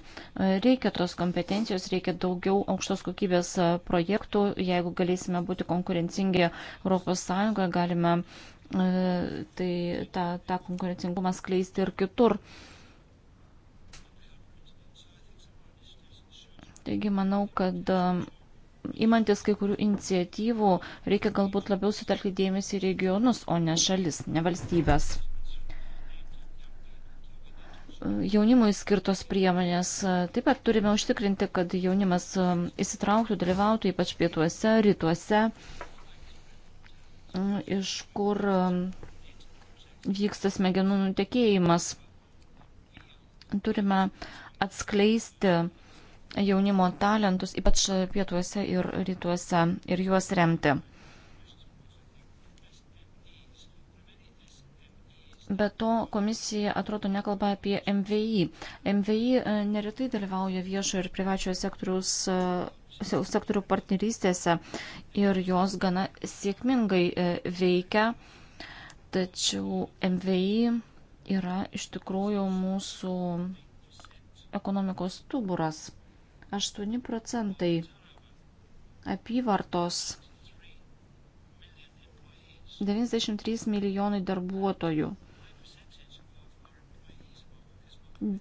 Reikia tos kompetencijos, reikia daugiau aukštos kokybės projektų. Jeigu galėsime būti konkurencingi ES, galime e, tai, tą, tą konkurencingumą skleisti ir kitur. Taigi manau, kad imantis kai kurių iniciatyvų, reikia galbūt labiau sutelkti dėmesį į regionus, o ne šalis, ne valstybės. Jaunimui skirtos priemonės. Taip pat turime užtikrinti, kad jaunimas um, įsitrauktų, dalyvautų ypač pietuose, rytuose, um, iš kur um, vyksta smegenų nutekėjimas. Turime atskleisti uh, jaunimo talentus, ypač pietuose ir rytuose, ir juos remti. Be to, komisija atrodo nekalba apie MVI. MVI e, neretai dalyvauja viešo ir privačiojo sektoriaus e, sektorių partnerystėse ir jos gana sėkmingai e, veikia, tačiau MVI yra iš tikrųjų mūsų ekonomikos stuburas. 8 procentai apyvartos 93 milijonai darbuotojų.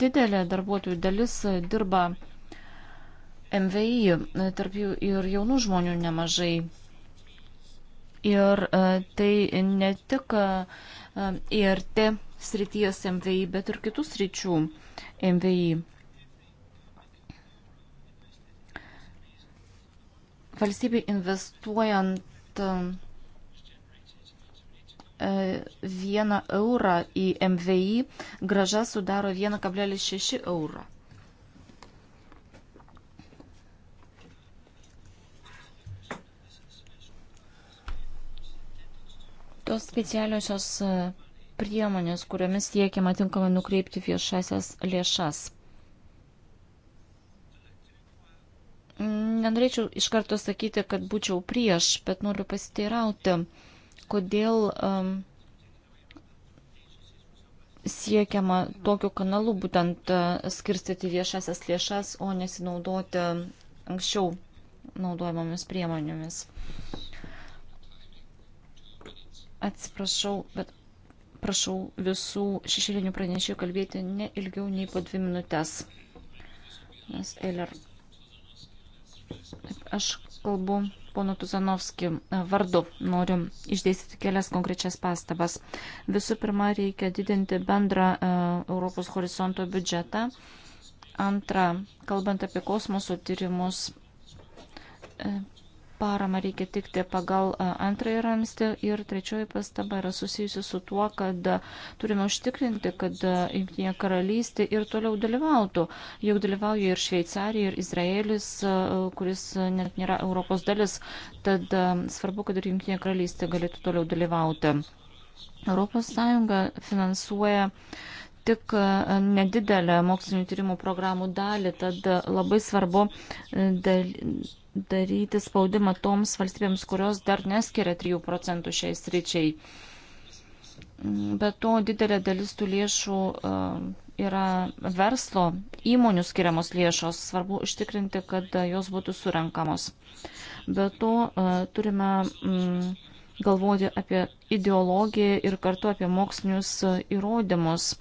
Didelė darbuotojų dalis dirba MVI, tarp jų ir jaunų žmonių nemažai. Ir e, tai ne tik IRT e, e srities MVI, bet ir kitų sričių MVI. valstybei investuojant e, vieną eurą į MVI, graža sudaro 1,6 euro. Tos specialiosios e, priemonės, kuriomis siekiama tinkamai nukreipti viešasias lėšas Nenorėčiau iš karto sakyti, kad būčiau prieš, bet noriu pasiteirauti, kodėl um, siekiama tokiu kanalu būtent uh, skirstyti viešasias lėšas, o nesinaudoti anksčiau naudojamomis priemonėmis. Atsiprašau, bet prašau visų šešėlinių pranešėjų kalbėti ne ilgiau nei po dvi minutės. Nes Eiler Aš kalbu pono Tuzanovski vardu. Noriu išdėstyti kelias konkrečias pastabas. Visų pirma, reikia didinti bendrą e, Europos horizonto biudžetą. Antra, kalbant apie kosmoso tyrimus, e, Parama reikia tikti pagal e, antrąjį ramstį ir trečioji pastaba yra susijusi su tuo, kad e, turime užtikrinti, kad e, Junktinė karalystė ir toliau dalyvautų. Juk dalyvauja ir Šveicarija, ir Izraelis, kuris net nėra Europos dalis. Tad svarbu, kad ir Junktinė karalystė galėtų toliau dalyvauti. Europos Sąjunga finansuoja tik nedidelę mokslinių tyrimų programų dalį, tad labai svarbu dal daryti spaudimą toms valstybėms, kurios dar neskiria 3 procentų šiai sričiai. Be to, didelė dalis tų lėšų yra verslo įmonių skiriamos lėšos. Svarbu užtikrinti, kad jos būtų surenkamos. Be to, turime mm, galvoti apie ideologiją ir kartu apie mokslinius įrodymus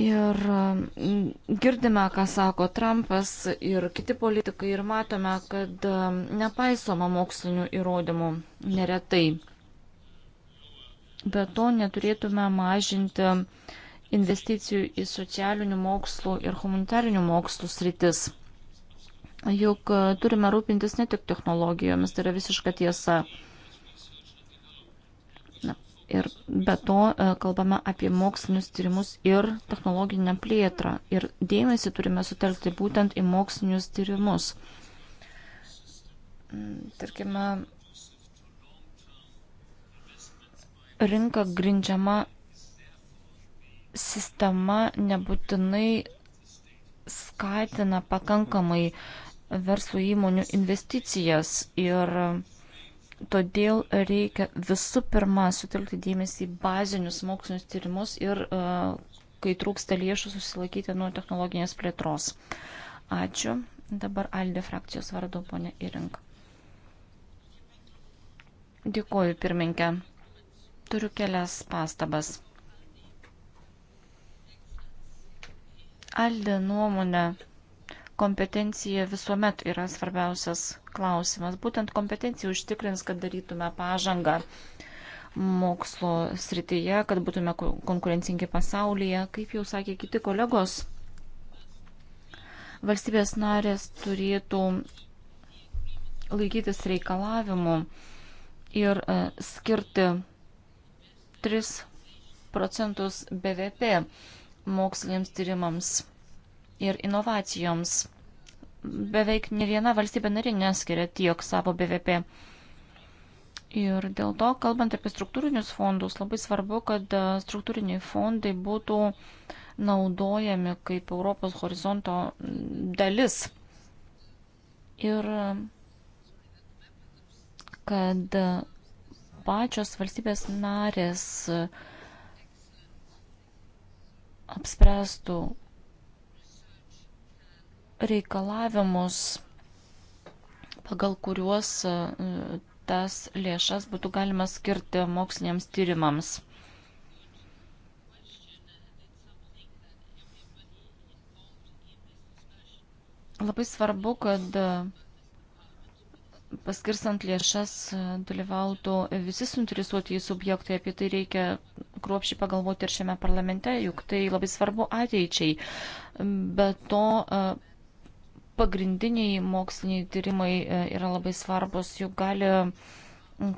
Ir mm, girdime, ką sako Trumpas ir kiti politikai ir matome, kad mm, nepaisoma mokslinių įrodymų neretai. Be to neturėtume mažinti investicijų į socialinių mokslų ir humanitarinių mokslų sritis. Juk mm, turime rūpintis ne tik technologijomis, tai yra visiška tiesa. Ir be to e, kalbame apie mokslinius tyrimus ir technologinę plėtrą. Ir dėmesį turime sutelkti būtent į mokslinius tyrimus. Mm, tarkime, rinka grindžiama sistema nebūtinai skatina pakankamai verslo įmonių investicijas ir Todėl reikia visų pirma sutelkti dėmesį į bazinius mokslinius tyrimus ir, e, kai trūksta lėšų, susilaikyti nuo technologinės plėtros. Ačiū. Dabar Aldė frakcijos vardu, ponė Irink. Dėkuoju, pirmininkė. Turiu kelias pastabas. Aldė nuomonė kompetencija visuomet yra svarbiausias klausimas. Būtent kompetencija užtikrins, kad darytume pažangą mokslo srityje, kad būtume konkurencingi pasaulyje. Kaip jau sakė kiti kolegos, valstybės narės turėtų laikytis reikalavimų ir e, skirti 3 procentus BVP moksliniams tyrimams ir inovacijoms. Beveik ne viena valstybė nari neskiria tiek savo BVP. Ir dėl to, kalbant apie struktūrinius fondus, labai svarbu, kad e, struktūriniai fondai būtų naudojami kaip Europos horizonto dalis. Ir kad e, pačios valstybės narės e, apspręstų, reikalavimus, pagal kuriuos e, tas lėšas būtų galima skirti moksliniams tyrimams. Labai svarbu, kad e, paskirstant lėšas e, dalyvautų visi suinteresuoti į subjektai, apie tai reikia kruopšį pagalvoti ir šiame parlamente, juk tai labai svarbu ateičiai. Be to pagrindiniai moksliniai tyrimai e, yra labai svarbus, juk gali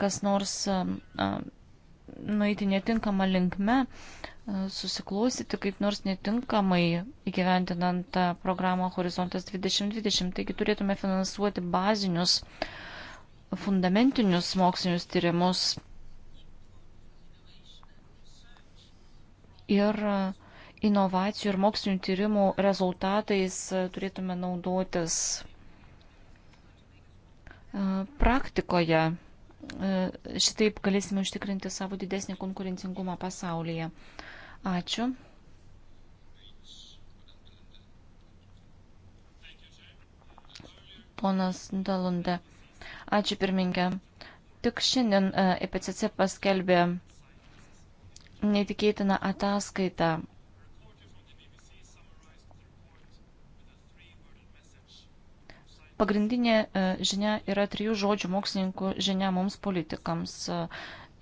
kas nors e, nueiti netinkamą linkmę, e, susiklausyti kaip nors netinkamai įgyventinant programą Horizontas 2020. Taigi turėtume finansuoti bazinius, fundamentinius mokslinius tyrimus ir inovacijų ir mokslinių tyrimų rezultatais e, turėtume naudotis e, praktikoje. E, šitaip galėsime užtikrinti savo didesnį konkurencingumą pasaulyje. Ačiū. Ponas Dalunde. Ačiū pirmininkė. Tik šiandien EPCC paskelbė neįtikėtiną ataskaitą Pagrindinė e, žinia yra trijų žodžių mokslininkų žinia mums politikams. E,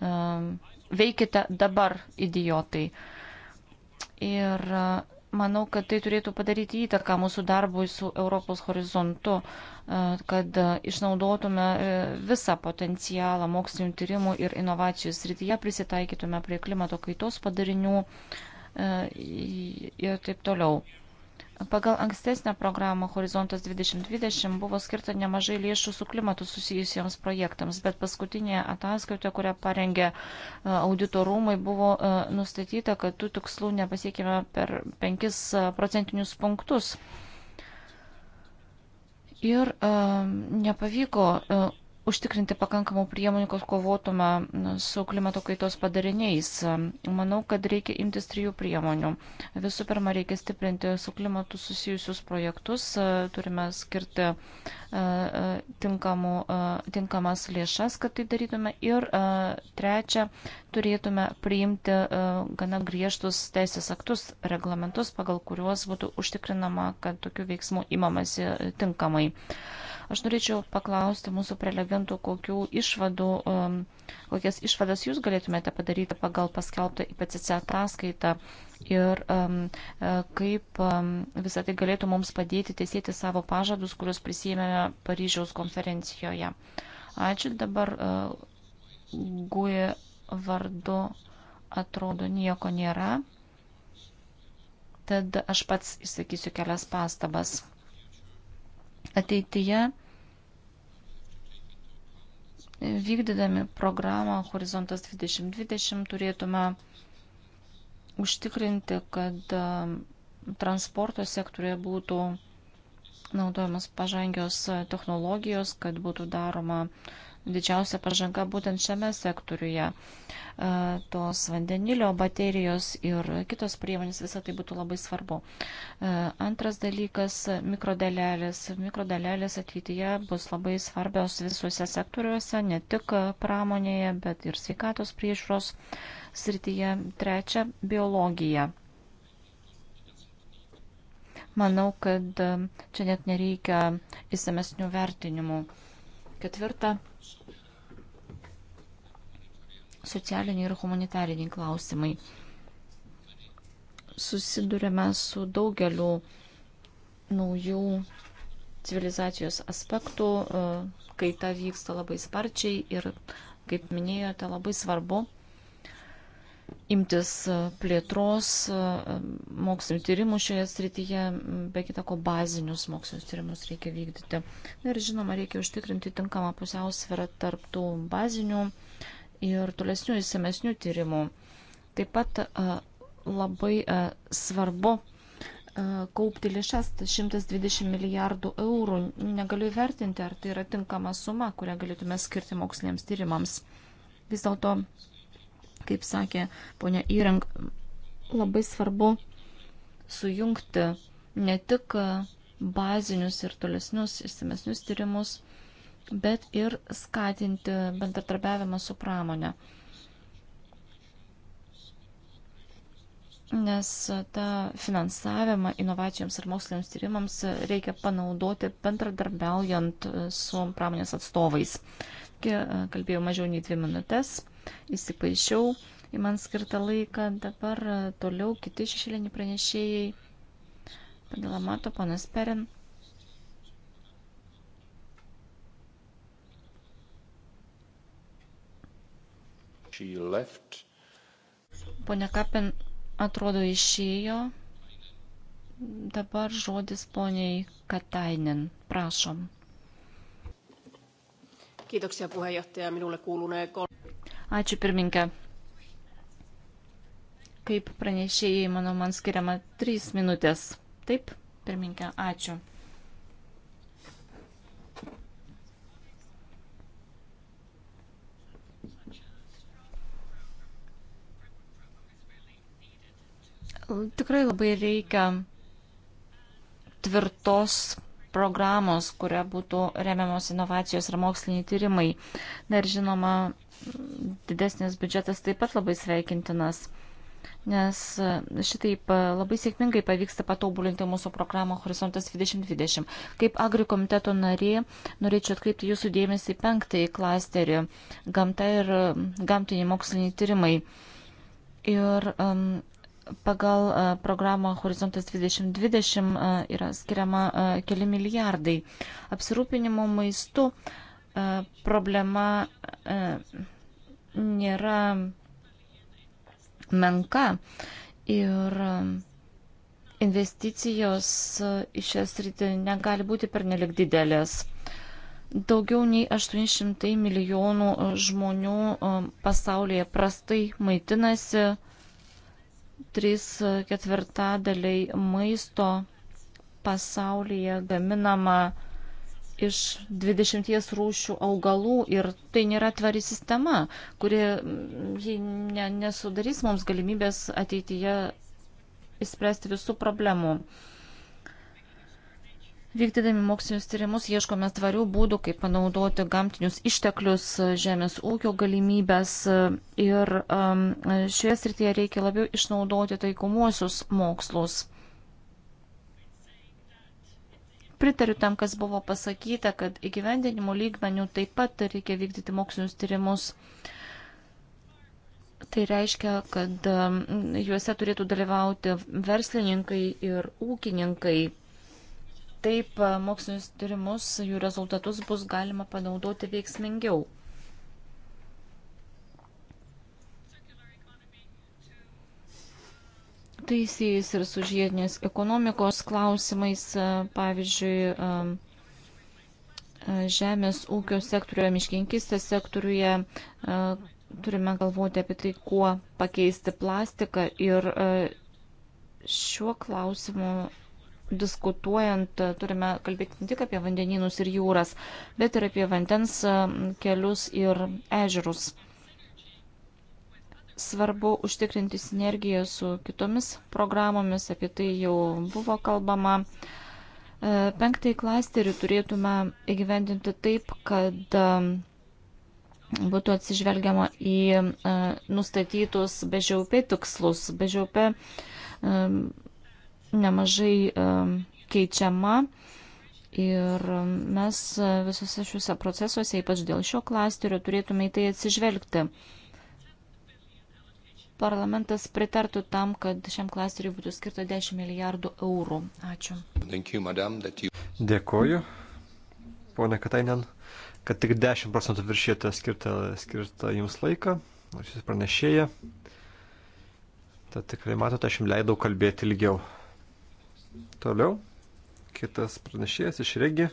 e, veikite dabar, idiotai. Ir manau, kad tai turėtų padaryti įtaką mūsų darbui su Europos horizontu, kad išnaudotume visą potencialą mokslinių tyrimų ir inovacijų srityje, prisitaikytume prie klimato kaitos padarinių ir taip toliau. Pagal ankstesnę programą Horizontas 2020 buvo skirta nemažai lėšų su klimatu susijusiems projektams, bet paskutinėje ataskaitoje, kurią parengė e, auditorumai, buvo e, nustatyta, kad tų tikslų nepasiekime per 5 e, procentinius punktus. Ir nepavyko užtikrinti pakankamų priemonių, kad kovotume su klimato kaitos padariniais. Manau, kad reikia imtis trijų priemonių. Visų pirma, reikia stiprinti su klimatu susijusius projektus, turime skirti e, e, tinkamų, e, tinkamas lėšas, kad tai darytume. Ir trečia, turėtume priimti e, gana griežtus teisės aktus, reglamentus, pagal kuriuos būtų užtikrinama, kad tokių veiksmų imamasi tinkamai. Aš norėčiau paklausti mūsų prelegentų, kokių išvadų, e, kokias išvadas jūs galėtumėte padaryti pagal paskelbtą IPCC ataskaitą ir e, kaip visą tai galėtų mums padėti tiesėti savo pažadus, kuriuos prisėmėme Paryžiaus konferencijoje. Ačiū dabar. Guje vardu atrodo nieko nėra. Tad aš pats išsakysiu kelias pastabas. Ateityje vykdydami programą Horizontas 2020 turėtume užtikrinti, kad um, transporto sektorėje būtų naudojamos pažangios uh, technologijos, kad būtų daroma uh, didžiausia pažanga būtent šiame sektoriuje. E, tos vandenilio baterijos ir kitos priemonės, visą tai būtų labai svarbu. E, antras dalykas - mikrodalelės. Mikrodalelės ateityje bus labai svarbios visuose sektoriuose, ne tik pramonėje, bet ir sveikatos priežiūros srityje. Trečia - biologija manau, kad e, čia net nereikia įsamesnių vertinimų. Ketvirta. Socialiniai ir humanitariniai klausimai. Susidurėme su daugeliu naujų civilizacijos aspektų, kaita vyksta labai sparčiai ir, kaip minėjote, labai svarbu imtis e, plėtros e, mokslinio tyrimų šioje srityje, be kita ko bazinius mokslinius tyrimus reikia vykdyti. Ir žinoma, reikia užtikrinti tinkamą pusiausvyrą tarp tų bazinių ir tolesnių įsamesnių tyrimų. Taip pat e, labai svarbu kaupti lėšas, 120 tai milijardų eurų. Negaliu vertinti, ar tai yra tinkama suma, kurią galėtume skirti moksliniams tyrimams. Vis dėlto Kaip sakė ponia Įrank, labai svarbu sujungti ne tik bazinius ir tolesnius išsamesnius tyrimus, bet ir skatinti bendradarbiavimą su pramonė. Nes tą finansavimą inovacijoms ir moksliniams tyrimams reikia panaudoti bendradarbiaujant su pramonės atstovais. E, kalbėjau mažiau nei dvi minutės, įsipaišiau į man skirtą laiką, dabar e, toliau kiti šešėliniai pranešėjai, pagal mato panas Perin. Pone Kapin, atrodo, išėjo. Dabar žodis poniai Katainen. Prašom. Kiitoksia puheenjohtaja. Minulle kuulunee kolme. Ačiū pirminkė. Kaip pranešėjai, manau, man skiriama trys minutės. Taip, pirminkė, ačiū. Tikrai labai reikia tvirtos programos, kuria būtų remiamos inovacijos ir moksliniai tyrimai. Dar žinoma, didesnis biudžetas taip pat labai sveikintinas, nes šitaip labai sėkmingai pavyksta patobulinti mūsų programą Horizontas 2020. Kaip agrikomiteto narė, norėčiau atkreipti jūsų dėmesį į penktąjį klasterį - gamta ir gamtiniai moksliniai tyrimai. Ir um, Pagal e, programą Horizontas 2020 e, yra skiriama e, keli milijardai. Apsirūpinimo maistu problema nėra menka ir investicijos iš šią sritį negali būti pernelik didelės. Daugiau nei 800 milijonų žmonių pasaulyje prastai maitinasi Trys ketvirtadaliai maisto pasaulyje gaminama iš 20 rūšių augalų ir tai nėra tvari sistema, kuri mm, ne, nesudarys mums galimybės ateityje įspręsti visų problemų. Uh, Vykdydami mokslinius tyrimus ieškome tvarių būdų, kaip panaudoti gamtinius išteklius, žemės ūkio galimybės e, ir um, šioje srityje reikia labiau išnaudoti taikomuosius mokslus. Pritariu tam, kas buvo pasakyta, kad įgyvendinimo lygmenių taip pat reikia vykdyti mokslinius tyrimus. Tai reiškia, kad juose turėtų dalyvauti verslininkai ir ūkininkai Taip e, mokslinius tyrimus, jų rezultatus bus galima panaudoti veiksmingiau. Tai įsijęs ir su žiedinės ekonomikos klausimais, e, pavyzdžiui, e, žemės ūkio sektoriuje, miškinkistės sektoriuje, turime galvoti apie tai, kuo pakeisti plastiką ir šiuo klausimu diskutuojant turime kalbėti ne tik apie vandenynus ir jūras, bet ir apie vandens kelius ir ežerus. Svarbu užtikrinti sinergiją su kitomis programomis, apie tai jau buvo kalbama. E, penktąjį klasterį turėtume įgyvendinti taip, kad būtų atsižvelgiama į nustatytus bežiaupė tikslus. Bežiaupė nemažai keičiama. Ir mes e, visose šiuose procesuose, ypač dėl šio klasterio, turėtume į tai atsižvelgti. Parlamentas pritartų tam, kad šiam klasteriui būtų skirta 10 milijardų eurų. Ačiū. Dėkoju, ponė Katainen, kad tik 10 procentų viršėte skirtą, skirtą jums laiką, nors jūs pranešėja. Tad tikrai matote, aš jums leidau kalbėti ilgiau. Toliau kitas pranešėjas iš regi,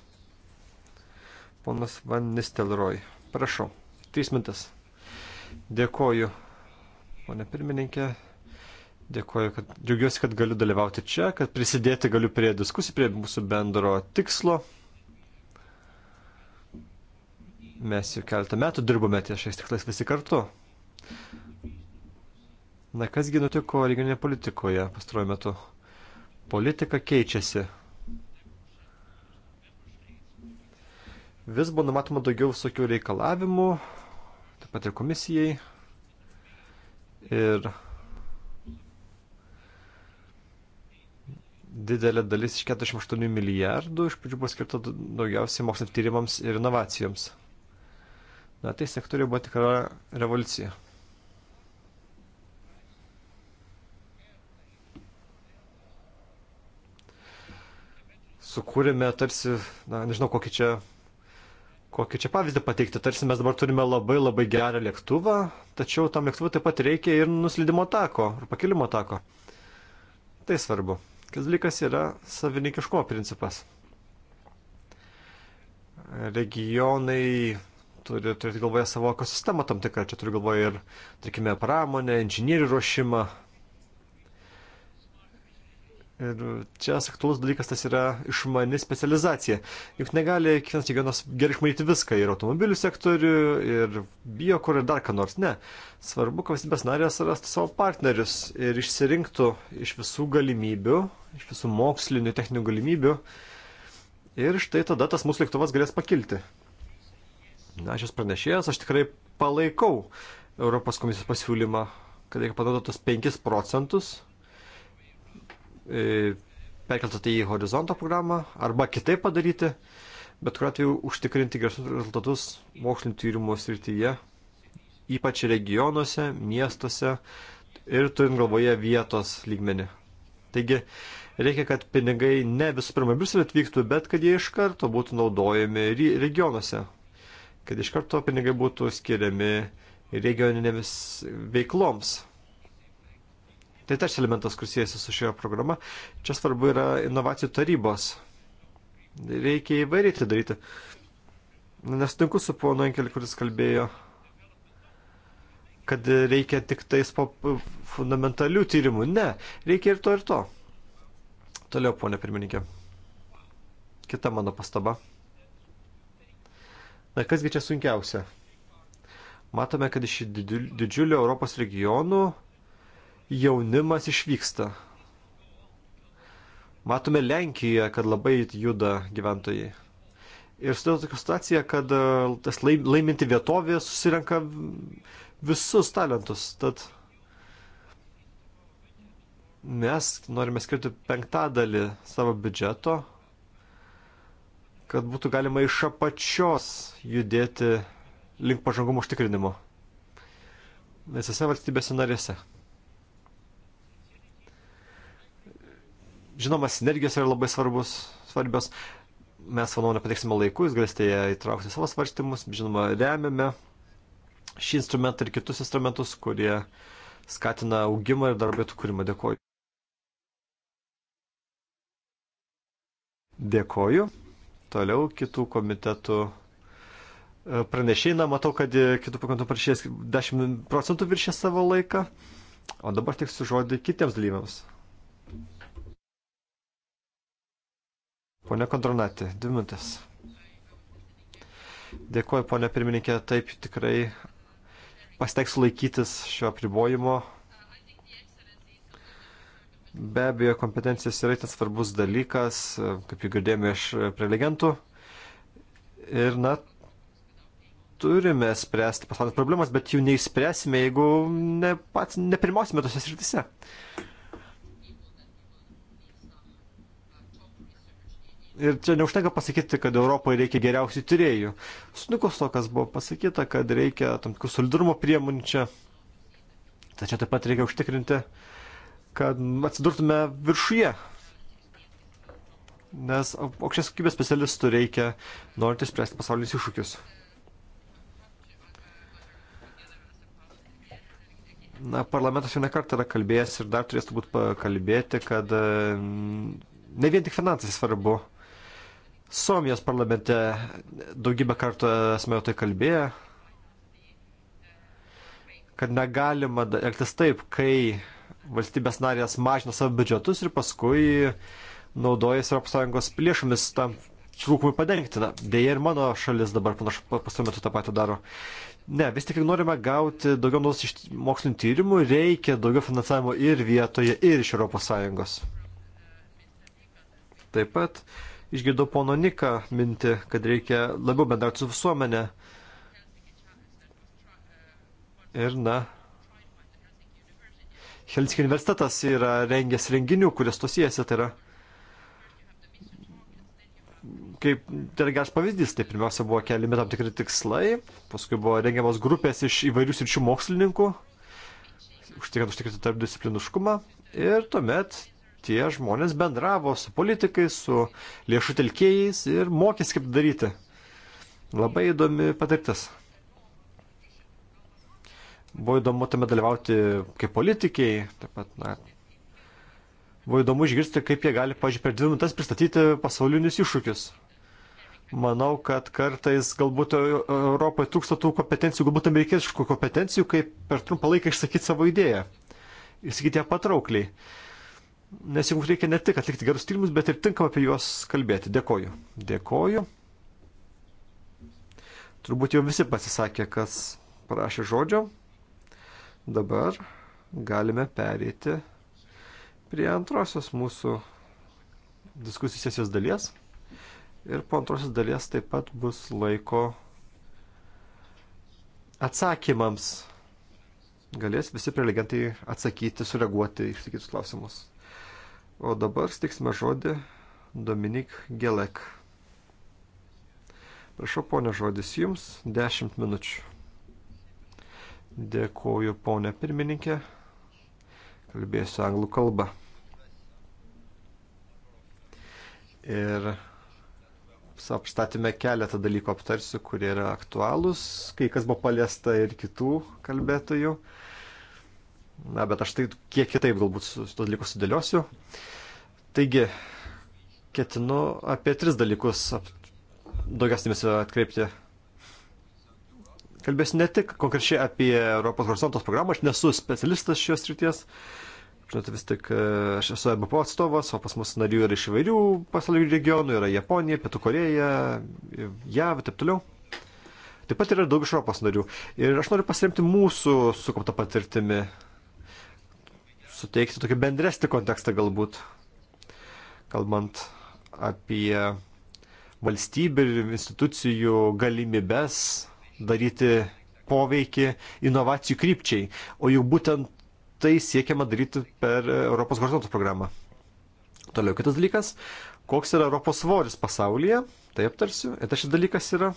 ponas Van Nistelroj. Prašau, trys mintas. Dėkoju, ponė pirmininkė. Dėkoju, kad džiaugiuosi, kad galiu dalyvauti čia, kad prisidėti galiu prie diskusijų, prie mūsų bendro tikslo. Mes jau keletą metų dirbome ties šiais tikslais visi kartu. Na kasgi nutiko regioninėje politikoje pastaruoju metu? politika keičiasi. Vis buvo numatoma daugiau visokių reikalavimų, taip pat ir komisijai. Ir didelė dalis iš 48 milijardų iš pradžių buvo skirta daugiausiai moksliniams tyrimams ir inovacijoms. Na, tai sektoriai buvo tikra revoliucija. sukūrėme tarsi, na, nežinau, kokį čia, kokį čia pavyzdį pateikti. Tarsi mes dabar turime labai labai gerą lėktuvą, tačiau tam lėktuvui taip pat reikia ir nuslydimo tako, ir pakilimo tako. Tai svarbu. Kas dalykas yra savininkiškumo principas. Regionai turi turėti galvoje savo ekosistemą tam tikrą, čia turiu galvoje ir, tarkime, pramonę, inžinierių ruošimą, Ir čia aktualus dalykas tas yra išmani specializacija. Juk negali kiekvienas regionas gerai išmanyti viską - ir automobilių sektorių, ir biokurą, ir dar ką nors. Ne. Svarbu, kad valstybės narės rastų savo partnerius ir išsirinktų iš visų galimybių, iš visų mokslinių, techninių galimybių. Ir štai tada tas mūsų lėktuvas galės pakilti. Na, aš esu pranešėjas, aš tikrai palaikau Europos komisijos pasiūlymą, kad reikia panaudoti tos 5 procentus E, perkelti tai į horizonto programą arba kitaip padaryti, bet kuriuo atveju užtikrinti geresnius rezultatus mokslinio tyrimo srityje, ypač regionuose, miestuose ir turint galvoje vietos lygmenį. Taigi reikia, kad pinigai ne visų pirma Briuselį atvyktų, bet kad jie iš karto būtų naudojami regionuose, kad iš karto pinigai būtų skiriami regioninėmis veikloms. Tai tas elementas, kuris siejasi su šioje programa. Čia svarbu yra inovacijų tarybos. Reikia įvairiai tai daryti. Nesutinku su ponu Enkeliu, kuris kalbėjo, kad reikia tik tais fundamentalių tyrimų. Ne, reikia ir to, ir to. Toliau, ponė pirmininkė. Kita mano pastaba. Na, kasgi čia sunkiausia? Matome, kad iš didžiulio Europos regionų jaunimas išvyksta. Matome Lenkijoje, kad labai juda gyventojai. Ir sudėlė tokia situacija, kad e, tas laiminti vietovė susirenka visus talentus. Tad mes norime skirti penktadalį savo biudžeto, kad būtų galima iš apačios judėti link pažangumo užtikrinimo visose valstybėse narėse. Žinoma, sinergijos yra labai svarbus, svarbios. Mes, manau, nepateiksime laiku, jūs galėsite ją įtraukti į savo svarstymus. Žinoma, remiame šį instrumentą ir kitus instrumentus, kurie skatina augimą ir darbėtų kūrimą. Dėkoju. Dėkoju. Toliau kitų komitetų e, pranešėjai, matau, kad e, kitų pakantų pranešėjas 10 procentų viršė savo laiką, o dabar tik su žodį kitiems dalyviams. Pone Kondronatė, dvi minutės. Dėkuoju, ponė pirmininkė, taip tikrai pasteiksiu laikytis šio apribojimo. Be abejo, kompetencijos yra tas svarbus dalykas, kaip jau girdėjome iš prelegentų. Ir, na, turime spręsti pasaulio problemas, bet jų neįspręsime, jeigu ne, pats nepirmausime tose srityse. Ir čia neužtenka pasakyti, kad Europoje reikia geriausių tyriejų. Sutinku su to, kas buvo pasakyta, kad reikia tam tikrų solidarumo priemonių čia. Tačiau taip pat reikia užtikrinti, kad atsidurtume viršuje. Nes aukštės kokybės specialistų reikia, norint išspręsti pasaulinius iššūkius. Na, parlamentas jau nekartą yra kalbėjęs ir dar turės turbūt pakalbėti, kad mm, ne vien tik finansai svarbu Suomijos parlamente daugybę kartų esame tai kalbėję, kad negalima elgtis taip, kai valstybės narės mažina savo biudžetus ir paskui naudojasi ES plėšomis tam trūkumui padengti. Na, dėja ir mano šalis dabar panašu pastaruoju metu tą patį daro. Ne, vis tik norime gauti daugiau naudos iš mokslinio tyrimų, reikia daugiau finansavimo ir vietoje, ir iš ES. Taip pat Išgirdau pono Niką mintį, kad reikia labiau bendrauti su visuomenė. Ir na. Helsinkio universitetas yra rengęs renginių, kurias to siejasi, tai yra kaip tai yra geras pavyzdys, tai pirmiausia buvo keliami tam tikri tikslai, paskui buvo rengiamos grupės iš įvairių sričių mokslininkų, užtikrint užtikrinti tarp discipliniškumą ir tuomet tie žmonės bendravo su politikais, su lėšų telkėjais ir mokės kaip daryti. Labai įdomi patirtis. Buvo įdomu tame dalyvauti kaip politikiai, taip pat, na, buvo įdomu išgirsti, kaip jie gali, pažiūrėjau, per dvi minutės pristatyti pasaulinius iššūkius. Manau, kad kartais galbūt Europoje trūksta tų kompetencijų, galbūt amerikiečių kompetencijų, kaip per trumpą laiką išsakyti savo idėją. Išsakyti ją patraukliai. Nes jums reikia ne tik atlikti gerus tyrimus, bet ir tinkamai apie juos kalbėti. Dėkoju. Dėkoju. Turbūt jau visi pasisakė, kas parašė žodžio. Dabar galime perėti prie antrosios mūsų diskusijos sesijos dalies. Ir po antrosios dalies taip pat bus laiko atsakymams. Galės visi prelegentai atsakyti, sureaguoti išsakytus klausimus. O dabar stiksime žodį Dominik Gelek. Prašau, ponė, žodis jums 10 minučių. Dėkuoju, ponė pirmininkė. Kalbėsiu anglų kalbą. Ir apstatėme keletą dalykų aptarsiu, kurie yra aktualūs, kai kas buvo paliesta ir kitų kalbėtojų. Uh, Na, bet aš tai kiek kitaip galbūt su to dalyku sudėliosiu. Taigi, ketinu apie tris dalykus daugiausiai dėmesio atkreipti. Kalbėsiu ne tik konkrečiai apie Europos horizontos programą, aš nesu specialistas šios ryties. Žinote, vis tik e, aš esu EBPO atstovas, o pas mus narių yra iš įvairių pasaulio regionų, yra Japonija, Pietų Koreja, JAV ir taip toliau. Taip pat yra daug iš Europos narių. Ir aš noriu pasiremti mūsų sukauptą patirtimį suteikti tokį bendresnį kontekstą galbūt, kalbant apie valstybių ir institucijų galimybes daryti poveikį inovacijų krypčiai, o jau būtent tai siekiama daryti per Europos horizontų programą. Toliau kitas dalykas, koks yra Europos svoris pasaulyje, tai aptarsiu. Ir tas šis dalykas yra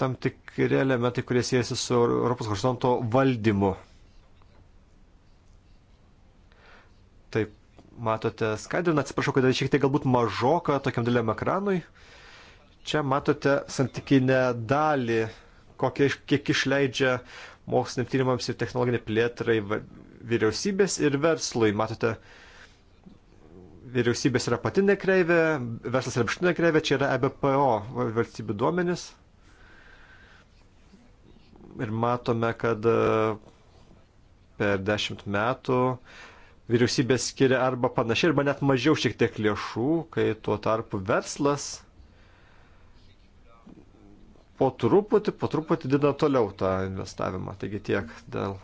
tam tikri elementai, kurie siejasi su Europos horizonto valdymu. Taip, matote skaidriną, atsiprašau, kad šiek tiek galbūt mažoka tokiam dėliam ekranui. Čia matote santykinę dalį, kokie, kiek išleidžia moksliniam tyrimams ir technologinė plėtrai vyriausybės ir verslui. Matote, vyriausybės yra patinė kreivė, verslas yra apštinė kreivė, čia yra EBPO valstybių duomenis. Ir matome, kad e, per dešimt metų uh, vyriausybė skiria arba panašiai, arba net mažiau šiek tiek lėšų, kai tuo tarpu verslas po truputį, po truputį didina toliau tą investavimą. Taigi tiek dėl.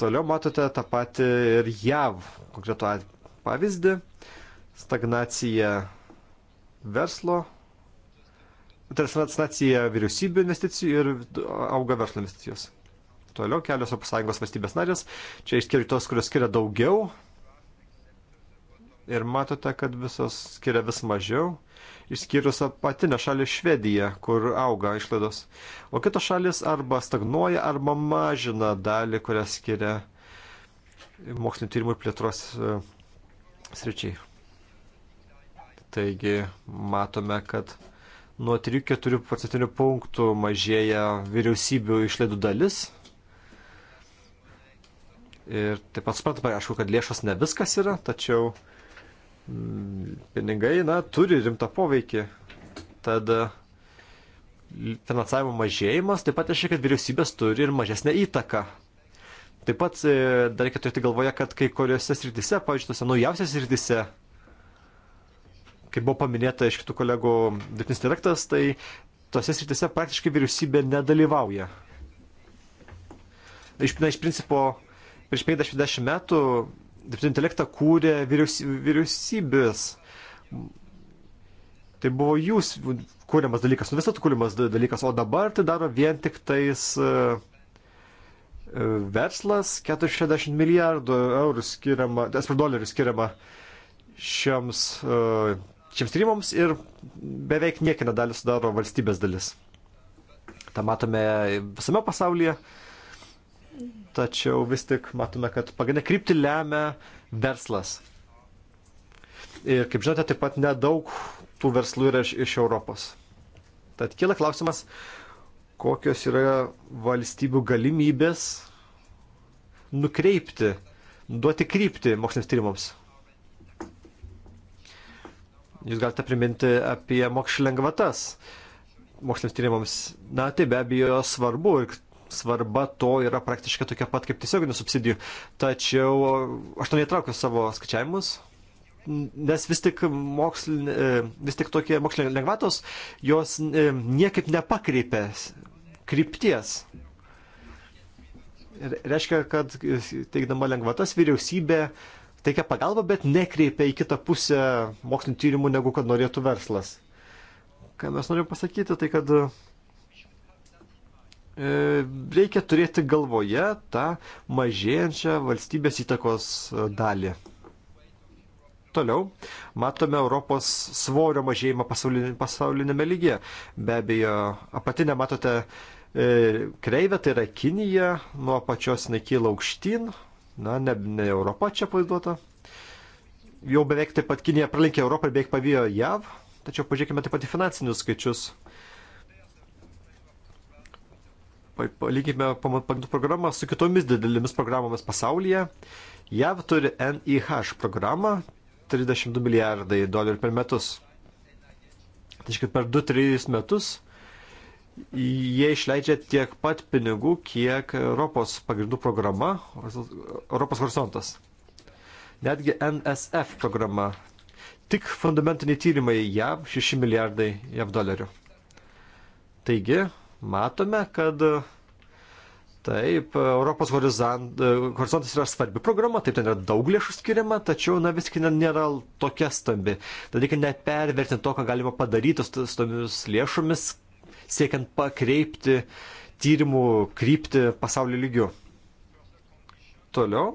Toliau matote tą patį ir JAV konkretų pavyzdį. Stagnacija verslo, tai yra stagnacija vyriausybių investicijų ir auga verslo investicijos toliau kelios ES valstybės narės. Čia išskiriu tos, kurios skiria daugiau. Ir matote, kad visos skiria vis mažiau, išskyrus apatinę šalį Švediją, kur auga išlaidos. O kitos šalis arba stagnuoja, arba mažina dalį, kurią skiria mokslinio tyrimų ir plėtros e, sričiai. Taigi matome, kad nuo 3-4 procentinių punktų mažėja vyriausybių išlaidų dalis Ir taip pat suprantame, aišku, kad lėšos ne viskas yra, tačiau mm, pinigai, na, turi rimtą poveikį. Tad finansavimo mažėjimas taip pat reiškia, kad vyriausybės turi ir mažesnę įtaką. Taip pat e, dar reikia turėti galvoje, kad kai kuriuose srityse, pavyzdžiui, tose naujausiose srityse, kaip buvo paminėta iš kitų kolegų dirbtinis intelektas, tai tose srityse praktiškai vyriausybė nedalyvauja. Iš, na, iš principo, Prieš 50 metų dirbtinį intelektą kūrė vyriausybės. Tai buvo jūs kūriamas dalykas, nu visą kūriamas dalykas, o dabar tai daro vien tik tais e, e, verslas, 460 milijardų eurų skiriama, esmė dolerių skiriama šiems, e, šiems tyrimams ir beveik niekina dalis sudaro valstybės dalis. Ta matome visame pasaulyje. Uh, tačiau vis tik matome, kad pagrindinę kryptį lemia verslas. Ir kaip žinote, taip pat nedaug tų verslų yra iš, iš Europos. Tad kyla klausimas, kokios yra valstybių galimybės nukreipti, duoti kryptį moksliniams tyrimams. Jūs galite priminti apie mokslinių lengvatas moksliniams tyrimams. Na, tai be abejo svarbu ir svarba to yra praktiškai tokia pat kaip tiesioginių subsidijų. Tačiau aš to neįtraukiu savo skaičiavimus, nes vis tik, mokslinė, e, vis tik tokie mokslinė lengvatos, jos e, niekaip nepakreipia krypties. Reiškia, kad teikdama lengvatas vyriausybė teikia pagalbą, bet nekreipia į kitą pusę mokslinio tyrimų, negu kad norėtų verslas. Ką mes norim pasakyti, tai kad E, reikia turėti galvoje tą mažėjančią valstybės įtakos dalį. Toliau matome Europos svorio mažėjimą pasaulinėme lygyje. Be abejo, apatinę matote e, kreivę, tai yra Kinija, nuo apačios nekyla aukštyn, na, ne, ne Europa čia plaiduota. Jau beveik taip pat Kinija pralinkė Europą ir beveik pavijo JAV, tačiau pažiūrėkime taip pat į finansinius skaičius. palygime pagrindų programą su kitomis didelėmis programomis pasaulyje. JAV turi NIH programą 32 milijardai dolerių per metus. Tai reiškia, per 2-3 metus jie išleidžia tiek pat pinigų, kiek Europos pagrindų programa, Europos horizontas. Netgi NSF programa. Tik fundamentiniai tyrimai JAV 6 milijardai JAV dolerių. Taigi, matome, kad Taip, Europos horizont, horizontas yra svarbi programa, taip ten yra daug lėšų skiriama, tačiau, na, viskai nėra tokia stambi. Tad reikia nepervertinti to, ką galima padaryti su tomis lėšomis, siekiant pakreipti tyrimų krypti pasaulio lygiu. Toliau.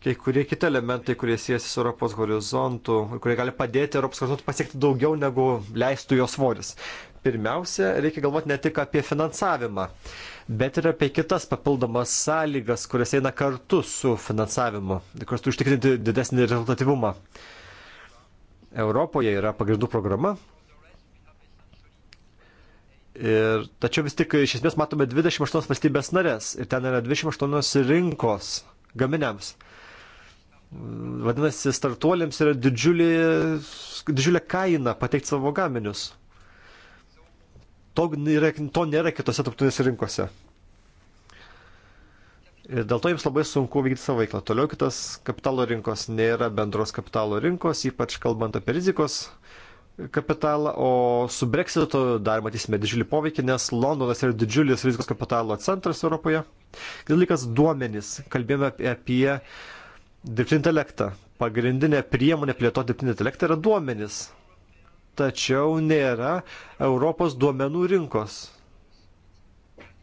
Kai kurie kiti elementai, kurie siejasi su Europos horizontu, kurie gali padėti Europos horizontu pasiekti daugiau negu leistų jo svoris pirmiausia, reikia galvoti ne tik apie finansavimą, bet ir apie kitas papildomas sąlygas, kurias eina kartu su finansavimu, kurias turi užtikrinti didesnį rezultatyvumą. Europoje yra pagrindų programa. Ir, tačiau vis tik iš esmės matome 28 valstybės narės ir ten yra 28 rinkos gaminiams. Vadinasi, startuoliams yra didžiulė, didžiulė kaina pateikti savo gaminius. To nėra, to nėra kitose tarptautinėse rinkose. Ir dėl to jiems labai sunku vykdyti savo veiklą. Toliau kitas kapitalo rinkos nėra bendros kapitalo rinkos, ypač kalbant apie rizikos kapitalą, o su Brexitu dar matysime didžiulį poveikį, nes Londonas yra didžiulis rizikos kapitalo centras Europoje. Dalykas duomenys. Kalbėjome apie, apie dirbtinį intelektą. Pagrindinė priemonė plėtoti dirbtinį intelektą yra duomenys tačiau nėra Europos duomenų rinkos.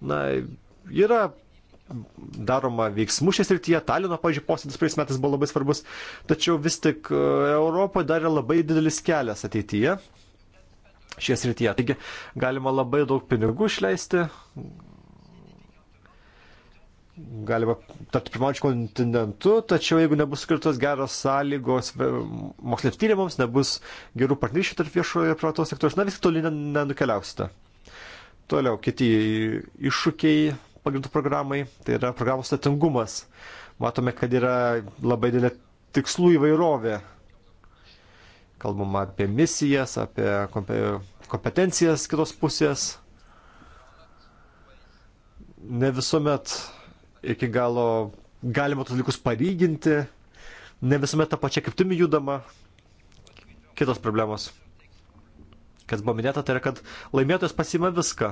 Na, yra daroma veiksmų šią srityje. Talino, pažiūrėjau, posėdis praeis metais buvo labai svarbus, tačiau vis tik e, Europoje dar yra labai didelis kelias ateityje šią srityje. Taigi galima labai daug pinigų išleisti, galima tapti pirmaujančiu kontinentu, tačiau jeigu nebus skirtos geros sąlygos moksliniams tyrimams, nebus gerų partnerysčių tarp viešojo ir privataus sektoriaus, na vis toli nenukeliausite. Toliau kiti iššūkiai pagrindų programai, tai yra programos statingumas. Matome, kad yra labai didelė tikslų įvairovė. Kalbama apie misijas, apie kompetencijas kitos pusės. Ne visuomet iki galo galima tos dalykus palyginti, ne visuomet tą pačią kryptimį judama. Kitos problemos, kas buvo minėta, tai yra, kad laimėtojas pasima viską.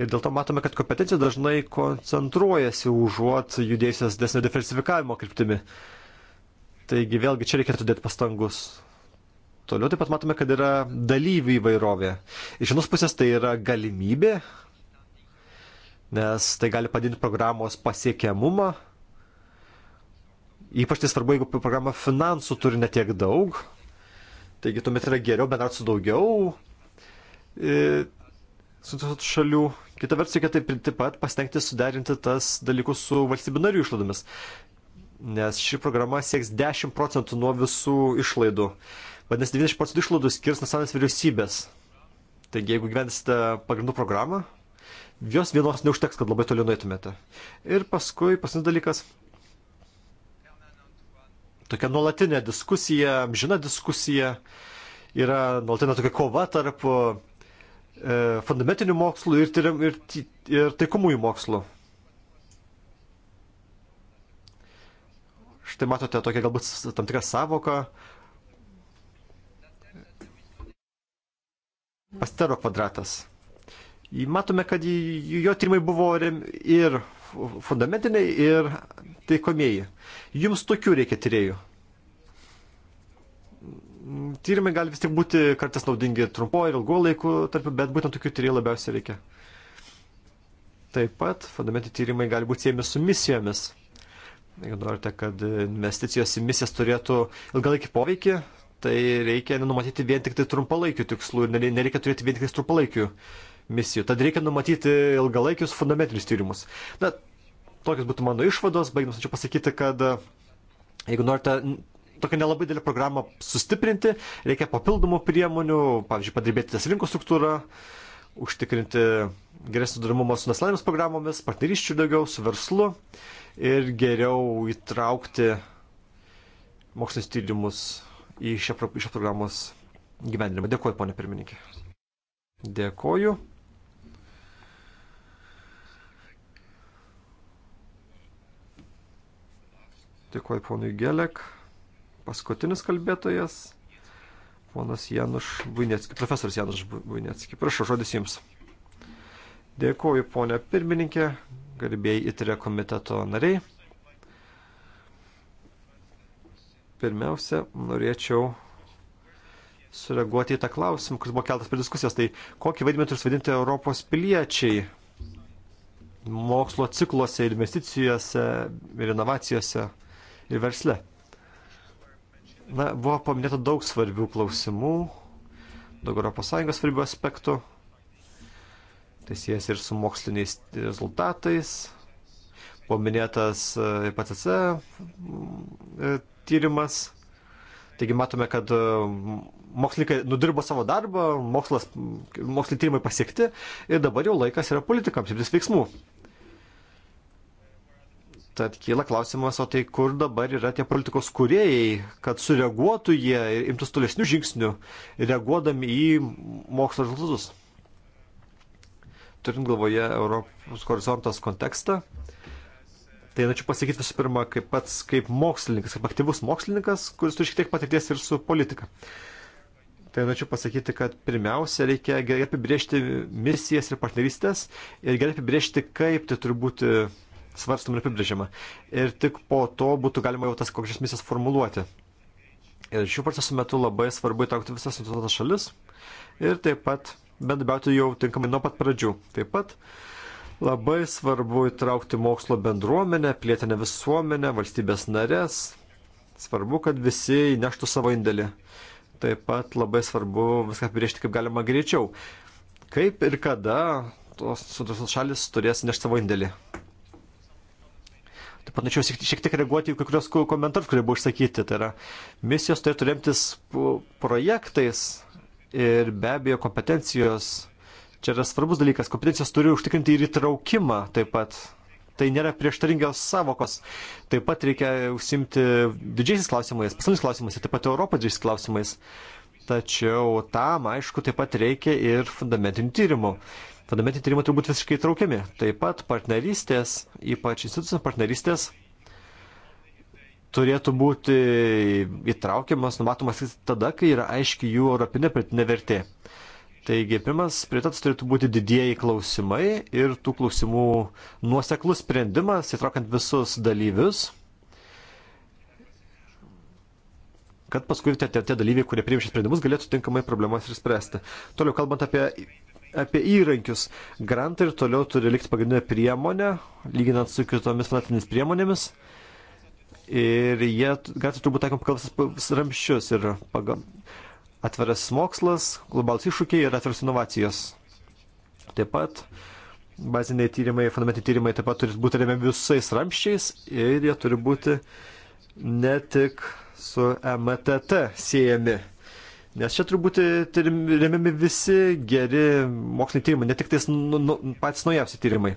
Ir dėl to matome, kad kompetencija dažnai koncentruojasi užuot judėjusias desnio diversifikavimo kryptimi. Taigi vėlgi čia reikėtų dėti pastangus. Toliau taip pat matome, kad yra dalyvių įvairovė. Iš vienos pusės tai yra galimybė nes tai gali padidinti programos pasiekiamumą. Ypač tai svarbu, jeigu programa finansų turi netiek daug, taigi tuomet yra geriau bendrauti su daugiau e, suinteresuotų šalių. Kita vertus, reikia taip, taip pat pasitengti suderinti tas dalykus su valstybių narių išlaidomis, nes ši programa sieks 10 procentų nuo visų išlaidų. Vadinasi, 90 procentų išlaidų skirs nacionalinės vyriausybės. Taigi, jeigu gyvensite pagrindų programą, jos vienos neužteks, kad labai toli nuėtumėte. Ir paskui pasinis dalykas. Tokia nuolatinė diskusija, amžina diskusija, yra nuolatinė tokia kova tarp e, fundamentinių mokslų ir, tyrim, ir, ir taikomųjų mokslų. Štai matote tokia galbūt tam tikrą savoką. Pastero kvadratas. Matome, kad jo tyrimai buvo ir fundamentiniai, ir taikomieji. Jums tokių reikia tyriejų. Tyrimai gali vis tik būti kartais naudingi trumpo ir ilgo laiku, tarp, bet būtent tokių tyriejų labiausiai reikia. Taip pat fundamentiniai tyrimai gali būti siejami su misijomis. Jeigu norite, kad investicijos į misijas turėtų ilgalaikį poveikį, tai reikia nenumatyti vien tik tai trumpalaikių tikslų ir nereikia turėti vien tik tai trumpalaikių tikslų misijų. Tad reikia numatyti ilgalaikius fundamentinius tyrimus. Na, tokios būtų mano išvados. Baigdamas, norėčiau pasakyti, kad e, jeigu norite tokią nelabai didelę programą sustiprinti, reikia papildomų priemonių, pavyzdžiui, padirbėti ties rinkos struktūrą, užtikrinti geresnį durumumą su nacionalinėmis programomis, partnerysčių daugiau, su verslu ir geriau įtraukti mokslinis tyrimus į šią, šią programos gyvenimą. Dėkuoju, ponė pirmininkė. Dėkuoju. Dėkuoju ponui Gelek. Paskutinis kalbėtojas, ponas Januš Vujnetski, profesorius Januš Vujnetski. Prašau, žodis jums. Dėkuoju ponė pirmininkė, garbėjai įtrė komiteto nariai. Pirmiausia, norėčiau sureaguoti į tą klausimą, kuris buvo keltas per diskusijas, tai kokį vaidmenį turi suvaidinti Europos piliečiai mokslo cikluose, investicijose ir inovacijose ir versle. Na, buvo paminėta daug svarbių klausimų, daug ES svarbių aspektų. Tai siejas ir su moksliniais rezultatais. Buvo minėtas e, IPCC e, tyrimas. Taigi matome, kad e, mokslininkai nudirbo savo darbą, mokslas, moksliniai tyrimai pasiekti ir dabar jau laikas yra politikams imtis veiksmų. Tad kyla klausimas, o tai kur dabar yra tie politikos kuriejai, kad sureaguotų jie ir imtus tolesnių žingsnių, reaguodami į mokslo rezultatus. Turint galvoje Europos horizontas kontekstą, tai norėčiau pasakyti visų pirma, kaip pats, kaip mokslininkas, kaip aktyvus mokslininkas, kuris turi šiek tiek patirties ir su politika. Tai norėčiau pasakyti, kad pirmiausia reikia gerai apibriežti misijas ir partnerystės ir gerai apibriežti, kaip tai turi būti svarstom ir apibrėžiama. Ir tik po to būtų galima jau tas kokias misijas formuluoti. Ir šių procesų metu labai svarbu įtraukti visas suinteresuotas šalis ir taip pat bendrabiauti jau tinkamai nuo pat pradžių. Taip pat labai svarbu įtraukti mokslo bendruomenę, plėtinę visuomenę, valstybės narės. Svarbu, kad visi įneštų savo indėlį. Taip pat labai svarbu viską apibriežti kaip galima greičiau. Kaip ir kada tos suinteresuotos šalis turės nešti savo indėlį. Taip pat norėčiau šiek, šiek tiek reaguoti į kai kurios komentarus, kurie buvo išsakyti. Tai yra, misijos turėtų remtis projektais ir be abejo kompetencijos. Čia yra svarbus dalykas. Kompetencijos turi užtikrinti ir įtraukimą taip pat. Tai nėra prieštaringios savokos. Taip pat reikia užsimti didžiaisiais klausimais, pasauliniais klausimais ir taip pat Europos didžiaisiais klausimais. Tačiau tam, aišku, taip pat reikia ir fundamentinių tyrimų. Fundamentiniai tyrimai turbūt visiškai traukiami. Taip pat partnerystės, ypač institucinės partnerystės, turėtų būti įtraukiamas, numatomas tada, kai yra aiški jų europinė pritinė vertė. Taigi, pirmas prioritetas turėtų būti didieji klausimai ir tų klausimų nuoseklus sprendimas, įtraukiant visus dalyvius, kad paskui tie, tie, tie dalyviai, kurie priimšė sprendimus, galėtų tinkamai problemas ir spręsti. Toliau kalbant apie apie įrankius. Grantai ir toliau turi likti pagrindinę priemonę, lyginant su kitomis finansinėmis priemonėmis. Ir jie, grantai turbūt taikom pagal ramščius ir pagal atveras mokslas, globalus iššūkiai ir atveras inovacijos. Taip pat baziniai tyrimai, fundamentiniai tyrimai taip pat turi būti remiami visais ramščiais ir jie turi būti ne tik su MTT siejami. Nes čia turbūt e, remiami visi geri moksliniai tyrimai, ne tik tais nu, nu, nu patys naujausi tyrimai.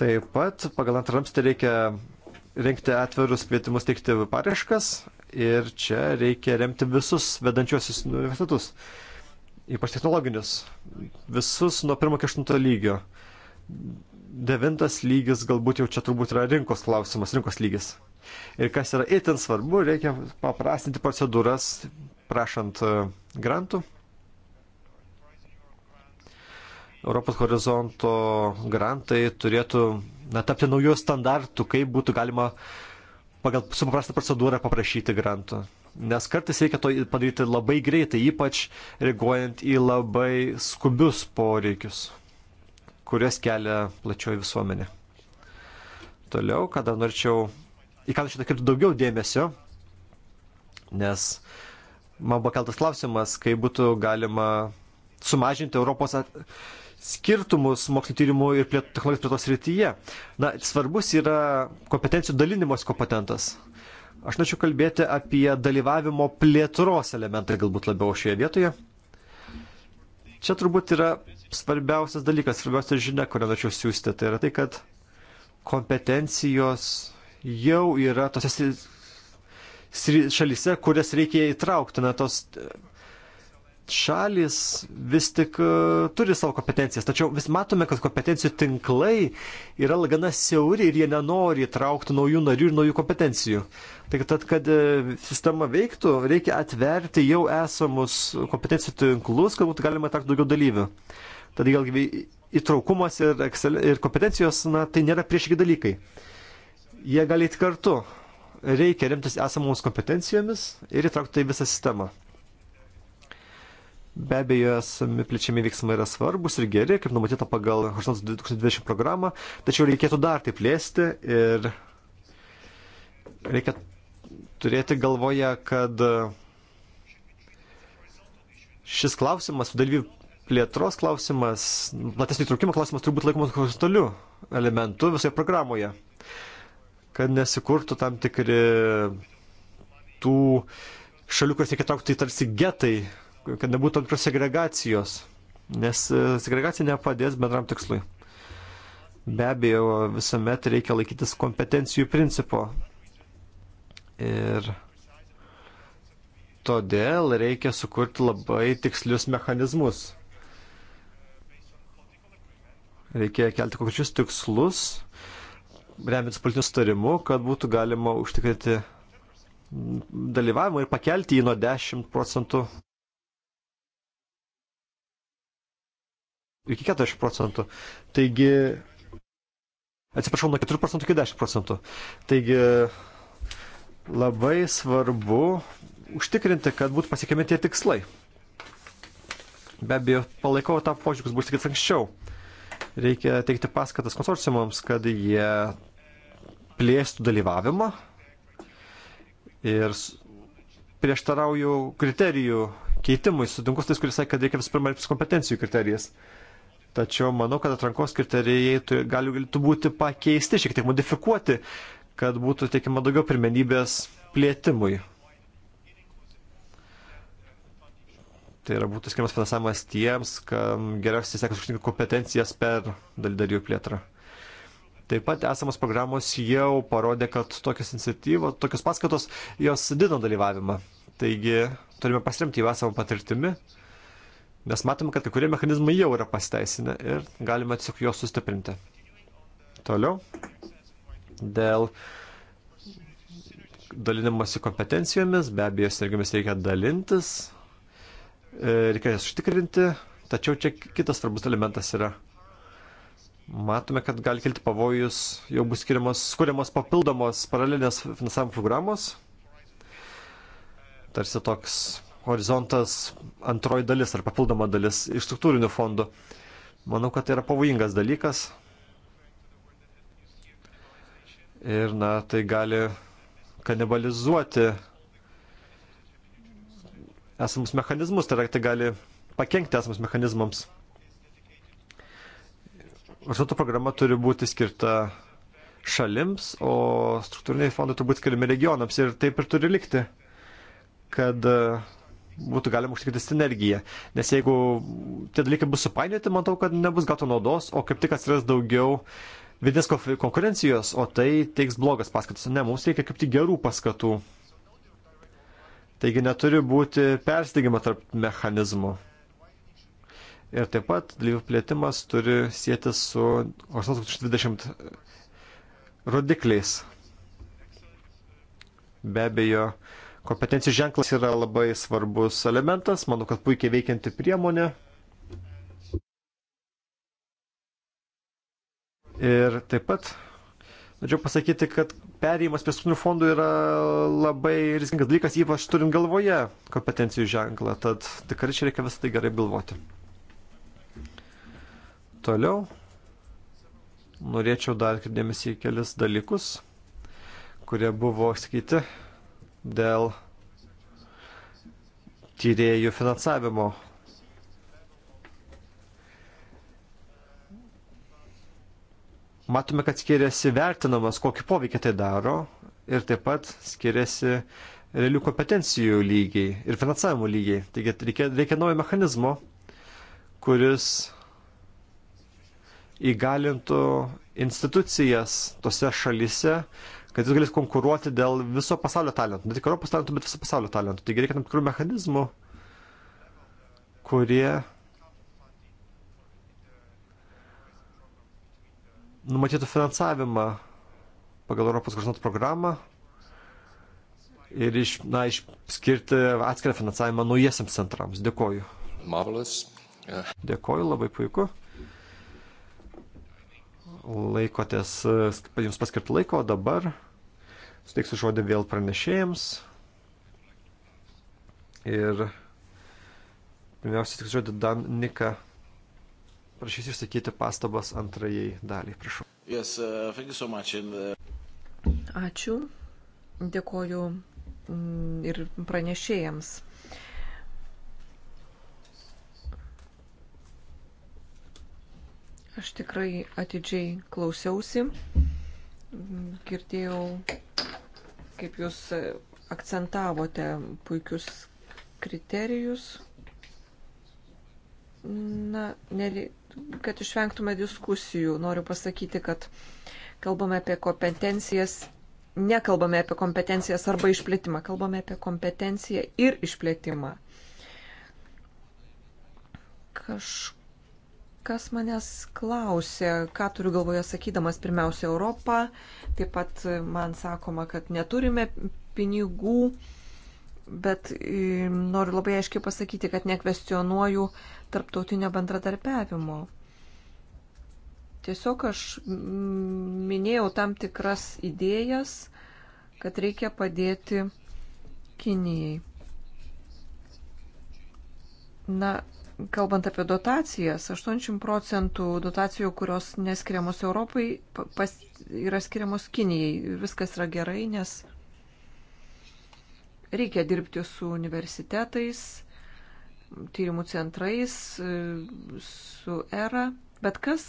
Taip pat pagal antramstį reikia rinkti atvirus kvietimus teikti paraiškas ir čia reikia remti visus vedančiosius universitetus, ypač technologinius, visus nuo pirmo iki aštunto lygio. Devintas lygis galbūt jau čia turbūt yra rinkos klausimas, rinkos lygis. Ir kas yra itin svarbu, reikia paprastinti procedūras, prašant e, grantų. Europos horizonto grantai turėtų na, tapti naujų standartų, kaip būtų galima pagal supaprastą procedūrą paprašyti grantų. Nes kartais reikia to padaryti labai greitai, ypač reaguojant į labai skubius poreikius, kurias kelia plačioji visuomenė. Toliau, kada norėčiau, į ką norėčiau atkreipti daugiau dėmesio, nes uh, man buvo keltas klausimas, kaip būtų galima sumažinti Europos skirtumus mokslo tyrimų ir plėt, technologijos plėtos rytyje. Na, svarbus yra kompetencijų dalinimos kompetentas. Aš norėčiau kalbėti apie dalyvavimo plėtros elementą galbūt labiau šioje vietoje. Čia turbūt yra svarbiausias dalykas, svarbiausia žinia, kurią norėčiau siūsti, tai yra tai, kad kompetencijos jau yra tose šalyse, kurias reikia įtraukti. Na, tos šalis vis tik e, turi savo kompetencijas, tačiau vis matome, kad kompetencijų tinklai yra gana siauri ir jie nenori įtraukti naujų narių ir naujų kompetencijų. Tai tad, kad e, sistema veiktų, reikia atverti jau esamus kompetencijų tinklus, kad būtų galima įtraukti daugiau dalyvių. Tad vėlgi įtraukumas ir, ir kompetencijos, na, tai nėra priešingi dalykai. Jie gali eiti kartu reikia remtis esamoms kompetencijomis ir įtraukti tai visą sistemą. Be abejo, esami plečiami veiksmai yra svarbus ir geri, kaip numatyta pagal Horizontas 2020 programą, tačiau reikėtų dar tai plėsti ir reikia turėti galvoje, kad šis klausimas, dalyvių plėtros klausimas, platesnio įtraukimo klausimas turbūt laikomas horizontaliu elementu visoje programoje kad nesikurtų tam tikri tų šalių, kuriuose kitokių tai tarsi getai, kad nebūtų antros segregacijos, nes e, segregacija nepadės bendram tikslui. Be abejo, visuomet reikia laikytis kompetencijų principo. Ir todėl reikia sukurti labai tikslius mechanizmus. Reikia kelti kokius tikslus remiantis politiniu starimu, kad būtų galima užtikrinti dalyvavimą ir pakelti jį nuo 10 procentų iki 40 procentų. Taigi, atsiprašau, nuo 4 procentų iki 10 procentų. Taigi, labai svarbu užtikrinti, kad būtų pasiekiami tie tikslai. Be abejo, palaikau tą požiūrį, kuris bus tik anksčiau. Reikia teikti paskatas konsorciumams, kad jie plėstų dalyvavimą ir prieštarauju kriterijų keitimui, sutinku su tais, kuris sakė, kad reikia visų pirma kompetencijų kriterijas. Tačiau manau, kad atrankos kriterijai gali, galėtų būti pakeisti, šiek tiek modifikuoti, kad būtų teikima daugiau pirmenybės plėtimui. Tai yra būtų skiriamas finansavimas tiems, kam geriausiai sekasi užtikrinti kompetencijas per dalydarijų plėtrą. Taip pat esamos programos jau parodė, kad tokios iniciatyvos, tokios paskatos, jos didino dalyvavimą. Taigi turime pasiremti jau esamą patirtimi, nes matome, kad kai kurie mechanizmai jau yra pasiteisinę ir galime tiesiog juos sustiprinti. Toliau, dėl dalinimosi kompetencijomis, be abejo, sinergijomis reikia dalintis, e, reikia jas užtikrinti, tačiau čia kitas svarbus elementas yra – matome, kad gali kilti pavojus, jau bus skiriamos, skuriamos papildomos paralelinės finansavimo programos. Tarsi toks horizontas antroji dalis ar papildoma dalis iš struktūrinių fondų. Manau, kad tai yra pavojingas dalykas. Ir, na, tai gali kanibalizuoti esamus mechanizmus, tai yra, tai gali pakengti esamus mechanizmams. Horizonto programa turi būti skirta šalims, o struktūriniai fondai turbūt skiriami regionams ir taip ir turi likti, kad e, būtų galima užtikrinti sinergiją. Nes jeigu tie dalykai bus supainioti, matau, kad nebus gauta naudos, o kaip tik atsiras daugiau vidinės konkurencijos, o tai teiks blogas paskatas. Ne, mums reikia kaip tik gerų paskatų. Taigi neturi būti perstigima tarp mechanizmų. Ir taip pat dalyvių plėtimas turi sėti su Horizontas 2020 rodikliais. Be abejo, kompetencijų ženklas yra labai svarbus elementas, manau, kad puikiai veikianti priemonė. Ir taip pat norėčiau pasakyti, kad perėjimas prie struktūrinių fondų yra labai rizikingas dalykas, ypač turint galvoje kompetencijų ženklą, tad tikrai čia reikia visą tai gerai galvoti. Toliau norėčiau dar atkreipdėmės į kelis dalykus, kurie buvo sakyti dėl tyriejų finansavimo. Matome, kad skiriasi vertinamas, kokį poveikį tai daro ir taip pat skiriasi realių kompetencijų lygiai ir finansavimo lygiai. Taigi reikia, reikia naujo mechanizmo, kuris įgalintų institucijas tose šalise, kad jis galės konkuruoti dėl viso pasaulio talentų. Ne tik Europos talentų, bet viso pasaulio talentų. Taigi reikia tam tikrų mechanizmų, kurie numatytų finansavimą pagal Europos gražinot programą ir iš, na, išskirti atskirą finansavimą naujiesiams centrams. Dėkoju. Marvelous. Yeah. Dėkoju, labai puiku laikotės e, jums paskirtų laiko, o dabar suteiksiu žodį vėl pranešėjams. Ir pirmiausia, tik žodį Dan Nika. Prašysiu išsakyti pastabas antrajai daliai, prašau. Yes, uh, so the... Uh, Ačiū. Dėkoju mm, ir pranešėjams Aš tikrai atidžiai klausiausi, girdėjau, kaip jūs akcentavote puikius kriterijus, na, kad išvengtume diskusijų, noriu pasakyti, kad kalbame apie kompetencijas, nekalbame apie kompetencijas arba išplėtimą, kalbame apie kompetenciją ir išplėtimą. Kažkas kas manęs klausė, ką turiu galvoje sakydamas pirmiausia Europą. Taip pat man sakoma, kad neturime pinigų, bet e, noriu labai aiškiai pasakyti, kad nekvestionuoju tarptautinio bendradarbiavimo. Tiesiog aš minėjau tam tikras idėjas, kad reikia padėti Kinijai. Na, kalbant apie dotacijas, 80 procentų dotacijų, kurios neskiriamos Europai, pas, yra skiriamos Kinijai. Viskas yra gerai, nes reikia dirbti su universitetais, tyrimų centrais, su ERA. Bet kas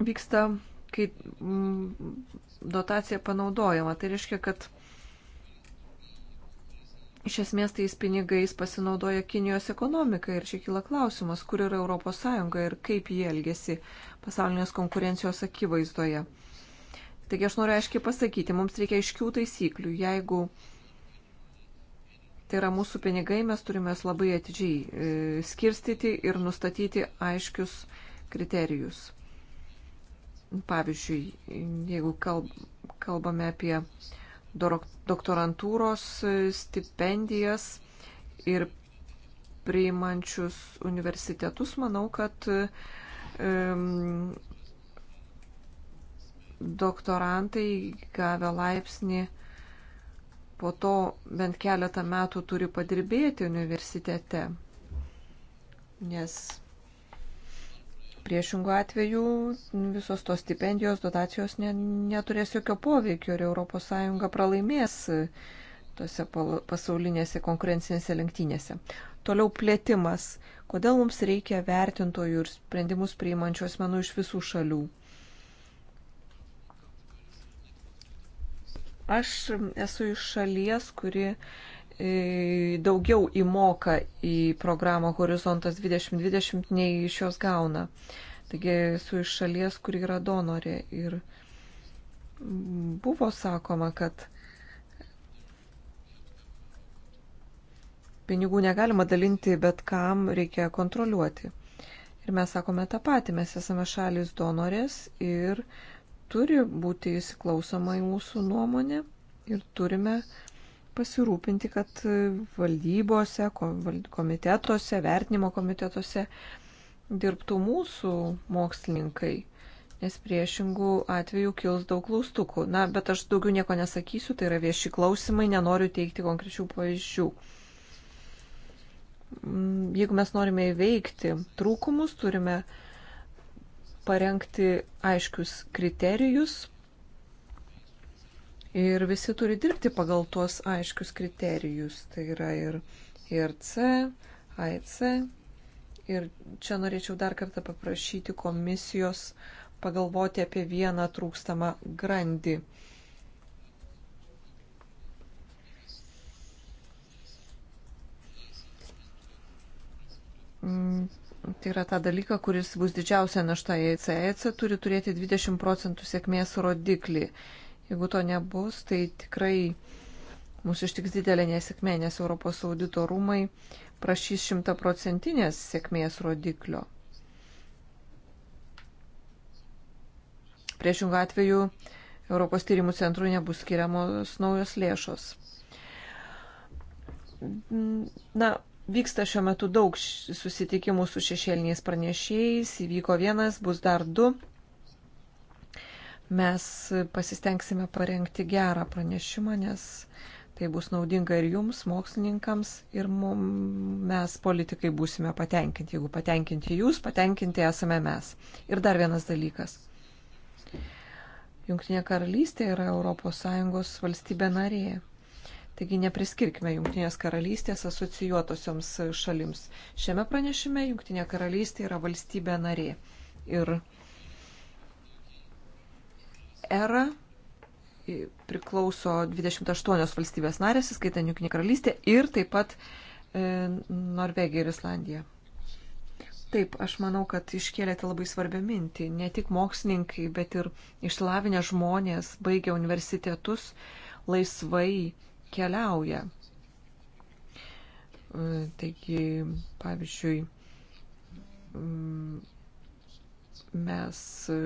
vyksta, kai dotacija panaudojama? Tai reiškia, kad Iš esmės tais pinigais pasinaudoja Kinijos ekonomika ir čia kyla klausimas, kur yra ES ir kaip jie elgesi pasaulinės konkurencijos akivaizdoje. Taigi aš noriu aiškiai pasakyti, mums reikia aiškių taisyklių. Jeigu tai yra mūsų pinigai, mes turime labai atidžiai e, skirstyti ir nustatyti aiškius kriterijus. Pavyzdžiui, jeigu kalbame apie doktorantūros e, stipendijas ir priimančius universitetus, manau, kad um, doktorantai gavę laipsnį po to bent keletą metų turi padirbėti universitete, nes Priešingų atveju visos tos stipendijos, dotacijos ne, neturės jokio poveikio ir ES pralaimės tose pasaulinėse konkurencinėse lenktynėse. Toliau plėtimas. Kodėl mums reikia vertintojų ir sprendimus priimančių asmenų iš visų šalių? Aš esu iš šalies, kuri daugiau įmoka į programą Horizontas 2020 nei iš jos gauna. Taigi esu iš šalies, kur yra donorė. Ir buvo sakoma, kad pinigų negalima dalinti, bet kam reikia kontroliuoti. Ir mes sakome tą patį, mes esame šalis donorės ir turi būti įsiklausoma į mūsų nuomonę ir turime uh, pasirūpinti, kad valdybose, komitetuose, vertinimo komitetuose dirbtų mūsų mokslininkai, nes priešingų atvejų kils daug klaustukų. Na, bet aš daugiau nieko nesakysiu, tai yra vieši klausimai, nenoriu teikti konkrečių pavyzdžių. Mm, jeigu mes norime įveikti trūkumus, turime parengti aiškius kriterijus, Ir visi turi dirbti pagal tuos aiškius kriterijus. Tai yra ir IRC, AIC. Ir čia norėčiau dar kartą paprašyti komisijos pagalvoti apie vieną trūkstamą grandį. Mm, tai yra ta dalyka, kuris bus didžiausia našta ECEC, turi turėti 20 procentų sėkmės rodiklį. Jeigu to nebus, tai tikrai mūsų ištiks didelė nesėkmė, nes Europos audito rūmai prašys šimtaprocentinės sėkmės rodiklio. Priešingų atveju Europos tyrimų centrui nebus skiriamos naujos lėšos. Na, vyksta šiuo metu daug susitikimų su šešėliniais pranešėjais, įvyko vienas, bus dar du mes pasistengsime parengti gerą pranešimą, nes tai bus naudinga ir jums, mokslininkams, ir mum, mes, politikai, būsime patenkinti. Jeigu patenkinti jūs, patenkinti esame mes. Ir dar vienas dalykas. Junktinė karalystė yra ES valstybė narė. Taigi nepriskirkime Junktinės karalystės asocijuotosioms šalims. Šiame pranešime Junktinė karalystė yra valstybė narė. Ir erą priklauso 28 valstybės narės, įskaitant Junktinė karalystė ir taip pat e, Norvegija ir Islandija. Taip, aš manau, kad iškėlėte labai svarbią mintį. Ne tik mokslininkai, bet ir išsilavinę žmonės baigia universitetus laisvai keliauja. E, taigi, pavyzdžiui, Mes e,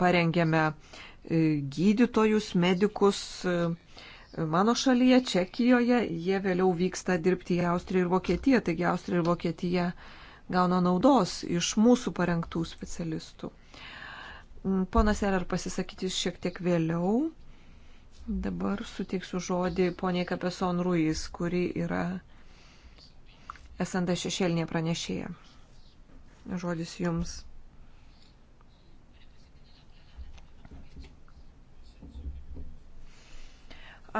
parengėme e, gydytojus, medikus e, mano šalyje, Čekijoje. Jie vėliau vyksta dirbti į Austriją ir Vokietiją, taigi Austrija ir Vokietija gauna naudos iš mūsų parengtų specialistų. Mm, ponas Erer pasisakyti šiek tiek vėliau. Dabar suteiksiu žodį poniai Kapeson Ruiz, kuri yra SND šešėlinė pranešėja. Žodis jums.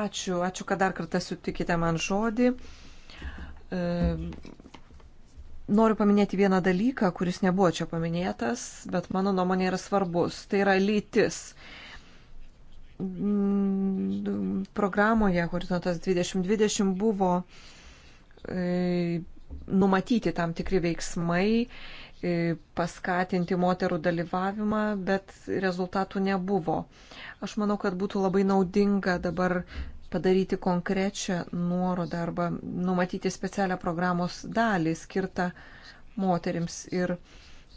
Ačiū, ačiū, kad dar kartą sutikite man žodį. E, noriu paminėti vieną dalyką, kuris nebuvo čia paminėtas, bet mano nuomonė yra svarbus. Tai yra lytis mm, programoje Horizontas 2020 buvo e, numatyti tam tikri veiksmai E, paskatinti moterų dalyvavimą, bet rezultatų nebuvo. Aš manau, kad būtų labai naudinga dabar padaryti konkrečią nuorodą arba numatyti specialią programos dalį skirtą moterims. Ir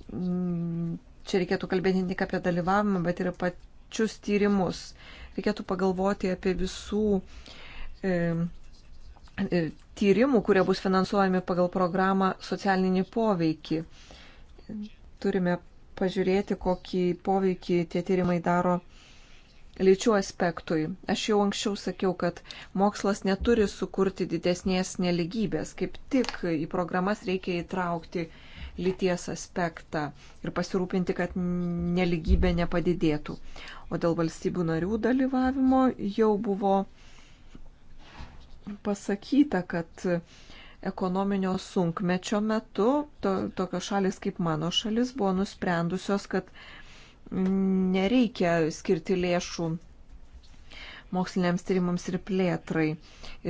mm, čia reikėtų kalbėti ne tik apie dalyvavimą, bet ir pačius tyrimus. Reikėtų pagalvoti apie visų e, e tyrimų, kurie bus finansuojami pagal programą socialinį poveikį. E, turime pažiūrėti, kokį poveikį tie tyrimai daro lyčių aspektui. Aš jau anksčiau sakiau, kad mokslas neturi sukurti didesnės neligybės, kaip tik į programas reikia įtraukti lyties aspektą ir pasirūpinti, kad neligybė nepadidėtų. O dėl valstybių narių dalyvavimo jau buvo pasakyta, kad ekonominio sunkmečio metu to, tokios šalis kaip mano šalis buvo nusprendusios, kad nereikia skirti lėšų moksliniams tyrimams ir plėtrai.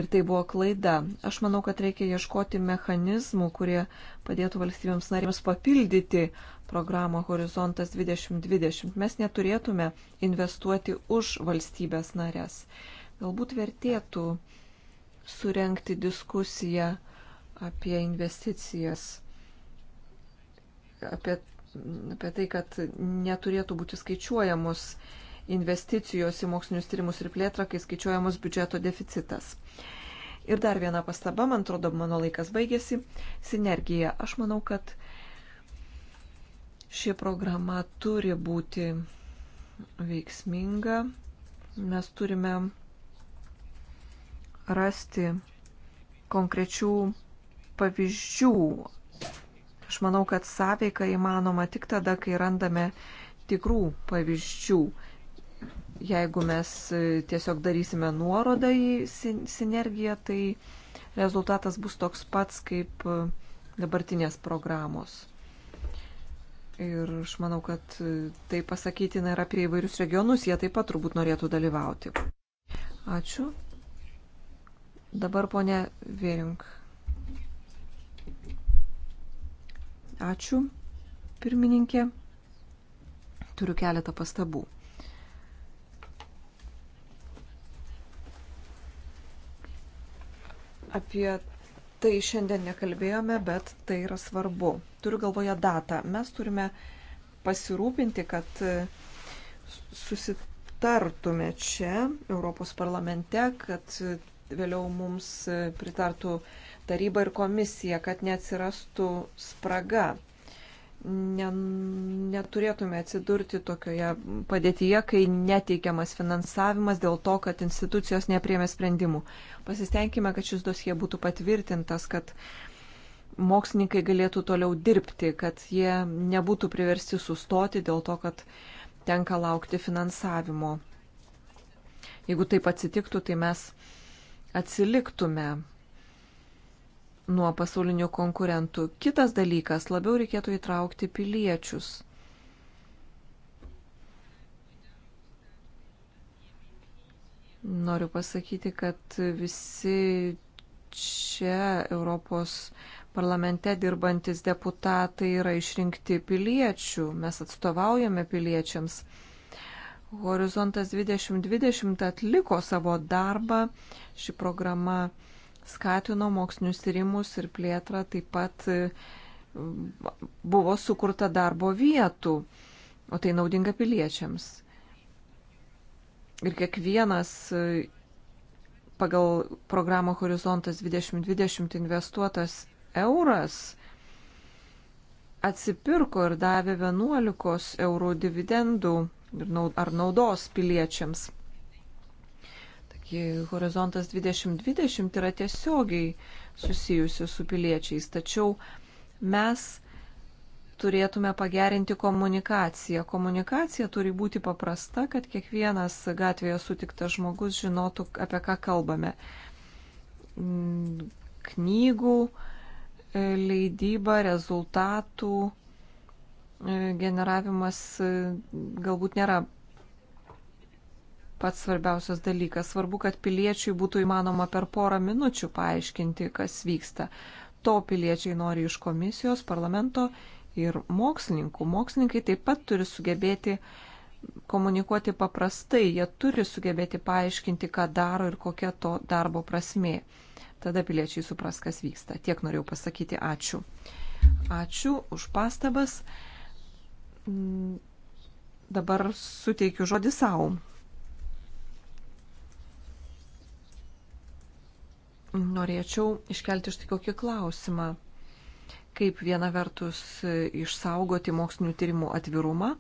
Ir tai buvo klaida. Aš manau, kad reikia ieškoti mechanizmų, kurie padėtų valstybėms narėms papildyti programą Horizontas 2020. Mes neturėtume investuoti už valstybės narės. Galbūt vertėtų surenkti diskusiją apie investicijas, apie, apie tai, kad neturėtų būti skaičiuojamos investicijos į mokslinius tyrimus ir plėtrą, kai skaičiuojamos biudžeto deficitas. Ir dar viena pastaba, man atrodo, mano laikas baigėsi. Sinergija. Aš manau, kad ši programa turi būti veiksminga. Mes turime rasti konkrečių pavyzdžių. Aš manau, kad sąveika įmanoma tik tada, kai randame tikrų pavyzdžių. Jeigu mes e, tiesiog darysime nuorodą į sinergiją, tai rezultatas bus toks pats kaip e, dabartinės programos. Ir aš manau, kad e, tai pasakytina yra apie įvairius regionus, jie taip pat turbūt norėtų dalyvauti. Ačiū. Dabar ponė Vėrink. Ačiū, pirmininkė. Turiu keletą pastabų. Apie tai šiandien nekalbėjome, bet tai yra svarbu. Turiu galvoje datą. Mes turime pasirūpinti, kad susitartume čia Europos parlamente, kad vėliau mums pritartų uh, tarybą ir komisiją, kad neatsirastų spraga. Ne, neturėtume atsidurti tokioje padėtyje, kai neteikiamas finansavimas dėl to, kad institucijos nepriemė sprendimų. Pasistengime, kad šis dosie būtų patvirtintas, kad mokslininkai galėtų toliau dirbti, kad jie nebūtų priversti sustoti dėl to, kad tenka laukti finansavimo. Jeigu taip atsitiktų, tai mes atsiliktume nuo pasaulinių konkurentų. Kitas dalykas, labiau reikėtų įtraukti piliečius. Noriu pasakyti, kad visi čia Europos parlamente dirbantis deputatai yra išrinkti piliečių, mes atstovaujame piliečiams. Horizontas 2020 atliko savo darbą, ši programa skatino mokslinius tyrimus ir plėtrą, taip pat e, buvo sukurta darbo vietų, o tai naudinga piliečiams. Ir kiekvienas e, pagal programą Horizontas 2020 investuotas euras atsipirko ir davė 11 eurų dividendų ar naudos piliečiams. Taigi horizontas 2020 yra tiesiogiai susijusi su piliečiais, tačiau mes turėtume pagerinti komunikaciją. Komunikacija turi būti paprasta, kad kiekvienas gatvėje sutiktas žmogus žinotų, apie ką kalbame. Knygų e, leidyba, rezultatų e, generavimas e, galbūt nėra pats svarbiausias dalykas. Svarbu, kad piliečiui būtų įmanoma per porą minučių paaiškinti, kas vyksta. To piliečiai nori iš komisijos, parlamento ir mokslininkų. Mokslininkai taip pat turi sugebėti komunikuoti paprastai, jie turi sugebėti paaiškinti, ką daro ir kokia to darbo prasmė. Tada piliečiai supras, kas vyksta. Tiek norėjau pasakyti. Ačiū. Ačiū už pastabas. Dabar suteikiu žodį savo. norėčiau iškelti štai kokį klausimą. Kaip viena vertus išsaugoti mokslinių tyrimų atvirumą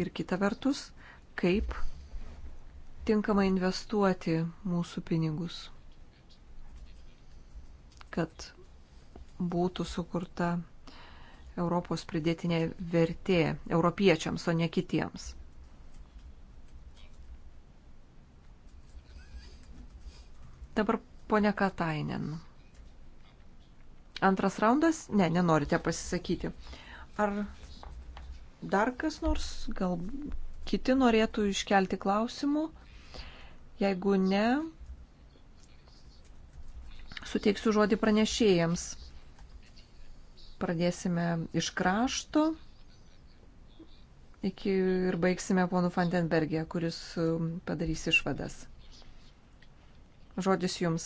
ir kita vertus, kaip tinkamai investuoti mūsų pinigus, kad būtų sukurta Europos pridėtinė vertė europiečiams, o ne kitiems. Dabar Pone Katainen. Antras raundas? Ne, nenorite pasisakyti. Ar dar kas nors, gal kiti norėtų iškelti klausimų? Jeigu ne, suteiksiu žodį pranešėjams. Pradėsime iš krašto iki ir baigsime ponu Fandenbergė, kuris um, padarys išvadas žodis jums.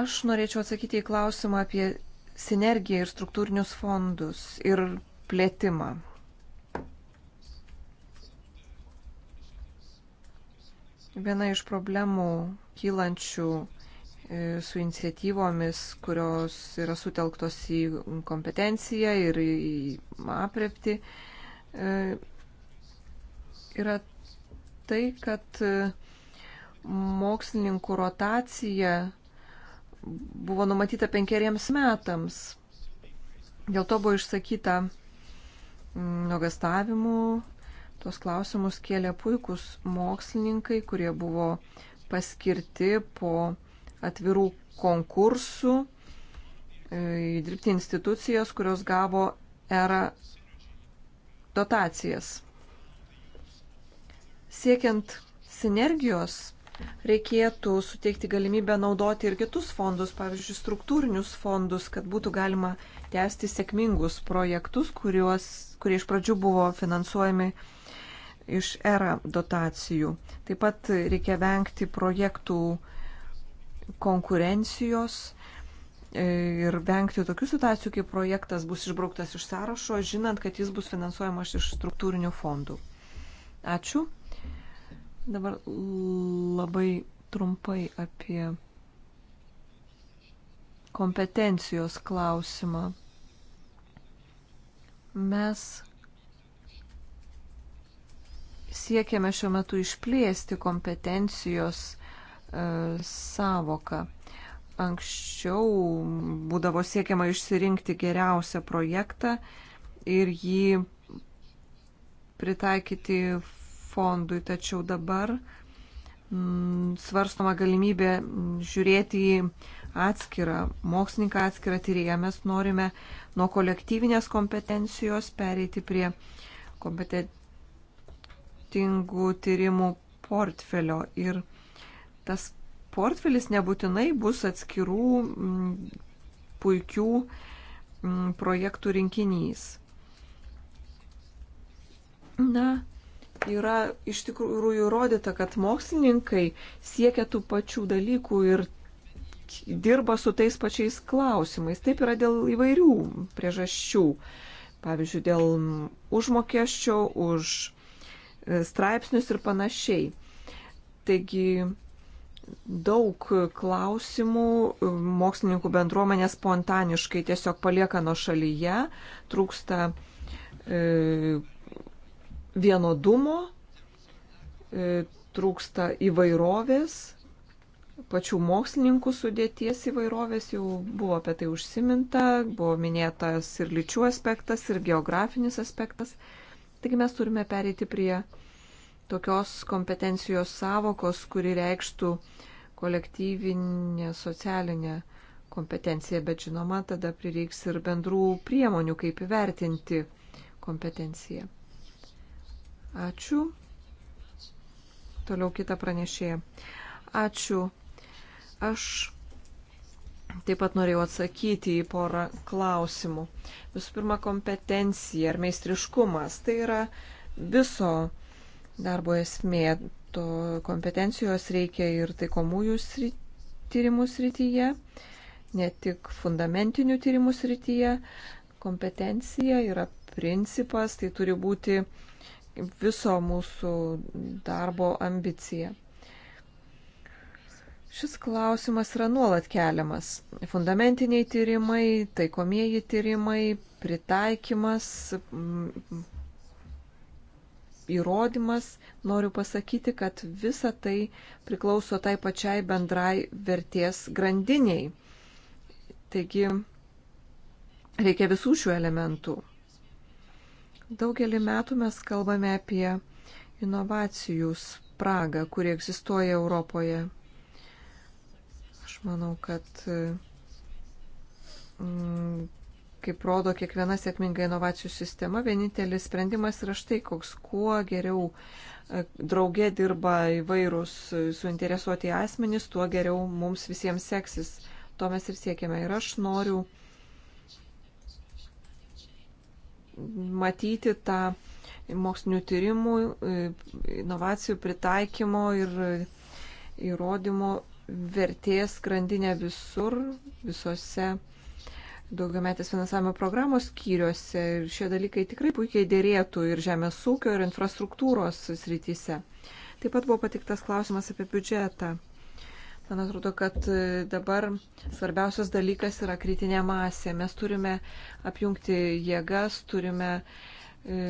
Aš norėčiau atsakyti į klausimą apie sinergiją ir struktūrinius fondus ir plėtimą. Viena iš problemų kylančių e, su iniciatyvomis, kurios yra sutelktos į kompetenciją ir į aprepti, e, yra tai, kad e, mokslininkų rotacija buvo numatyta penkeriems metams. Dėl to buvo išsakyta mm, nuogastavimų. Tuos klausimus kėlė puikūs mokslininkai, kurie buvo paskirti po atvirų konkursų e, į dirbti institucijas, kurios gavo era dotacijas. Siekiant sinergijos reikėtų suteikti galimybę naudoti ir kitus fondus, pavyzdžiui, struktūrinius fondus, kad būtų galima tęsti sėkmingus projektus, kuriuos, kurie iš pradžių buvo finansuojami iš era dotacijų. Taip pat reikia vengti projektų konkurencijos e, ir vengti tokių situacijų, kai projektas bus išbrauktas iš sąrašo, žinant, kad jis bus finansuojamas iš struktūrinių fondų. Ačiū. Dabar labai trumpai apie kompetencijos klausimą. Mes siekiame šiuo metu išplėsti kompetencijos e, savoką. Anksčiau būdavo siekiama išsirinkti geriausią projektą ir jį pritaikyti fondui, tačiau dabar mm, svarstoma galimybė mm, žiūrėti į atskirą mokslininką, atskirą tyrėją. Mes norime nuo kolektyvinės kompetencijos pereiti prie kompetentingų tyrimų portfelio. Ir tas portfelis nebūtinai bus atskirų mm, puikių projektų rinkinys. Na, yra iš tikrųjų įrodyta, kad mokslininkai siekia tų pačių dalykų ir dirba su tais pačiais klausimais. Taip yra dėl įvairių priežasčių. Pavyzdžiui, dėl užmokesčio, už e, straipsnius ir panašiai. Taigi daug klausimų e, mokslininkų bendruomenė spontaniškai tiesiog palieka nuo šalyje, trūksta e, vienodumo, e, trūksta įvairovės, pačių mokslininkų sudėties įvairovės, jau buvo apie tai užsiminta, buvo minėtas ir lyčių aspektas, ir geografinis aspektas. Taigi mes turime pereiti prie tokios kompetencijos savokos, kuri reikštų kolektyvinę socialinę kompetenciją, bet žinoma, tada prireiks ir bendrų priemonių, kaip įvertinti kompetenciją. Ačiū. Toliau kitą pranešėją. Ačiū. Aš taip pat norėjau atsakyti į porą klausimų. Visų pirma, kompetencija ar meistriškumas. Tai yra viso darbo esmė. To kompetencijos reikia ir taikomųjų srityje tyrimų srityje, ne tik fundamentinių tyrimų srityje. Kompetencija yra principas, tai turi būti viso mūsų darbo ambicija. Šis klausimas yra nuolat keliamas. Fundamentiniai tyrimai, taikomieji tyrimai, pritaikymas, mm, įrodymas. Noriu pasakyti, kad visa tai priklauso tai pačiai bendrai vertės grandiniai. Taigi reikia visų šių elementų. Daugelį metų mes kalbame apie inovacijų spragą, kuri egzistuoja Europoje. Aš manau, kad mm, kaip rodo kiekviena sėkminga inovacijų sistema, vienintelis sprendimas yra štai koks, kuo geriau e, draugė dirba įvairūs e, suinteresuoti asmenys, tuo geriau mums visiems seksis. To mes ir siekiame. Ir aš noriu matyti tą mokslinių tyrimų, inovacijų pritaikymo ir įrodymo vertės grandinę visur, visose daugiametės finansavimo programos skyriuose. Ir šie dalykai tikrai puikiai dėrėtų ir žemės ūkio, ir infrastruktūros srityse. Taip pat buvo patiktas klausimas apie biudžetą. Man atrodo, kad e, dabar svarbiausias dalykas yra kritinė masė. Mes turime apjungti jėgas, turime e,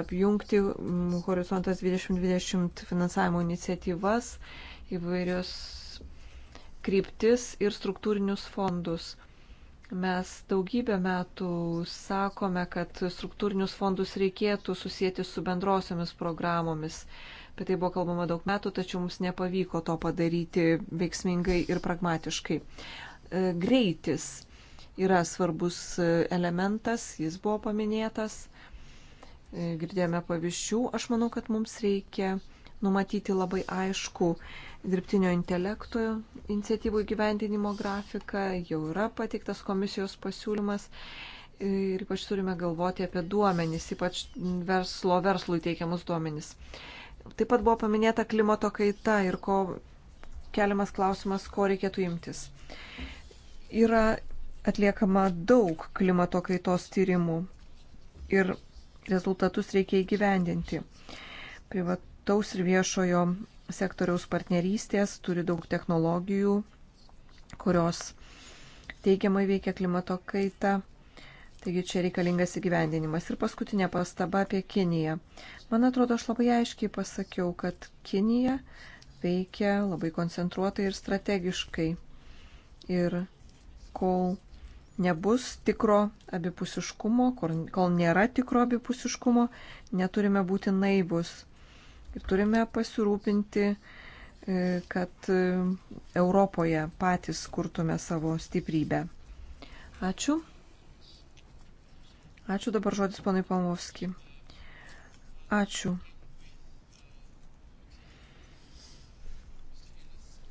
apjungti Horizontas 2020 finansavimo iniciatyvas, įvairios kryptis ir struktūrinius fondus. Mes daugybę metų sakome, kad struktūrinius fondus reikėtų susijęti su bendrosiomis programomis. Apie tai buvo kalbama daug metų, tačiau mums nepavyko to padaryti veiksmingai ir pragmatiškai. E, greitis yra svarbus e, elementas, jis buvo paminėtas. E, girdėjome pavyzdžių. Aš manau, kad mums reikia numatyti labai aišku dirbtinio intelektų iniciatyvų įgyvendinimo grafiką. Jau yra pateiktas komisijos pasiūlymas ir ypač turime galvoti apie duomenis, ypač verslo verslui teikiamus duomenis. Taip pat buvo paminėta klimato kaita ir ko keliamas klausimas, ko reikėtų imtis. Yra atliekama daug klimato kaitos tyrimų ir rezultatus reikia įgyvendinti. Privataus ir viešojo sektoriaus partnerystės turi daug technologijų, kurios teigiamai veikia klimato kaitą. Taigi čia reikalingas įgyvendinimas. Ir paskutinė pastaba apie Kiniją. Man atrodo, aš labai aiškiai pasakiau, kad Kinija veikia labai koncentruotai ir strategiškai. Ir kol nebus tikro abipusiškumo, kol nėra tikro abipusiškumo, neturime būti naivus. Ir turime pasirūpinti, e, kad e, Europoje patys kurtume savo stiprybę. Ačiū. Ačiū dabar žodis panai Palmovski. Ačiū.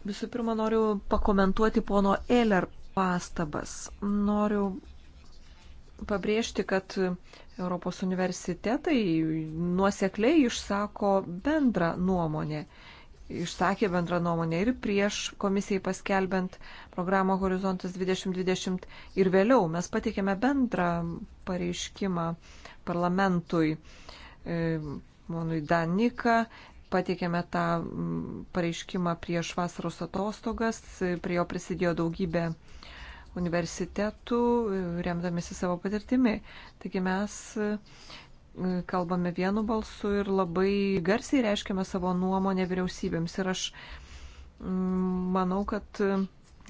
Visų pirma, noriu pakomentuoti pono Eiler pastabas. Noriu pabrėžti, kad Europos universitetai nuosekliai išsako bendrą nuomonę. Išsakė bendrą nuomonę ir prieš komisijai paskelbent programą Horizontas 2020 ir vėliau mes patikėme bendrą pareiškimą parlamentui. Uh, monui e, Danika. Pateikėme tą pareiškimą prieš vasaros atostogas, prie jo prisidėjo daugybė universitetų, e, remdamėsi savo patirtimi. Taigi mes e, kalbame vienu balsu ir labai garsiai reiškiame savo nuomonę vyriausybėms. Ir aš manau, kad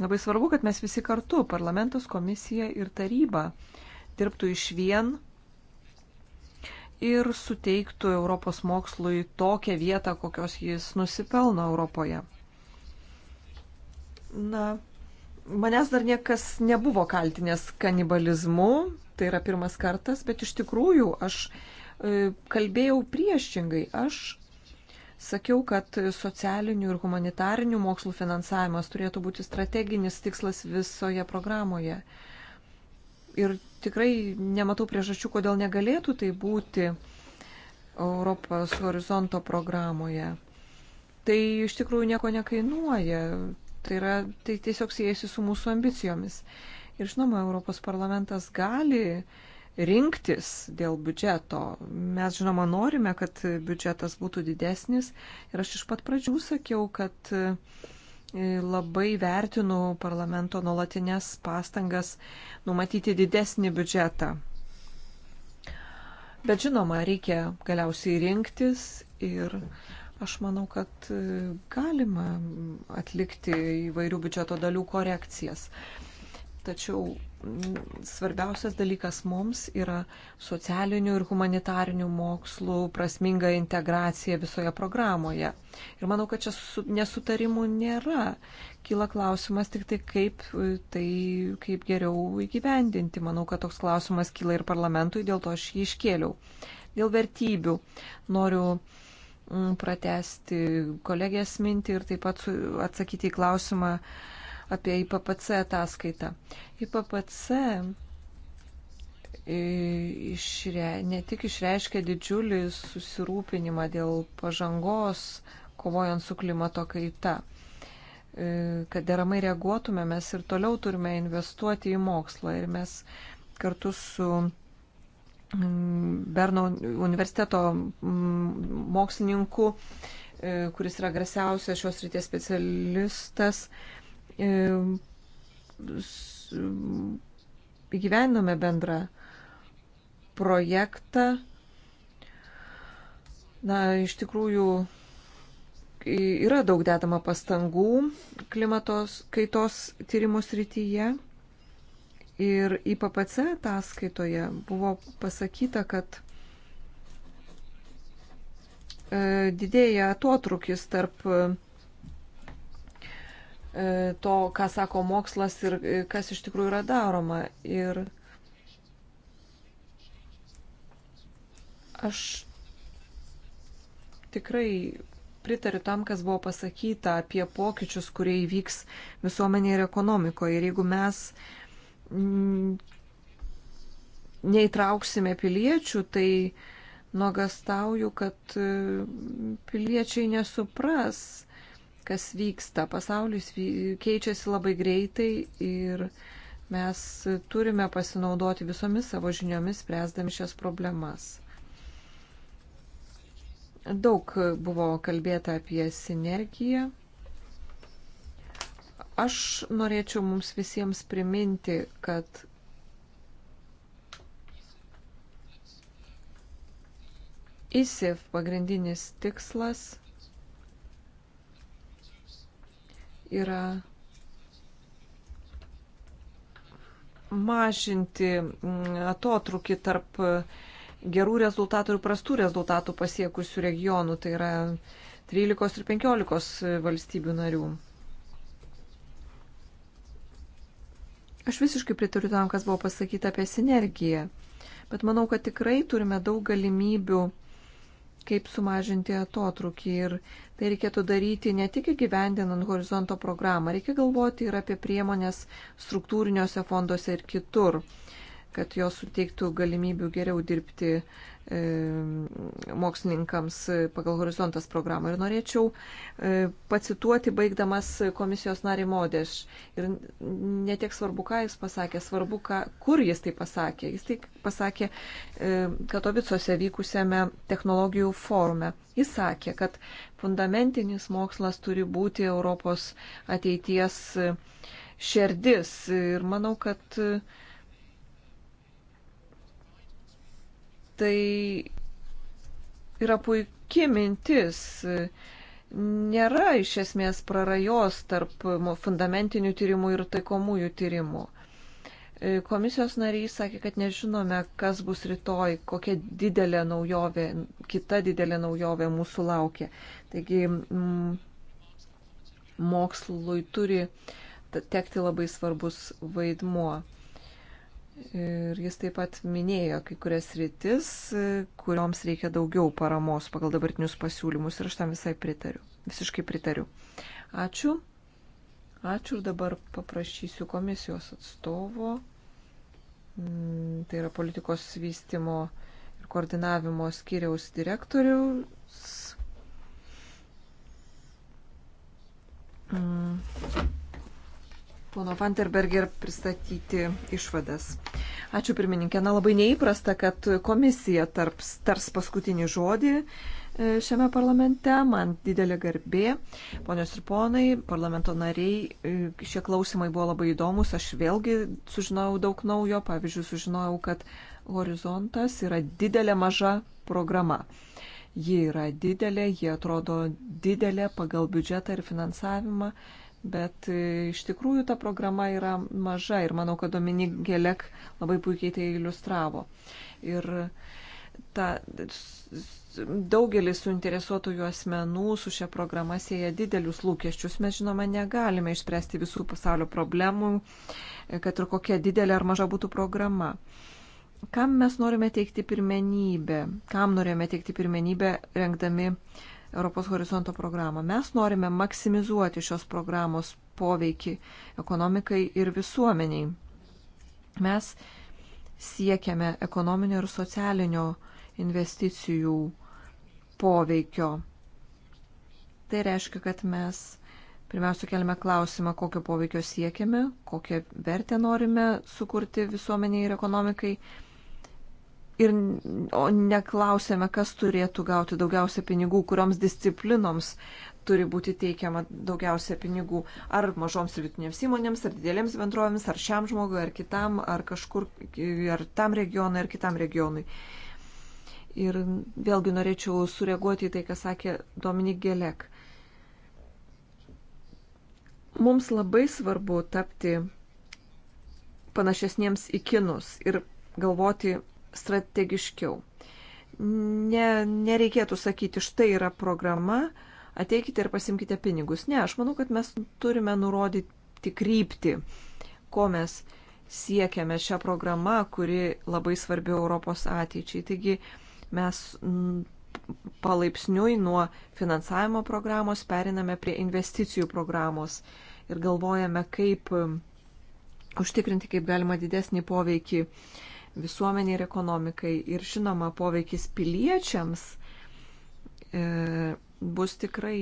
labai svarbu, kad mes visi kartu, parlamentas, komisija ir taryba, dirbtų iš vien ir suteiktų Europos mokslui tokią vietą, kokios jis nusipelno Europoje. Na, manęs dar niekas nebuvo kaltinęs kanibalizmu, tai yra pirmas kartas, bet iš tikrųjų aš e, kalbėjau priešingai. Aš sakiau, kad socialinių ir humanitarinių mokslų finansavimas turėtų būti strateginis tikslas visoje programoje. Ir tikrai nematau priežasčių, kodėl negalėtų tai būti Europos horizonto programoje. Tai iš tikrųjų nieko nekainuoja. Tai, yra, tai tiesiog siejasi su mūsų ambicijomis. Ir žinoma, Europos parlamentas gali rinktis dėl biudžeto. Mes, žinoma, norime, kad biudžetas būtų didesnis. Ir aš iš pat pradžių sakiau, kad uh, labai vertinu parlamento nuolatinės pastangas numatyti didesnį biudžetą. Bet žinoma, reikia galiausiai rinktis ir aš manau, kad e, galima atlikti įvairių biudžeto dalių korekcijas. Tačiau svarbiausias dalykas mums yra socialinių ir humanitarinių mokslų prasminga integracija visoje programoje. Ir manau, kad čia nesutarimų nėra. Kyla klausimas tik tai, kaip, e, tai, kaip geriau įgyvendinti. Manau, kad toks klausimas kyla ir parlamentui, dėl to aš jį iškėliau. Dėl vertybių noriu pratesti kolegės mintį ir taip pat atsakyti į klausimą, uh, apie IPPC ataskaitą. IPPC e, išre, ne tik išreiškia didžiulį susirūpinimą dėl pažangos kovojant su klimato kaita. E, kad deramai reaguotume, mes ir toliau turime investuoti į mokslą ir mes kartu su Berno universiteto mokslininku, e, kuris yra grasiausias šios ryties specialistas, E, įgyvenome bendrą projektą. Na, iš tikrųjų, yra daug dedama pastangų klimatos kaitos tyrimų srityje. Ir IPPC ataskaitoje buvo pasakyta, kad e, didėja atotrukis tarp E, to, ką sako mokslas ir e, kas iš tikrųjų yra daroma. Ir aš tikrai pritariu tam, kas buvo pasakyta apie pokyčius, kurie įvyks visuomenėje ir ekonomikoje. Ir jeigu mes mm, neįtrauksime piliečių, tai nuogastauju, kad e, piliečiai nesupras, kas vyksta. Pasaulis keičiasi labai greitai ir mes turime pasinaudoti visomis savo žiniomis, spręsdami šias problemas. Daug buvo kalbėta apie sinergiją. Aš norėčiau mums visiems priminti, kad ISIF pagrindinis tikslas yra mažinti mm, atotrukį tarp gerų rezultatų ir prastų rezultatų pasiekusių regionų, tai yra 13 ir 15 valstybių narių. Aš visiškai pritariu tam, kas buvo pasakyta apie sinergiją, bet manau, kad tikrai turime daug galimybių kaip sumažinti atotrukį. Ir tai reikėtų daryti ne tik įgyvendinant horizonto programą, reikia galvoti ir apie priemonės struktūriniuose fonduose ir kitur, kad jos suteiktų galimybių geriau dirbti E, mokslininkams pagal Horizontas programą. Ir norėčiau e, pacituoti, baigdamas komisijos narį Modeš. Ir netiek svarbu, ką jis pasakė, svarbu, ką, kur jis tai pasakė. Jis tai pasakė e, Katovicuose vykusiame technologijų forume. Jis sakė, kad fundamentinis mokslas turi būti Europos ateities šerdis. Ir manau, kad uh, Tai yra puikia mintis. Nėra iš esmės prarajos tarp fundamentinių tyrimų ir taikomųjų tyrimų. E, komisijos nariai sakė, kad nežinome, kas bus rytoj, kokia didelė naujovė, kita didelė naujovė mūsų laukia. Taigi m, mm, mokslui turi tekti labai svarbus vaidmuo. Ir jis taip pat minėjo kai kurias rytis, kurioms reikia daugiau paramos pagal dabartinius pasiūlymus ir aš tam visai pritariu. Visiškai pritariu. Ačiū. Ačiū ir dabar paprašysiu komisijos atstovo. Mm, tai yra politikos vystimo ir koordinavimo skyriaus direktorius. Mm pono Vanderberger pristatyti išvadas. Ačiū pirmininkė. Na labai neįprasta, kad komisija tarps, tars paskutinį žodį e, šiame parlamente. Man didelė garbė. Ponios ir ponai, parlamento nariai, e, šie klausimai buvo labai įdomus. Aš vėlgi sužinojau daug naujo. Pavyzdžiui, sužinojau, kad horizontas yra didelė maža programa. Ji yra didelė, ji atrodo didelė pagal biudžetą ir finansavimą. Bet e, iš tikrųjų ta programa yra maža ir manau, kad Dominik Gelek labai puikiai tai iliustravo. Ir ta, daugelis suinteresuotųjų asmenų su šia programa sieja didelius lūkesčius. Mes žinoma negalime išspręsti visų pasaulio problemų, e, kad ir kokia didelė ar maža būtų programa. Kam mes norime teikti pirmenybę? Kam norime teikti pirmenybę rengdami uh, Europos horizonto programą. Mes norime maksimizuoti šios programos poveikį ekonomikai ir visuomeniai. Mes siekiame ekonominio ir socialinio investicijų poveikio. Tai reiškia, kad mes pirmiausia keliame klausimą, kokio poveikio siekiame, kokią vertę norime sukurti visuomeniai ir ekonomikai ir o neklausėme, kas turėtų gauti daugiausia pinigų, kurioms disciplinoms turi būti teikiama daugiausia pinigų, ar mažoms ir vidutinėms įmonėms, ar didelėms bendrovėms, ar šiam žmogui, ar kitam, ar kažkur, ar tam regionui, ar kitam regionui. Ir vėlgi norėčiau sureaguoti į tai, ką sakė Dominik Gelek. Mums labai svarbu tapti panašesniems į kinus ir galvoti strategiškiau. Ne, nereikėtų sakyti, štai yra programa, ateikite ir pasimkite pinigus. Ne, aš manau, kad mes turime nurodyti kryptį, ko mes siekiame šią programą, kuri labai svarbi Europos ateičiai. Taigi mes palaipsniui nuo finansavimo programos periname prie investicijų programos ir galvojame, kaip um, užtikrinti, kaip galima didesnį poveikį uh, visuomeniai ir ekonomikai. Ir žinoma, poveikis piliečiams e, bus tikrai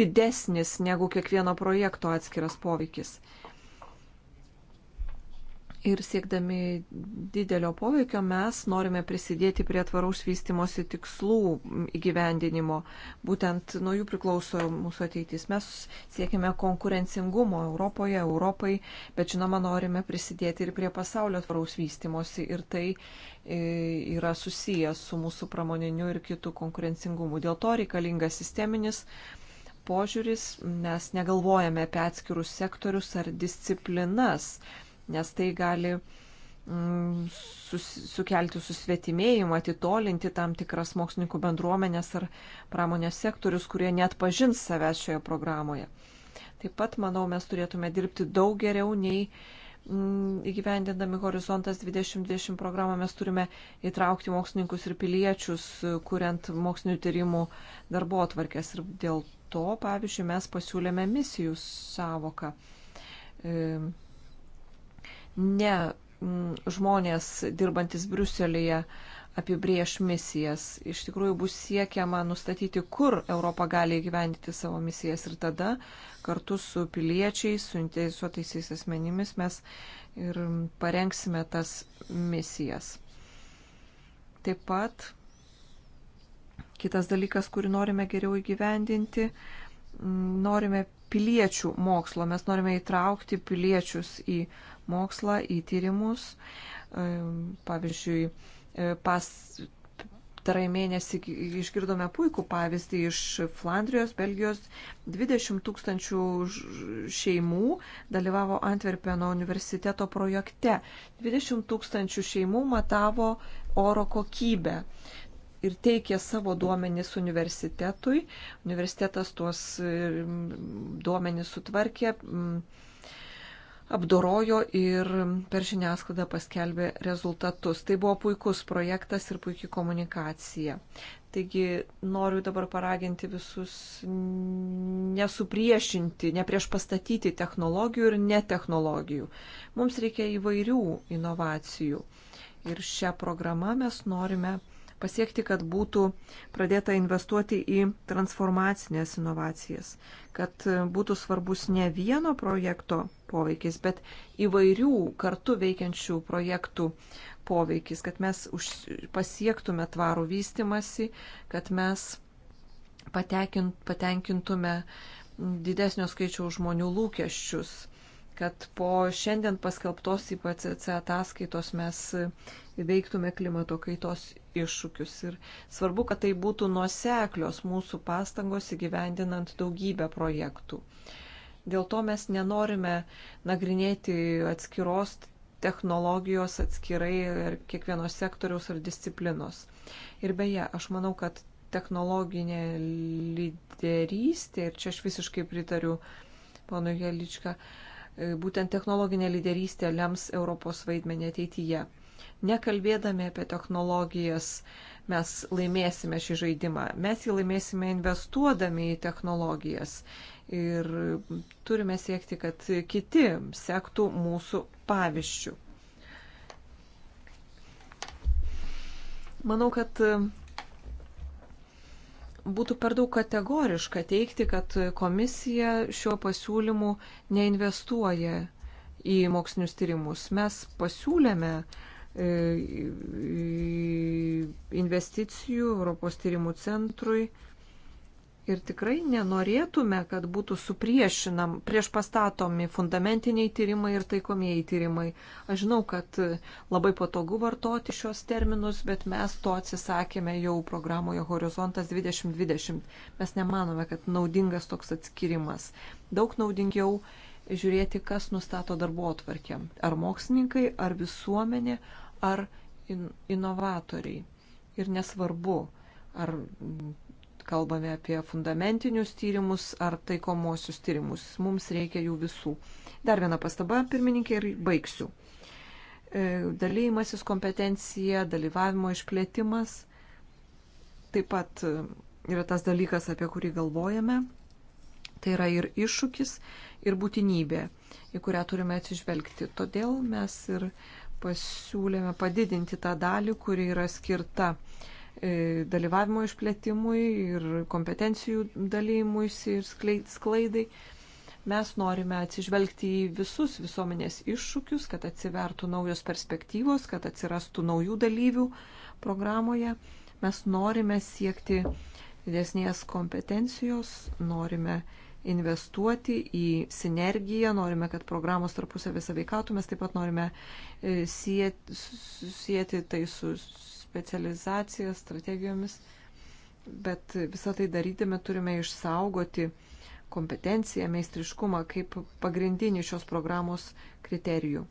didesnis negu kiekvieno projekto atskiras poveikis ir siekdami didelio poveikio mes norime prisidėti prie tvaraus vystimosi tikslų įgyvendinimo. Būtent nuo jų priklauso mūsų ateitis. Mes siekime konkurencingumo Europoje, Europai, bet žinoma norime prisidėti ir prie pasaulio tvaraus vystimosi ir tai e, yra susijęs su mūsų pramoniniu ir kitų konkurencingumu. Dėl to reikalingas sisteminis požiūris, mes negalvojame apie atskirus sektorius ar disciplinas nes tai gali mm, sus, sukelti susvetimėjimą, atitolinti tam tikras mokslininkų bendruomenės ar pramonės sektorius, kurie net pažins savęs šioje programoje. Taip pat, manau, mes turėtume dirbti daug geriau nei mm, įgyvendindami Horizontas 2020 programą. Mes turime įtraukti mokslininkus ir piliečius, kuriant mokslinių tyrimų darbo atvarkės. Ir dėl to, pavyzdžiui, mes pasiūlėme misijų savoką. E, ne mm, žmonės dirbantis Briuselėje apibrieš misijas. Iš tikrųjų bus siekiama nustatyti, kur Europa gali įgyvendyti savo misijas ir tada kartu su piliečiais, su interesuotaisiais asmenimis mes ir parengsime tas misijas. Taip pat kitas dalykas, kurį norime geriau įgyvendinti, mm, norime piliečių mokslo, mes norime įtraukti piliečius į mokslą, į tyrimus. E, pavyzdžiui, e, pas, Tarai mėnesį išgirdome puikų pavyzdį iš Flandrijos, Belgijos. 20 tūkstančių šeimų dalyvavo Antverpeno universiteto projekte. 20 tūkstančių šeimų matavo oro kokybę ir teikė savo duomenys universitetui. Universitetas tuos e, duomenys sutvarkė. M, apdorojo ir per žiniasklaidą paskelbė rezultatus. Tai buvo puikus projektas ir puikiai komunikacija. Taigi noriu dabar paraginti visus nesupriešinti, nepriešpastatyti technologijų ir netechnologijų. Mums reikia įvairių inovacijų. Ir šią programą mes norime pasiekti, kad būtų pradėta investuoti į transformacinės inovacijas, kad būtų svarbus ne vieno projekto poveikis, bet įvairių kartu veikiančių projektų poveikis, kad mes už, pasiektume tvarų vystimasi, kad mes patekint, patenkintume didesnio skaičiaus žmonių lūkesčius, kad po šiandien paskelbtos IPCC ataskaitos mes įveiktume klimato kaitos iššūkius. Ir svarbu, kad tai būtų nuoseklios mūsų pastangos įgyvendinant daugybę projektų. Uh, Dėl to mes nenorime nagrinėti atskiros technologijos atskirai ir kiekvienos sektoriaus ar disciplinos. Ir beje, aš manau, kad technologinė lyderystė, ir čia aš visiškai pritariu ponui Heličką, e, būtent technologinė lyderystė lems Europos vaidmenį ateityje. Nekalbėdami apie technologijas mes laimėsime šį žaidimą. Mes jį laimėsime investuodami į technologijas ir turime siekti, kad kiti sektų mūsų pavyzdžių. Manau, kad būtų per daug kategoriška teikti, kad komisija šiuo pasiūlymu neinvestuoja į mokslinius tyrimus. Mes pasiūlėme e, investicijų Europos tyrimų centrui Ir tikrai nenorėtume, kad būtų supriešinam, prieš pastatomi fundamentiniai tyrimai ir taikomieji tyrimai. Aš žinau, kad labai patogu vartoti šios terminus, bet mes to atsisakėme jau programoje Horizontas 2020. Mes nemanome, kad naudingas toks atskirimas. Daug naudingiau žiūrėti, kas nustato darbo atvarkę. Ar mokslininkai, ar visuomenė, ar in inovatoriai. Ir nesvarbu, ar kalbame apie fundamentinius tyrimus ar taikomosius tyrimus. Mums reikia jų visų. Dar viena pastaba, pirmininkė, ir baigsiu. E, dalymasis kompetencija, dalyvavimo išplėtimas taip pat e, yra tas dalykas, apie kurį galvojame. Tai yra ir iššūkis, ir būtinybė, į kurią turime atsižvelgti. Todėl mes ir pasiūlėme padidinti tą dalį, kuri yra skirta uh, E, dalyvavimo išplėtimui ir kompetencijų dalymuisi ir sklaidai. Mes norime atsižvelgti į visus visuomenės iššūkius, kad atsivertų naujos perspektyvos, kad atsirastų naujų dalyvių programoje. Mes norime siekti didesnės kompetencijos, norime investuoti į sinergiją, norime, kad programos tarpusavį sąveikautų, mes taip pat norime e, sieti, sieti tai su specializacija, strategijomis, bet visą tai darydami turime išsaugoti kompetenciją, meistriškumą kaip pagrindinį šios programos kriterijų.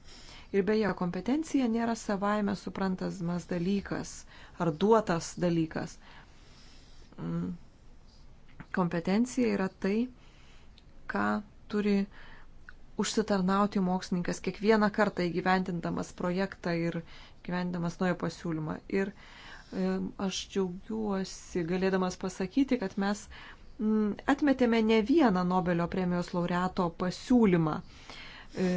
Ir beje, kompetencija nėra savaime suprantamas dalykas ar duotas dalykas. Mm. Kompetencija yra tai, ką turi užsitarnauti mokslininkas kiekvieną kartą įgyvendindamas projektą ir gyvendamas naują pasiūlymą. Ir e, aš džiaugiuosi galėdamas pasakyti, kad mes mm, atmetėme ne vieną Nobelio premijos laureato pasiūlymą. E,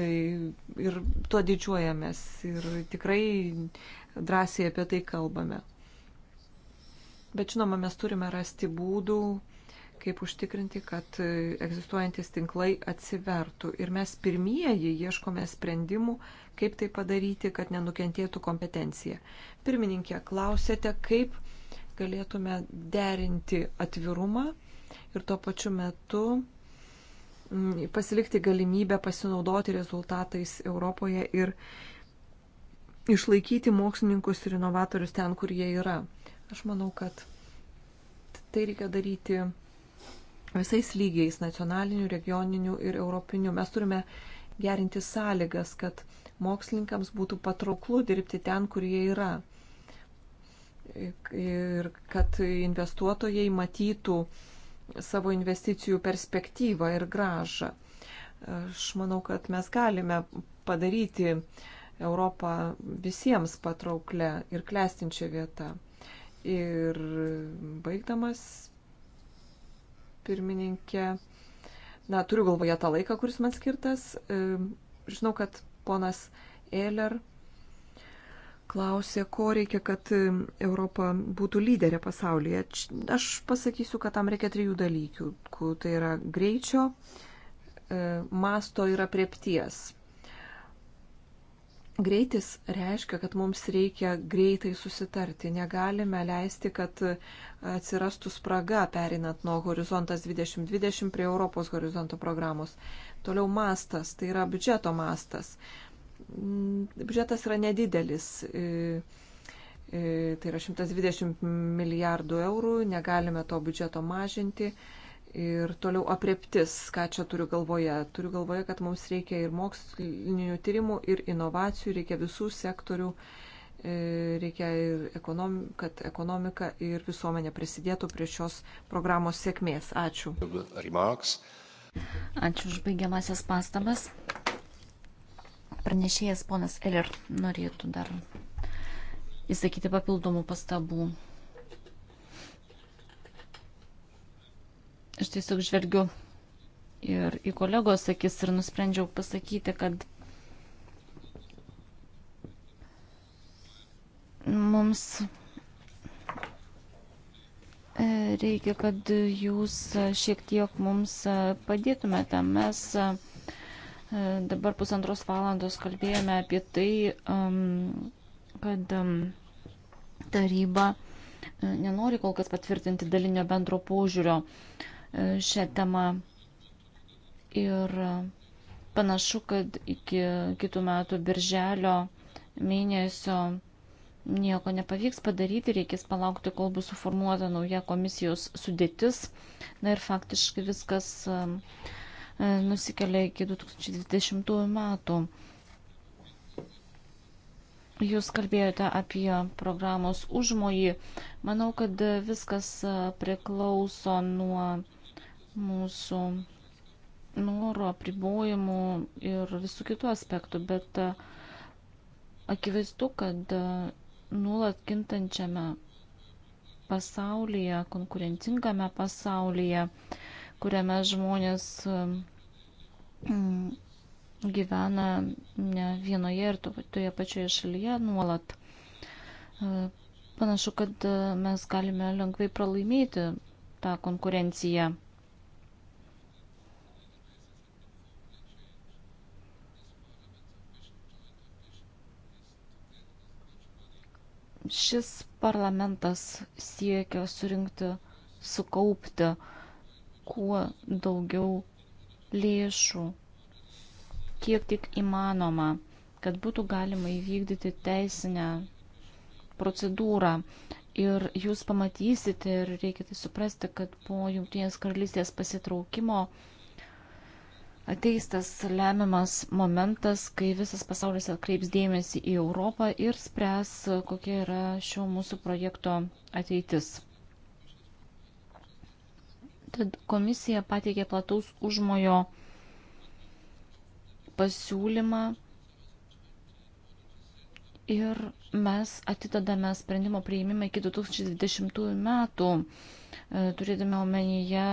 ir tuo didžiuojamės ir tikrai drąsiai apie tai kalbame. Bet žinoma, mes turime rasti būdų, kaip užtikrinti, kad egzistuojantis tinklai atsivertų. Ir mes pirmieji ieškome sprendimų, kaip tai padaryti, kad nenukentėtų kompetencija. Pirmininkė, klausėte, kaip galėtume derinti atvirumą ir tuo pačiu metu mm, pasilikti galimybę pasinaudoti rezultatais Europoje ir išlaikyti mokslininkus ir inovatorius ten, kur jie yra. Aš manau, kad tai reikia daryti visais lygiais - nacionaliniu, regioniniu ir europiniu. Mes turime gerinti sąlygas, kad mokslininkams būtų patrauklu dirbti ten, kur jie yra. Ir kad investuotojai matytų savo investicijų perspektyvą ir gražą. Aš manau, kad mes galime padaryti Europą visiems patrauklę ir klestinčią vietą. Ir baigdamas pirmininkė. Na, turiu galvoje tą laiką, kuris man skirtas. E, žinau, kad ponas Eiler klausė, ko reikia, kad Europa būtų lyderė pasaulyje. Aš pasakysiu, kad tam reikia trijų dalykų. Tai yra greičio, e, masto ir apriepties. Greitis reiškia, kad mums reikia greitai susitarti. Negalime leisti, kad atsirastų spraga perinant nuo horizontas 2020 prie Europos horizonto programos. Toliau mastas, tai yra biudžeto mastas. Mm, biudžetas yra nedidelis e, e, tai yra 120 milijardų eurų, negalime to biudžeto mažinti ir toliau apreptis, ką čia turiu galvoje. Turiu galvoje, kad mums reikia ir mokslinių tyrimų, ir inovacijų, reikia visų sektorių, e, reikia ir ekonom, kad ekonomika ir visuomenė prisidėtų prie šios programos sėkmės. Ačiū. Remarks. Ačiū už baigiamasias pastabas. Pranešėjas ponas Eller norėtų dar įsakyti papildomų pastabų. Aš tiesiog žvelgiu ir į kolegos akis ir nusprendžiau pasakyti, kad mums e, reikia, kad jūs šiek tiek mums e, padėtumėte. Mes e, dabar pusantros valandos kalbėjome apie tai, kad taryba nenori kol kas patvirtinti dalinio bendro požiūrio šią temą ir panašu, kad iki kitų metų birželio mėnesio nieko nepavyks padaryti, reikės palaukti, kol bus suformuota nauja komisijos sudėtis. Na ir faktiškai viskas um, um, nusikelia iki 2020 metų. Jūs kalbėjote apie programos užmojį. Manau, kad viskas uh, priklauso nuo mūsų norų, apribojimų ir visų kitų aspektų, bet e, akivaizdu, kad e, nuolat kintančiame pasaulyje, konkurencingame pasaulyje, kuriame žmonės e, gyvena ne vienoje ir toje pačioje šalyje nuolat. Panašu, kad mes galime lengvai pralaimėti tą konkurenciją. Šis parlamentas siekia surinkti, sukaupti kuo daugiau lėšų, kiek tik įmanoma, kad būtų galima įvykdyti teisinę procedūrą. Ir jūs pamatysite ir reikia tai suprasti, kad po Junktinės karalystės pasitraukimo uh, ateis tas lemiamas momentas, kai visas pasaulis atkreips dėmesį į Europą ir spręs, kokia yra šio mūsų projekto ateitis. Tad komisija pateikė plataus užmojo pasiūlymą ir mes atidedame sprendimo prieimimą iki 2020 metų, e, turėdami omenyje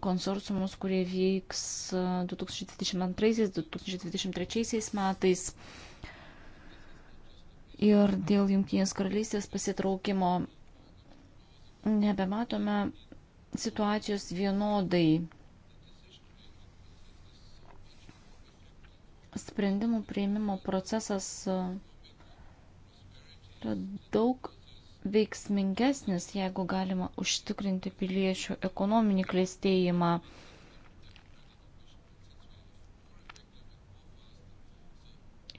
konsorciumus, kurie vyks 2022-2023 e, metais. Ir dėl Junktinės karalystės pasitraukimo nebematome situacijos vienodai. Sprendimų prieimimo procesas e, yra daug veiksmingesnis, jeigu galima užtikrinti piliečių ekonominį klėstėjimą.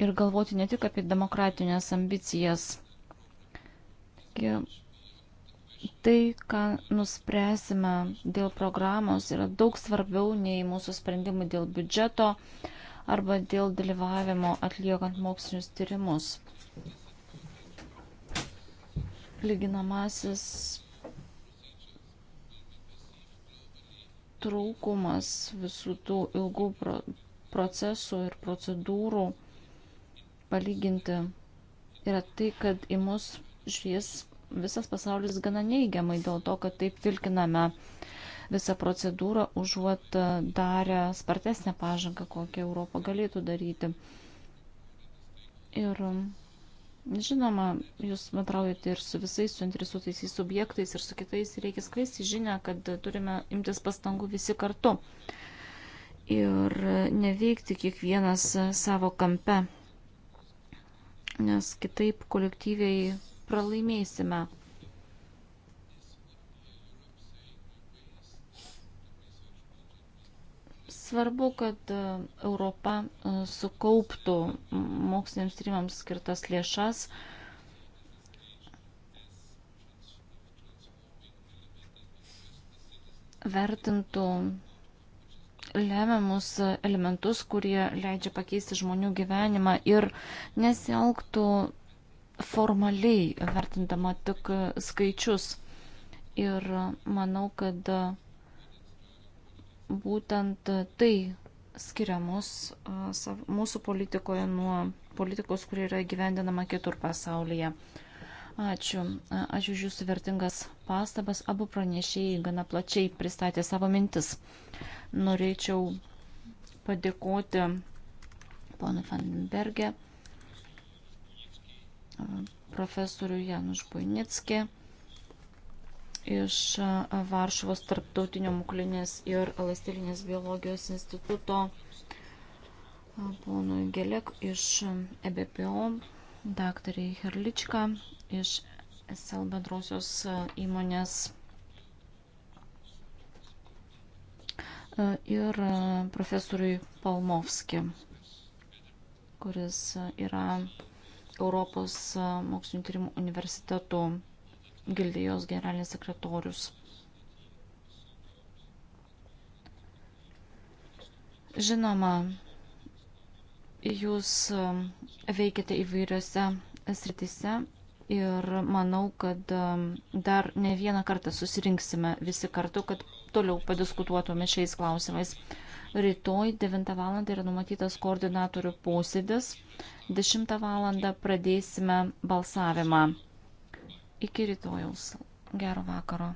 Ir galvoti ne tik apie demokratinės ambicijas. Tai, ką nuspręsime dėl programos, yra daug svarbiau nei mūsų sprendimai dėl biudžeto arba dėl dalyvavimo atliekant mokslinius tyrimus lyginamasis trūkumas visų tų ilgų procesų ir procedūrų palyginti yra tai, kad į mus žies visas pasaulis gana neigiamai dėl to, kad taip vilkiname visą procedūrą, užuot e, darę spartesnę pažangą, kokią Europą galėtų daryti. Ir Žinoma, jūs bendraujate ir su visais suinteresuotais į subjektais ir su kitais. Reikia skleisti žinę, kad turime imtis pastangų visi kartu. Ir neveikti kiekvienas savo kampe. Nes kitaip kolektyviai pralaimėsime. Svarbu, kad e, Europa e, sukauptų moksliniams tyrimams skirtas lėšas. vertintų lemiamus elementus, kurie leidžia pakeisti žmonių gyvenimą ir nesielgtų formaliai vertindama tik skaičius. Ir e, manau, kad būtent tai skiria mus mūsų politikoje nuo politikos, kuri yra gyvendinama kitur pasaulyje. Ačiū. Ačiū už Jūsų vertingas pastabas. Abu pranešėjai gana plačiai pristatė savo mintis. Norėčiau padėkoti ponui Vandenbergė, profesoriui Januš Buinicki iš Varšuvos tarptautinio muklinės ir ląstelinės biologijos instituto, ponui Gelek iš EBPO, daktariai Herlička iš SL bendrosios įmonės ir profesoriui Palmovski, kuris yra Europos mokslinio tyrimų universitetų gildijos generalinis sekretorius. Žinoma, jūs um, veikiate įvairiose sritise ir manau, kad um, dar ne vieną kartą susirinksime visi kartu, kad toliau padiskutuotume šiais klausimais. Rytoj 9 val. yra numatytas koordinatorių posėdis. 10 val. pradėsime balsavimą. Iki rytojaus. Gero vakaro.